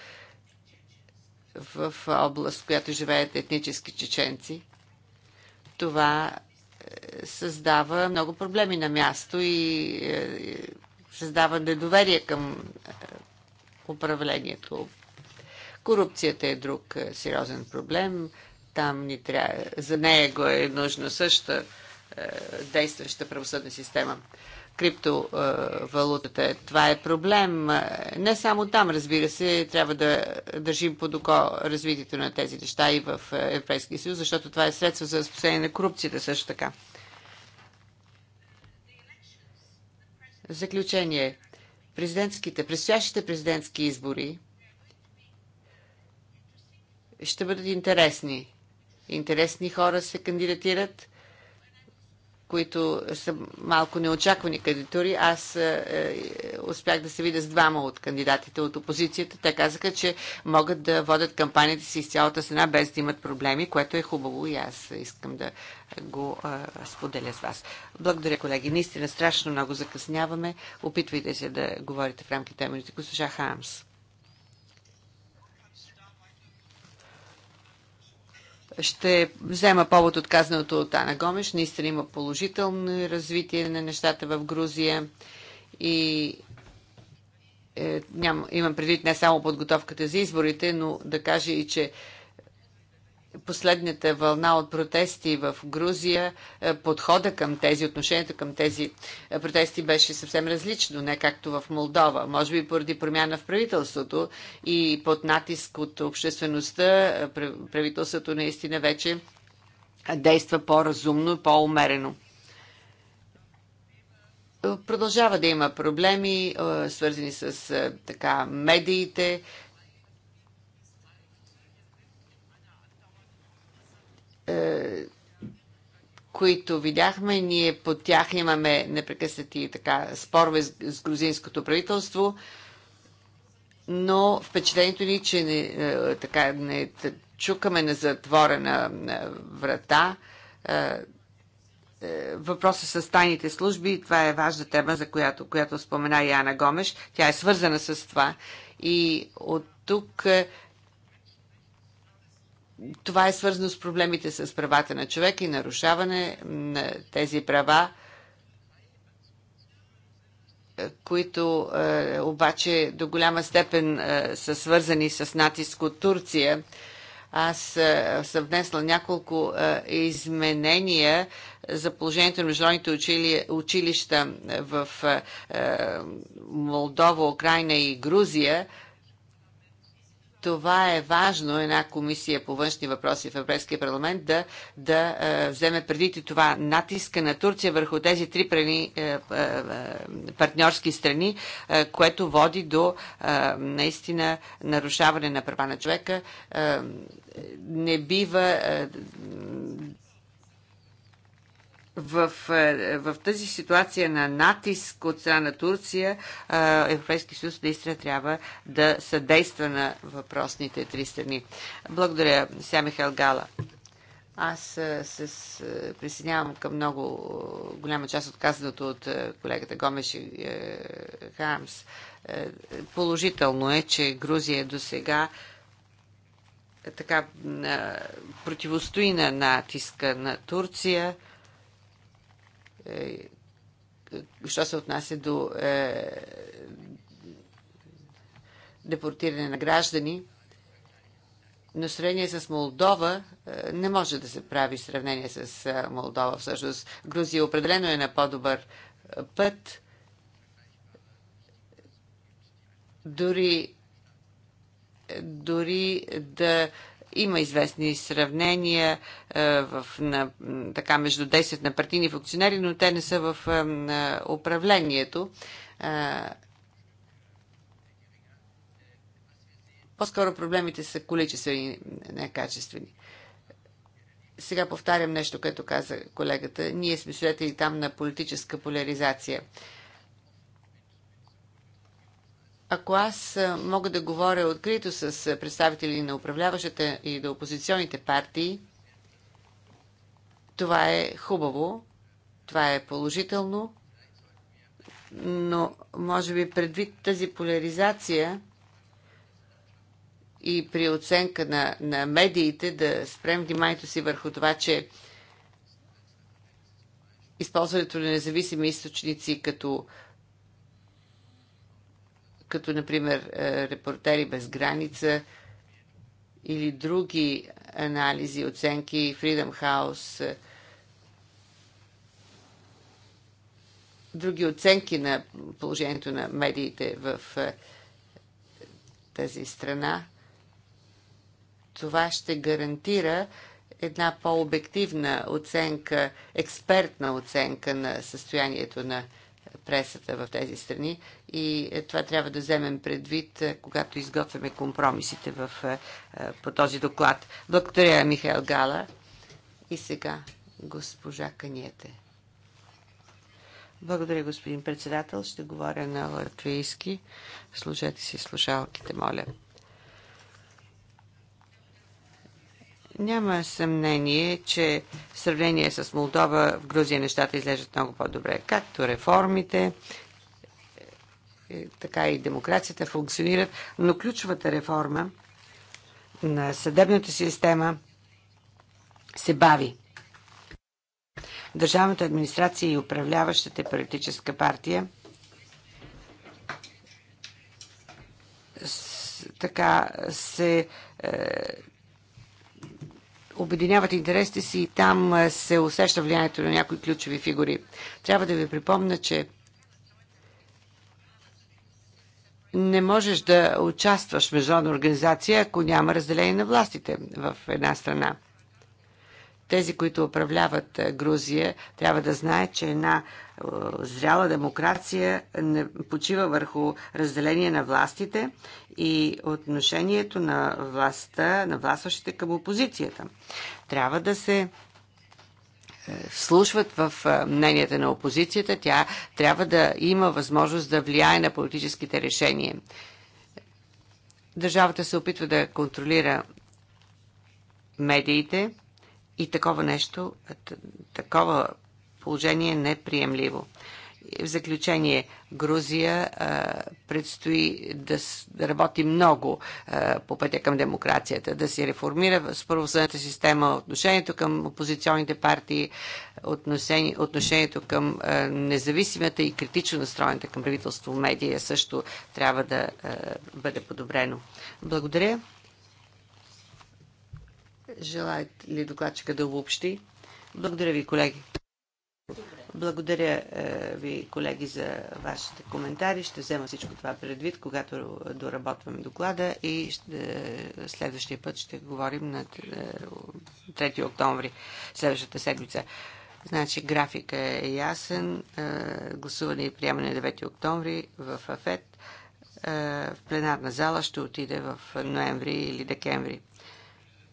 в област, в която живеят етнически чеченци. Това е, създава много проблеми на място и е, създава недоверие към е, управлението. Корупцията е друг сериозен проблем. Там ни трябва, за нея го е нужно също действаща правосъдна система криптовалутата. Това е проблем. Не само там, разбира се, трябва да държим под око развитието на тези неща и в Европейския съюз, защото това е средство за разпосение на корупцията също така. Заключение. Президентските, предстоящите президентски избори ще бъдат интересни. Интересни хора се кандидатират които са малко неочаквани кандидатури. Аз е, е, успях да се видя с двама от кандидатите от опозицията. Те казаха, че могат да водят кампанията си из цялата страна без да имат проблеми, което е хубаво и аз искам да го е, споделя с вас. Благодаря, колеги. Наистина страшно много закъсняваме. Опитвайте се да говорите в рамките на минути. Госпожа Хамс. Ще взема повод от казаното от Ана Гомеш. Наистина има положително развитие на нещата в Грузия и е, ням, имам предвид не само подготовката за изборите, но да кажа и, че последната вълна от протести в Грузия, е, подхода към тези, отношението към тези е, протести беше съвсем различно, не както в Молдова. Може би поради промяна в правителството и под натиск от обществеността, е, правителството наистина вече действа по-разумно и по-умерено. Продължава да има проблеми, свързани с така медиите, Е, които видяхме. Ние по тях имаме непрекъснати така, спорове с, с грузинското правителство, но впечатлението ни, че не, е, така, не чукаме на затворена е, врата. въпросът с тайните служби, това е важна тема, за която, която спомена Яна Гомеш. Тя е свързана с това. И от тук това е свързано с проблемите с правата на човека и нарушаване на тези права, е, които е, обаче до голяма степен е, са свързани с натиск от Турция. Аз съм внесла няколко изменения за положението на международните училища в Молдова, Украина и Грузия това е важно една комисия по външни въпроси в Европейския парламент да, да е, вземе преди това натиска на Турция върху тези три прени, е, е, е, партньорски страни, е, което води до е, наистина нарушаване на права на човека. Е, не бива е, в, е, в тази ситуация на натиск от страна на Турция, е, Европейски съюз наистина трябва да съдейства на въпросните три страни. Благодаря, Ся Михайл Гала. Аз е, се присъединявам към много голяма част от казаното от колегата Гомеш и Хамс. Положително е, че Грузия до сега така противостои на натиска на Турция е, що се отнася до е, депортиране на граждани, но сравнение с Молдова е, не може да се прави сравнение с Молдова. Всъщност Грузия определено е на по-добър път. Дори, дори да има известни сравнения е, в, на, така, между 10 на партийни функционери, но те не са в на е, е, управлението. по-скоро проблемите са количествени, не качествени. Сега повтарям нещо, което каза колегата. Ние сме свидетели там на политическа поляризация. Ако аз мога да говоря открито с представители на управляващата и на опозиционните партии, това е хубаво, това е положително, но може би предвид тази поляризация и при оценка на, на медиите да спрем вниманието си върху това, че използването на независими източници като като например е, Репортери без граница или други анализи, оценки, Freedom House, е, други оценки на положението на медиите в е, тази страна, това ще гарантира една по-обективна оценка, експертна оценка на състоянието на пресата в тези страни и е, това трябва да вземем предвид, е, когато изготвяме компромисите в, е, по този доклад. Благодаря, Михаил Гала. И сега госпожа Каниете. Благодаря, господин председател. Ще говоря на латвийски. Служете си слушалките, моля. Няма съмнение, че в сравнение с Молдова в Грузия нещата излежат много по-добре. Както реформите, е, така и демокрацията функционират, но ключовата реформа на съдебната система се бави. Държавната администрация и управляващата политическа партия така се е, обединяват интересите си и там се усеща влиянието на някои ключови фигури. Трябва да ви припомня, че не можеш да участваш в международна организация, ако няма разделение на властите в една страна. Тези, които управляват е, Грузия, трябва да знаят, че една е, зряла демокрация не почива върху разделение на властите и отношението на властта, на властващите към опозицията. Трябва да се е, вслушват в мненията на опозицията, тя трябва да има възможност да влияе на политическите решения. Държавата се опитва да контролира медиите, и такова нещо, такова положение е неприемливо. В заключение, Грузия предстои да, работи много по пътя към демокрацията, да се реформира с правосъдната система, отношението към опозиционните партии, отношението към независимата и критично настроената към правителство медия също трябва да бъде подобрено. Благодаря. Желаят ли докладчика да обобщи? Благодаря ви, колеги. Благодаря е, ви, колеги, за вашите коментари. Ще взема всичко това предвид, когато доработваме доклада и ще, следващия път ще говорим на 3 е, октомври, следващата седмица. Значи графика е ясен. Е, гласуване и приемане на 9 октомври в АФЕТ. В пленарна зала ще отиде в ноември или декември.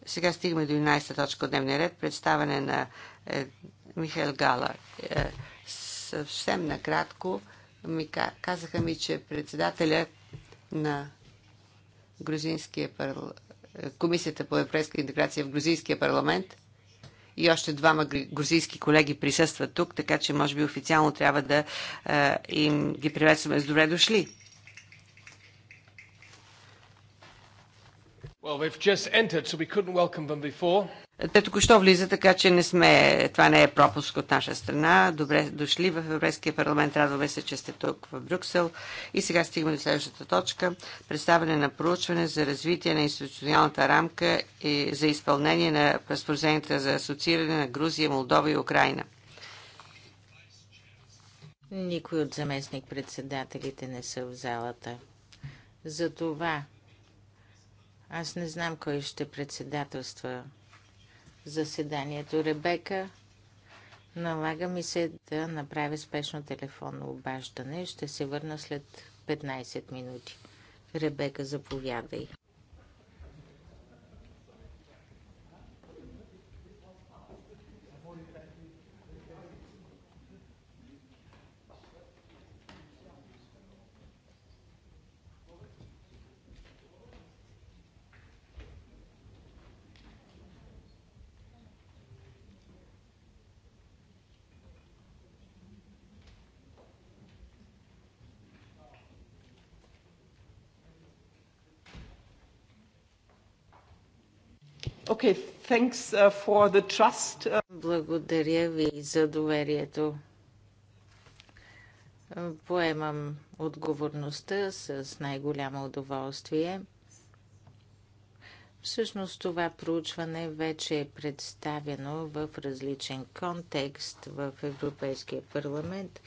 Сега стигаме до 11 та точка от дневния ред. Представане на е, Михаил Гала. Е, съвсем накратко ми казаха ми, че председателя на грузинския парл... Е, Комисията по европейска интеграция в грузинския парламент и още двама грузински колеги присъстват тук, така че може би официално трябва да е, им ги приветстваме с добре дошли. Те току-що влиза, така че не сме, това не е пропуск от наша страна. Добре дошли в Европейския парламент. Радваме се, че сте тук в Брюксел. И сега стигаме до следващата точка. Представяне на проучване за развитие на институционалната рамка и за изпълнение на споразуменията за асоцииране на Грузия, Молдова и Украина. Никой от заместник председателите не са в залата. Затова аз не знам кой ще председателства заседанието. Ребека, налага ми се да направя спешно телефонно обаждане. Ще се върна след 15 минути. Ребека, заповядай. Okay, thanks uh, for the trust. Uh. Благодаря ви за доверието. Поемам отговорността с най-голямо удоволствие. Всъщност това проучване вече е представено в различен контекст в Европейския парламент.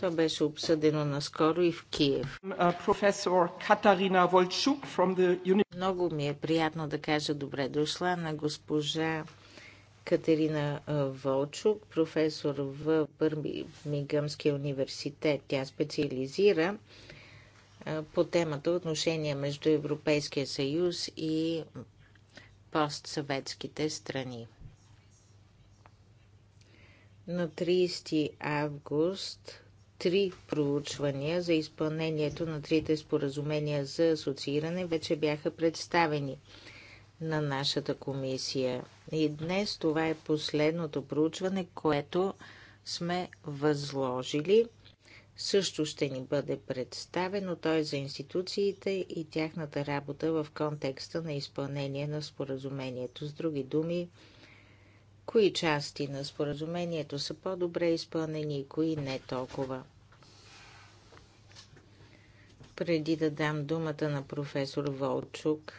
То беше обсъдено наскоро и в Киев. Uh, професор Катарина Волчук from the много ми е приятно да кажа добре дошла на госпожа Катерина Волчук, професор в Бърмигъмския университет. Тя специализира по темата отношения между Европейския съюз и постсъветските страни. На 30 август три проучвания за изпълнението на трите споразумения за асоцииране вече бяха представени на нашата комисия. И днес това е последното проучване, което сме възложили. Също ще ни бъде представено той е за институциите и тяхната работа в контекста на изпълнение на споразумението. С други думи, кои части на споразумението са по-добре изпълнени и кои не толкова. Преди да дам думата на професор Волчук,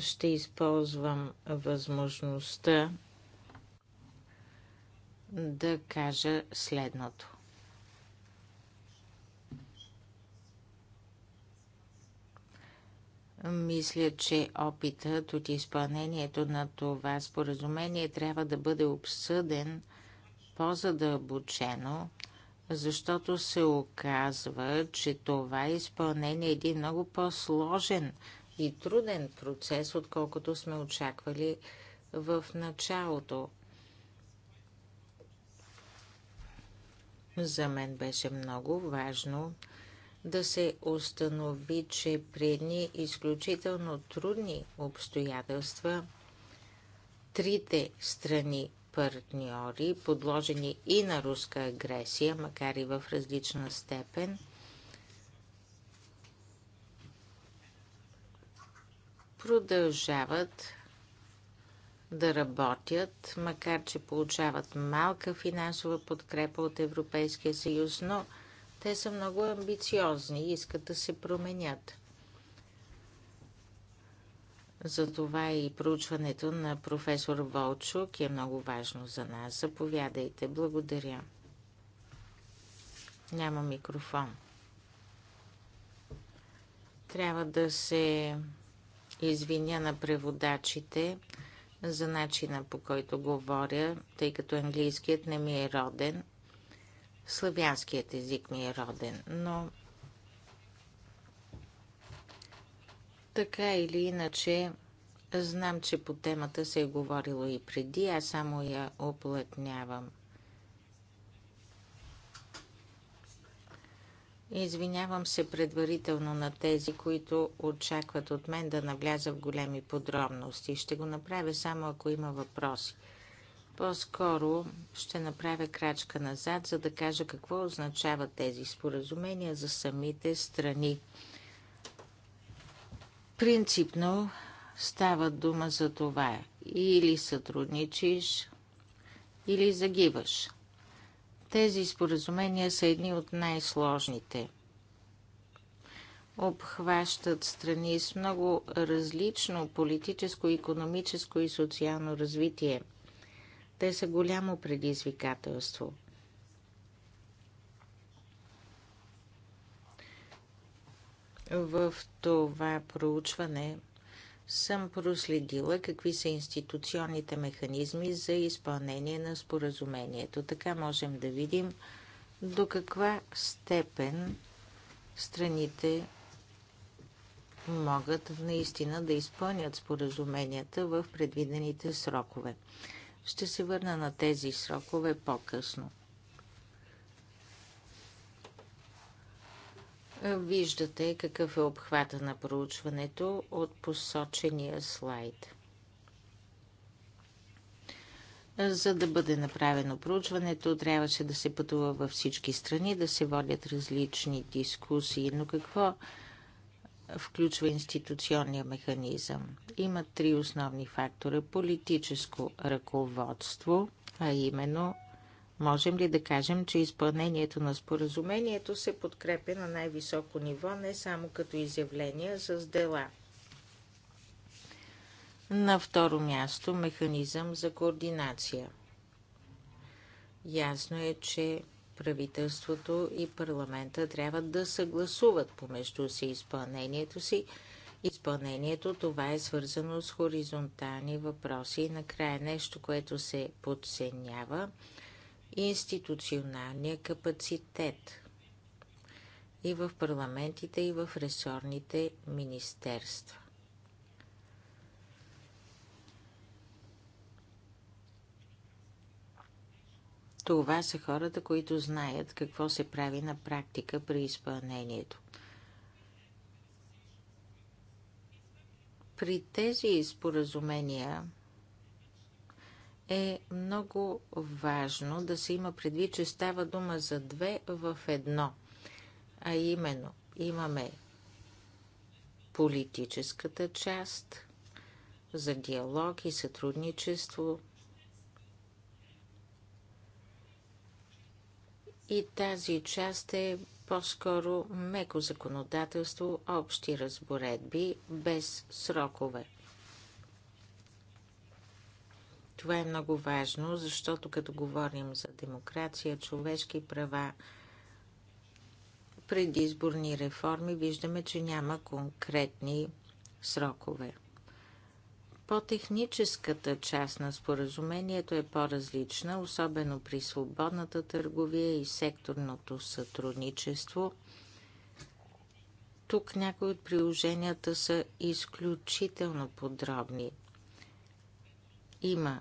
ще използвам възможността да кажа следното. Мисля, че опитът от изпълнението на това споразумение трябва да бъде обсъден по-задълбочено, защото се оказва, че това изпълнение е един много по-сложен и труден процес, отколкото сме очаквали в началото. За мен беше много важно да се установи, че при едни изключително трудни обстоятелства трите страни партньори, подложени и на руска агресия, макар и в различна степен, продължават да работят, макар че получават малка финансова подкрепа от Европейския съюз, но те са много амбициозни и искат да се променят. Затова и проучването на професор Волчук е много важно за нас. Заповядайте. Благодаря. Няма микрофон. Трябва да се извиня на преводачите за начина по който говоря, тъй като английският не ми е роден славянският език ми е роден, но така или иначе знам, че по темата се е говорило и преди, аз само я оплътнявам. Извинявам се предварително на тези, които очакват от мен да навляза в големи подробности. Ще го направя само ако има въпроси. По-скоро ще направя крачка назад, за да кажа какво означават тези споразумения за самите страни. Принципно става дума за това. Или сътрудничиш, или загиваш. Тези споразумения са едни от най-сложните. Обхващат страни с много различно политическо, економическо и социално развитие – те са голямо предизвикателство. В това проучване съм проследила какви са институционните механизми за изпълнение на споразумението. Така можем да видим до каква степен страните могат наистина да изпълнят споразуменията в предвидените срокове. Ще се върна на тези срокове по-късно. Виждате какъв е обхвата на проучването от посочения слайд. За да бъде направено проучването, трябваше да се пътува във всички страни, да се водят различни дискусии. Но какво включва институционния механизъм. Има три основни фактора. Политическо ръководство, а именно можем ли да кажем, че изпълнението на споразумението се подкрепя на най-високо ниво, не само като изявления с дела. На второ място механизъм за координация. Ясно е, че правителството и парламента трябва да съгласуват помежду си изпълнението си. Изпълнението това е свързано с хоризонтални въпроси и накрая нещо, което се подценява институционалния капацитет и в парламентите, и в ресорните министерства. Това са хората, които знаят какво се прави на практика при изпълнението. При тези споразумения е много важно да се има предвид, че става дума за две в едно. А именно, имаме политическата част за диалог и сътрудничество И тази част е по-скоро меко законодателство, общи разпоредби, без срокове. Това е много важно, защото като говорим за демокрация, човешки права, предизборни реформи, виждаме, че няма конкретни срокове. По-техническата част на споразумението е по-различна, особено при свободната търговия и секторното сътрудничество. Тук някои от приложенията са изключително подробни. Има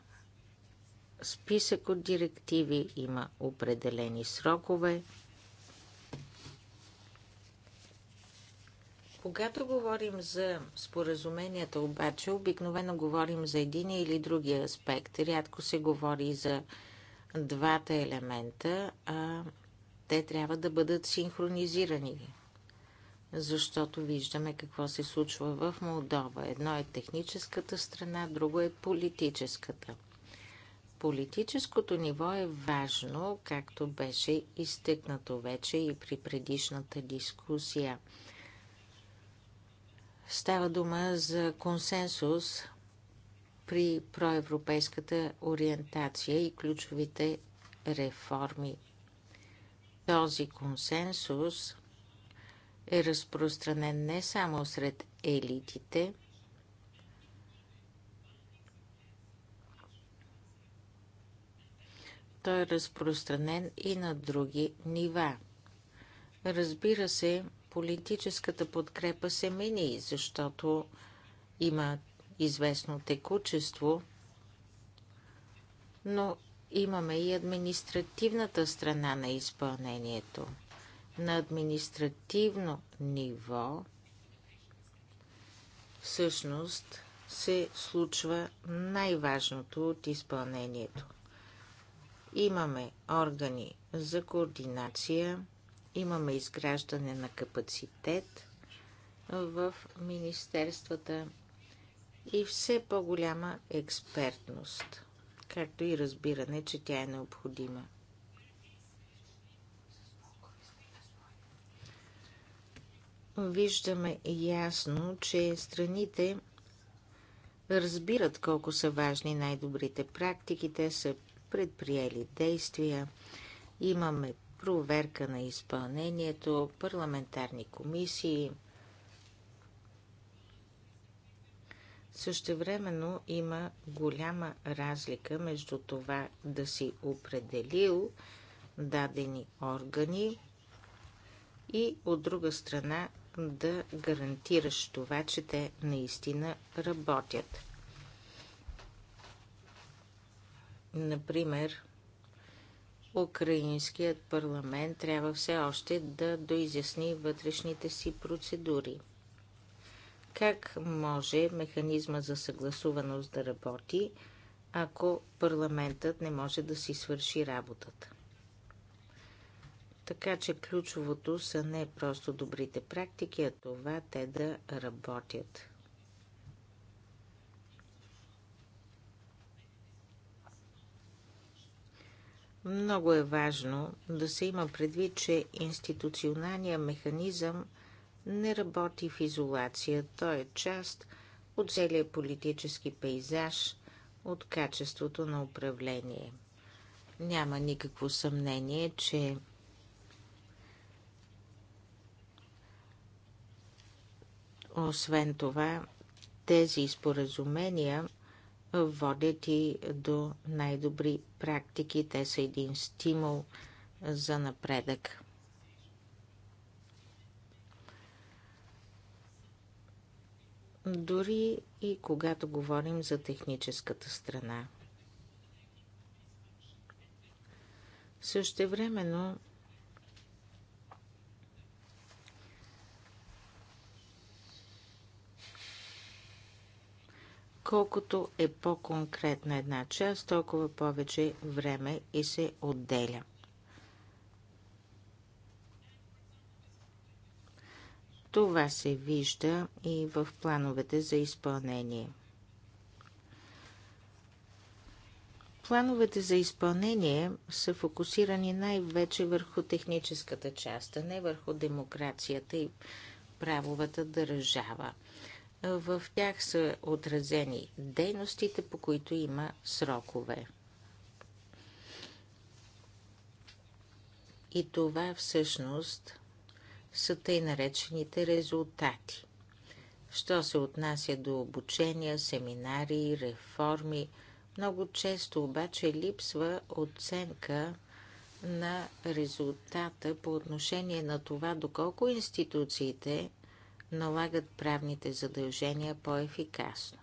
списък от директиви, има определени срокове – Когато говорим за споразуменията, обаче, обикновено говорим за един или другия аспект. Рядко се говори за двата елемента, а те трябва да бъдат синхронизирани. Защото виждаме какво се случва в Молдова. Едно е техническата страна, друго е политическата. Политическото ниво е важно, както беше изтъкнато вече и при предишната дискусия. Става дума за консенсус при проевропейската ориентация и ключовите реформи. Този консенсус е разпространен не само сред елитите, той е разпространен и на други нива. Разбира се, политическата подкрепа се мени, защото има известно текучество, но имаме и административната страна на изпълнението. На административно ниво всъщност се случва най-важното от изпълнението. Имаме органи за координация, Имаме изграждане на капацитет в министерствата и все по-голяма експертност, както и разбиране, че тя е необходима. Виждаме ясно, че страните разбират колко са важни най-добрите практики, те са предприели действия. Имаме проверка на изпълнението, парламентарни комисии. Същевременно има голяма разлика между това да си определил дадени органи и от друга страна да гарантираш това, че те наистина работят. Например, Украинският парламент трябва все още да доизясни вътрешните си процедури. Как може механизма за съгласуваност да работи, ако парламентът не може да си свърши работата? Така че ключовото са не просто добрите практики, а това те да работят. Много е важно да се има предвид, че институционалният механизъм не работи в изолация. Той е част от целия политически пейзаж, от качеството на управление. Няма никакво съмнение, че освен това тези споразумения водят и до най-добри практики. Те са един стимул за напредък. Дори и когато говорим за техническата страна. също времено. Колкото е по-конкретна една част, толкова повече време и се отделя. Това се вижда и в плановете за изпълнение. Плановете за изпълнение са фокусирани най-вече върху техническата част, а не върху демокрацията и правовата държава. В тях са отразени дейностите, по които има срокове. И това всъщност са тъй наречените резултати. Що се отнася до обучения, семинари, реформи, много често обаче липсва оценка на резултата по отношение на това доколко институциите налагат правните задължения по-ефикасно.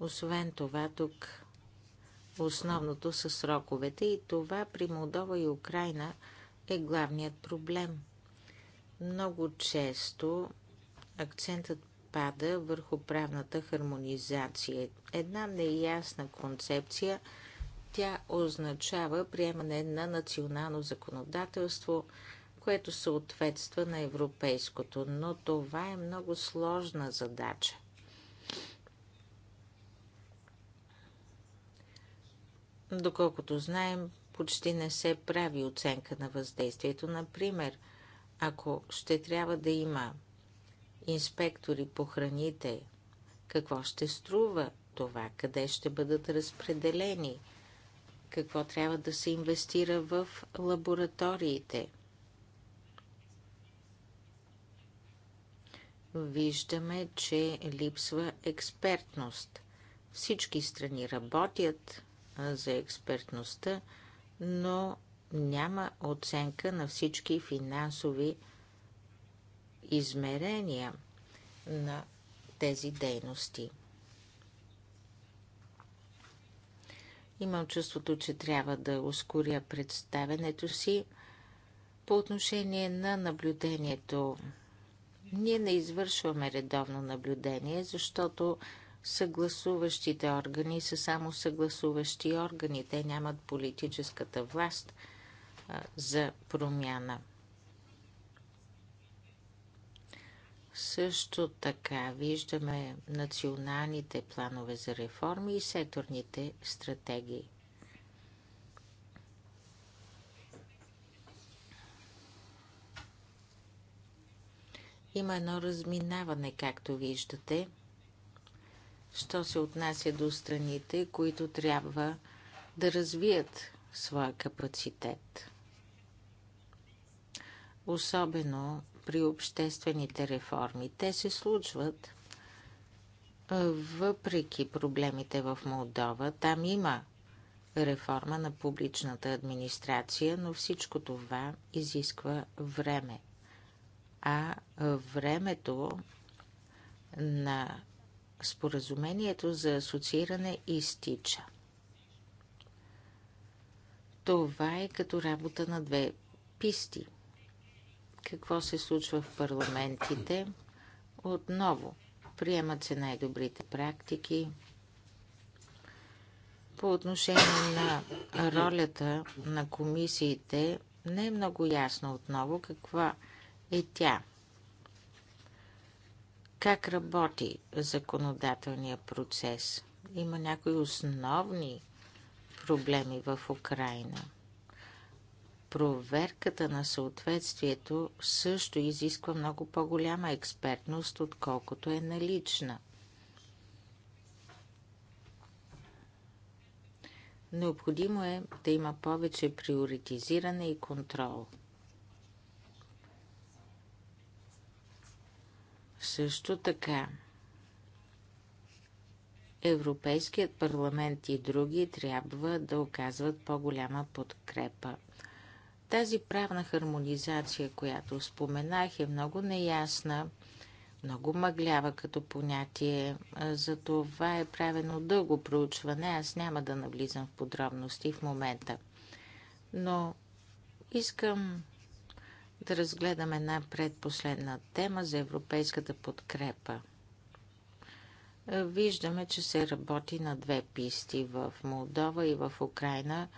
Освен това, тук основното са сроковете и това при Молдова и Украина е главният проблем. Много често акцентът пада върху правната хармонизация. Една неясна концепция – тя означава приемане на национално законодателство – което съответства на европейското, но това е много сложна задача. Доколкото знаем, почти не се прави оценка на въздействието. Например, ако ще трябва да има инспектори по храните, какво ще струва това, къде ще бъдат разпределени, какво трябва да се инвестира в лабораториите – виждаме, че липсва експертност. Всички страни работят за експертността, но няма оценка на всички финансови измерения на тези дейности. Имам чувството, че трябва да ускоря представенето си по отношение на наблюдението ние не извършваме редовно наблюдение, защото съгласуващите органи са само съгласуващи органи. Те нямат политическата власт за промяна. Също така виждаме националните планове за реформи и секторните стратегии. Има едно разминаване, както виждате, що се отнася до страните, които трябва да развият своя капацитет. Особено при обществените реформи. Те се случват въпреки проблемите в Молдова. Там има реформа на публичната администрация, но всичко това изисква време а времето на споразумението за асоцииране изтича. Това е като работа на две писти. Какво се случва в парламентите? Отново приемат се най-добрите практики по отношение на ролята на комисиите. Не е много ясно отново каква е тя. Как работи законодателния процес? Има някои основни проблеми в Украина. Проверката на съответствието също изисква много по-голяма експертност, отколкото е налична. Необходимо е да има повече приоритизиране и контрол – Също така, Европейският парламент и други трябва да оказват по-голяма подкрепа. Тази правна хармонизация, която споменах, е много неясна, много мъглява като понятие. За това е правено дълго проучване. Аз няма да навлизам в подробности в момента. Но искам да разгледаме една предпоследна тема за европейската подкрепа. Виждаме, че се работи на две писти в Молдова и в Украина.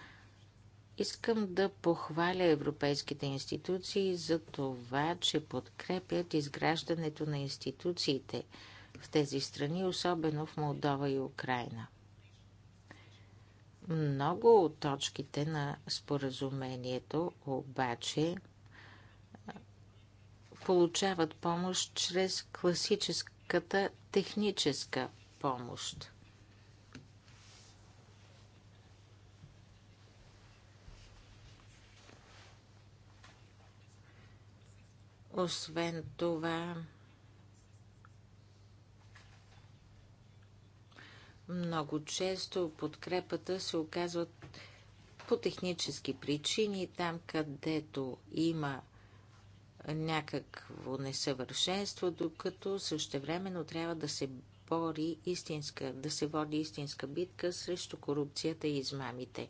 Искам да похваля европейските институции за това, че подкрепят изграждането на институциите в тези страни, особено в Молдова и Украина. Много от точките на споразумението обаче – получават помощ чрез класическата техническа помощ. Освен това, много често подкрепата се оказват по технически причини, там където има някакво несъвършенство, докато същевременно трябва да се бори истинска, да се води истинска битка срещу корупцията и измамите.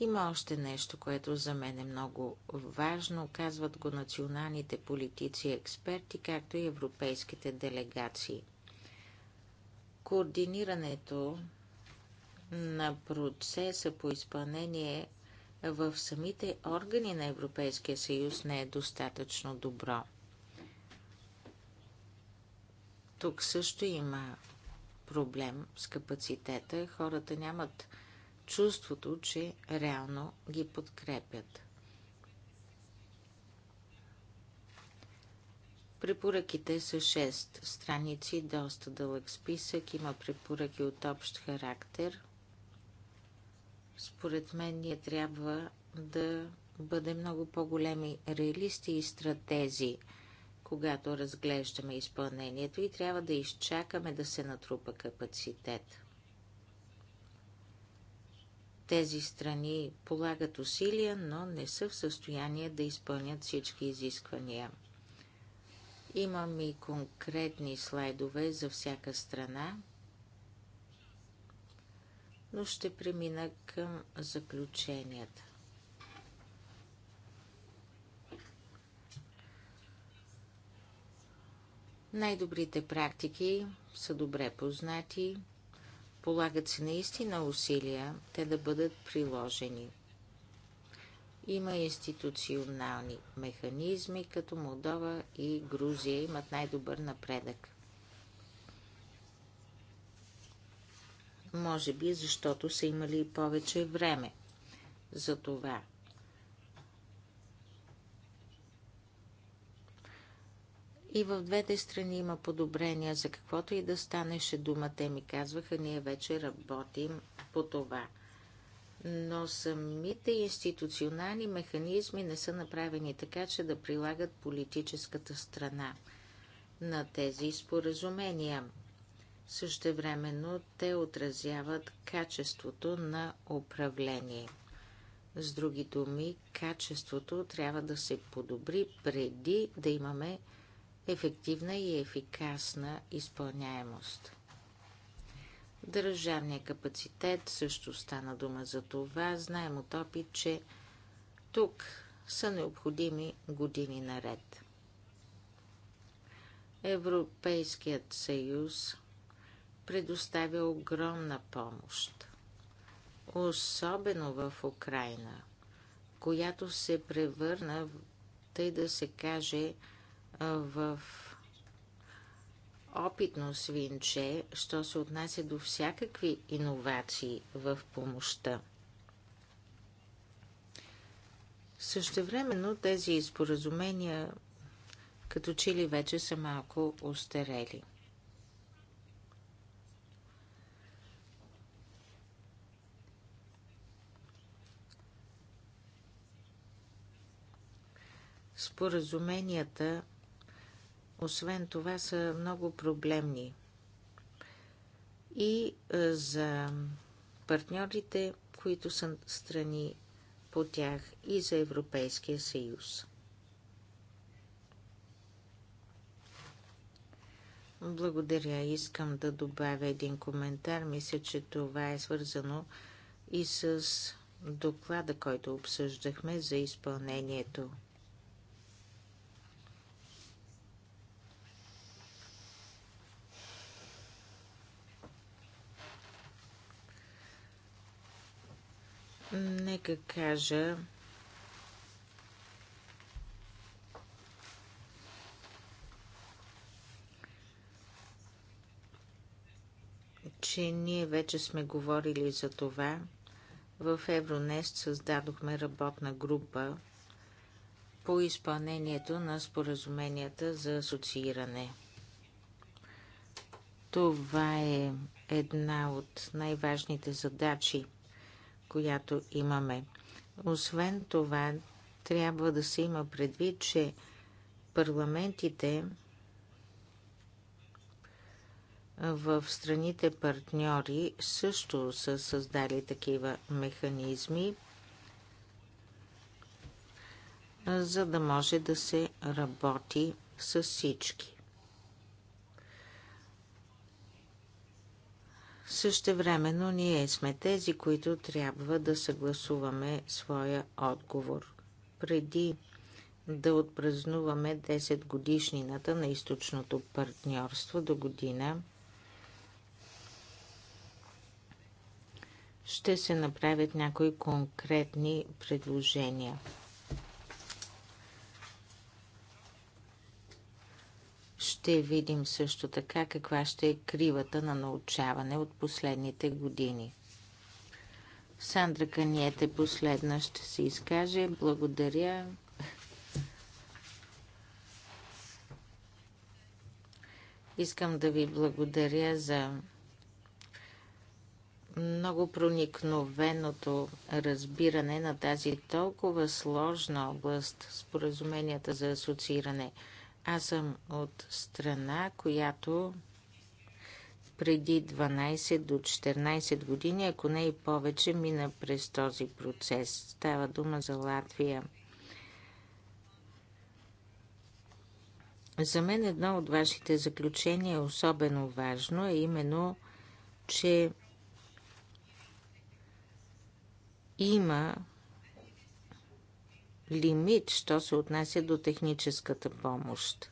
Има още нещо, което за мен е много важно. Казват го националните политици и експерти, както и европейските делегации. Координирането на процеса по изпълнение в самите органи на Европейския съюз не е достатъчно добро. Тук също има проблем с капацитета. Хората нямат чувството, че реално ги подкрепят. Препоръките са 6 страници, доста дълъг списък, има препоръки от общ характер – според мен ние трябва да бъдем много по-големи реалисти и стратези, когато разглеждаме изпълнението и трябва да изчакаме да се натрупа капацитет. Тези страни полагат усилия, но не са в състояние да изпълнят всички изисквания. Имам и конкретни слайдове за всяка страна но ще премина към заключенията. Най-добрите практики са добре познати, полагат се наистина усилия те да бъдат приложени. Има институционални механизми, като Молдова и Грузия имат най-добър напредък. Може би, защото са имали и повече време за това. И в двете страни има подобрения за каквото и да станеше дума. Те ми казваха, ние вече работим по това. Но самите институционални механизми не са направени така, че да прилагат политическата страна на тези споразумения. Същевременно те отразяват качеството на управление. С други думи, качеството трябва да се подобри преди да имаме ефективна и ефикасна изпълняемост. Държавния капацитет също стана дума за това. Знаем от опит, че тук са необходими години наред. Европейският съюз предоставя огромна помощ, особено в Украина, която се превърна, тъй да се каже, в опитно свинче, що се отнася до всякакви иновации в помощта. Същевременно тези споразумения като че ли вече са малко устарели – Споразуменията, освен това, са много проблемни. И е, за партньорите, които са страни по тях и за Европейския съюз. Благодаря. Искам да добавя един коментар. Мисля, че това е свързано и с доклада, който обсъждахме за изпълнението. Нека кажа, че ние вече сме говорили за това. В Евронест създадохме работна група по изпълнението на споразуменията за асоцииране. Това е една от най-важните задачи – която имаме. Освен това, трябва да се има предвид, че парламентите в страните партньори също са създали такива механизми, за да може да се работи с всички. Същевременно ние сме тези, които трябва да съгласуваме своя отговор. Преди да отпразнуваме 10 годишнината на източното партньорство до година, ще се направят някои конкретни предложения. Ще видим също така каква ще е кривата на научаване от последните години. Сандра Каниете последна ще се изкаже. Благодаря. Искам да ви благодаря за много проникновеното разбиране на тази толкова сложна област споразуменията за асоцииране – аз съм от страна, която преди 12 до 14 години, ако не и повече, мина през този процес. Става дума за Латвия. За мен едно от вашите заключения е особено важно, е именно, че има лимит, що се отнася до техническата помощ.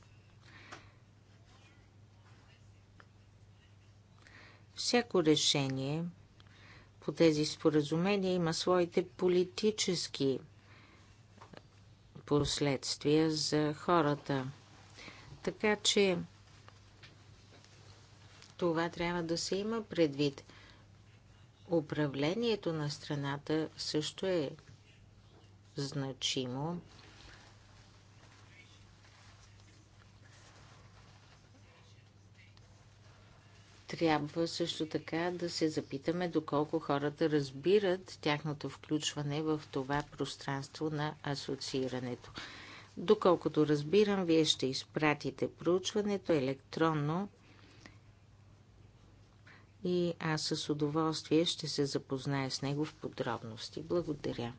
Всяко решение по тези споразумения има своите политически последствия за хората. Така че това трябва да се има предвид. Управлението на страната също е значимо. Трябва също така да се запитаме доколко хората разбират тяхното включване в това пространство на асоциирането. Доколкото разбирам, вие ще изпратите проучването електронно и аз с удоволствие ще се запозная с него в подробности. Благодаря.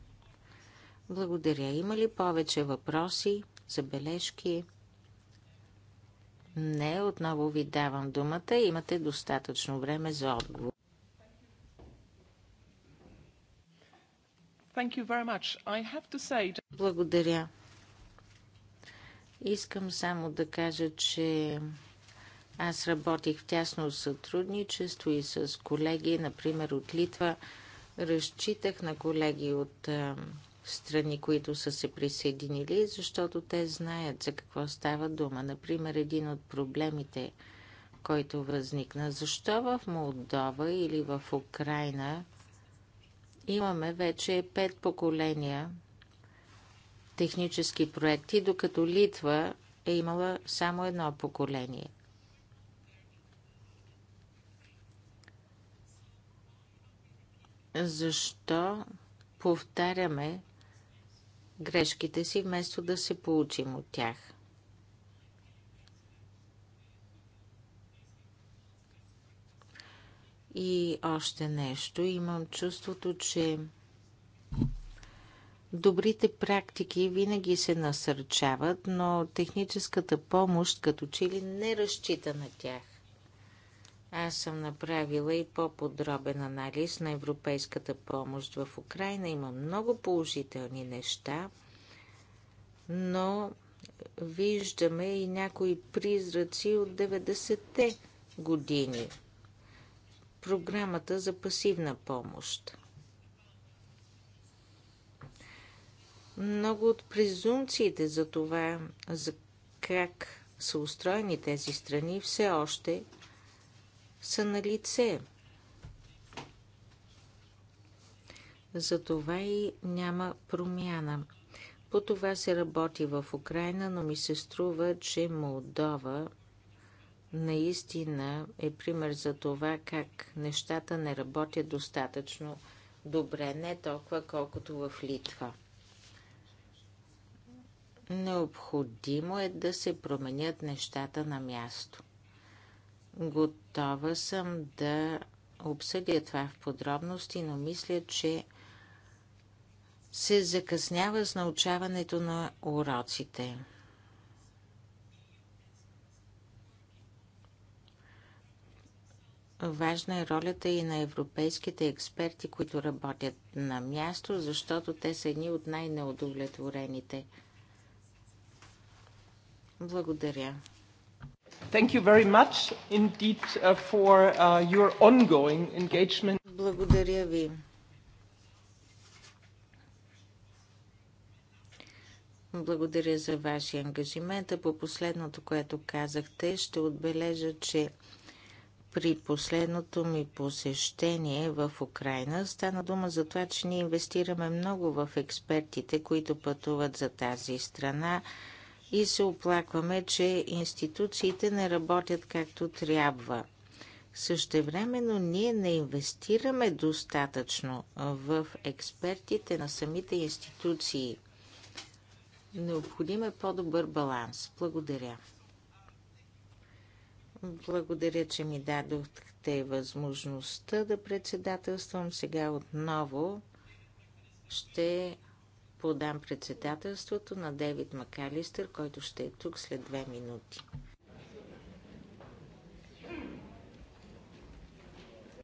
Благодаря. Има ли повече въпроси, забележки? Не, отново ви давам думата. Имате достатъчно време за отговор. Say... Благодаря. Искам само да кажа, че аз работих в тясно сътрудничество и с колеги, например от Литва. Разчитах на колеги от страни, които са се присъединили, защото те знаят за какво става дума. Например, един от проблемите, който възникна. Защо в Молдова или в Украина имаме вече пет поколения технически проекти, докато Литва е имала само едно поколение. Защо повтаряме грешките си, вместо да се получим от тях. И още нещо. Имам чувството, че добрите практики винаги се насърчават, но техническата помощ като че ли не разчита на тях. Аз съм направила и по-подробен анализ на европейската помощ в Украина. Има много положителни неща, но виждаме и някои призраци от 90-те години. Програмата за пасивна помощ. Много от презумциите за това, за как са устроени тези страни, все още са на лице. Затова и няма промяна. По това се работи в Украина, но ми се струва, че Молдова наистина е пример за това как нещата не работят достатъчно добре, не толкова колкото в Литва. Необходимо е да се променят нещата на място. Готова съм да обсъдя това в подробности, но мисля, че се закъснява с научаването на уроците. Важна е ролята и на европейските експерти, които работят на място, защото те са едни от най-неудовлетворените. Благодаря. Thank you very much indeed uh, for uh, your ongoing engagement. Благодаря ви. Благодаря за вашия ангажимент. по последното, което казахте, ще отбележа, че при последното ми посещение в Украина стана дума за това, че ние инвестираме много в експертите, които пътуват за тази страна и се оплакваме, че институциите не работят както трябва. Същевременно ние не инвестираме достатъчно в експертите на самите институции. Необходим е по-добър баланс. Благодаря. Благодаря, че ми дадохте възможността да председателствам. Сега отново ще подам председателството на Девид Макалистър, който ще е тук след две минути.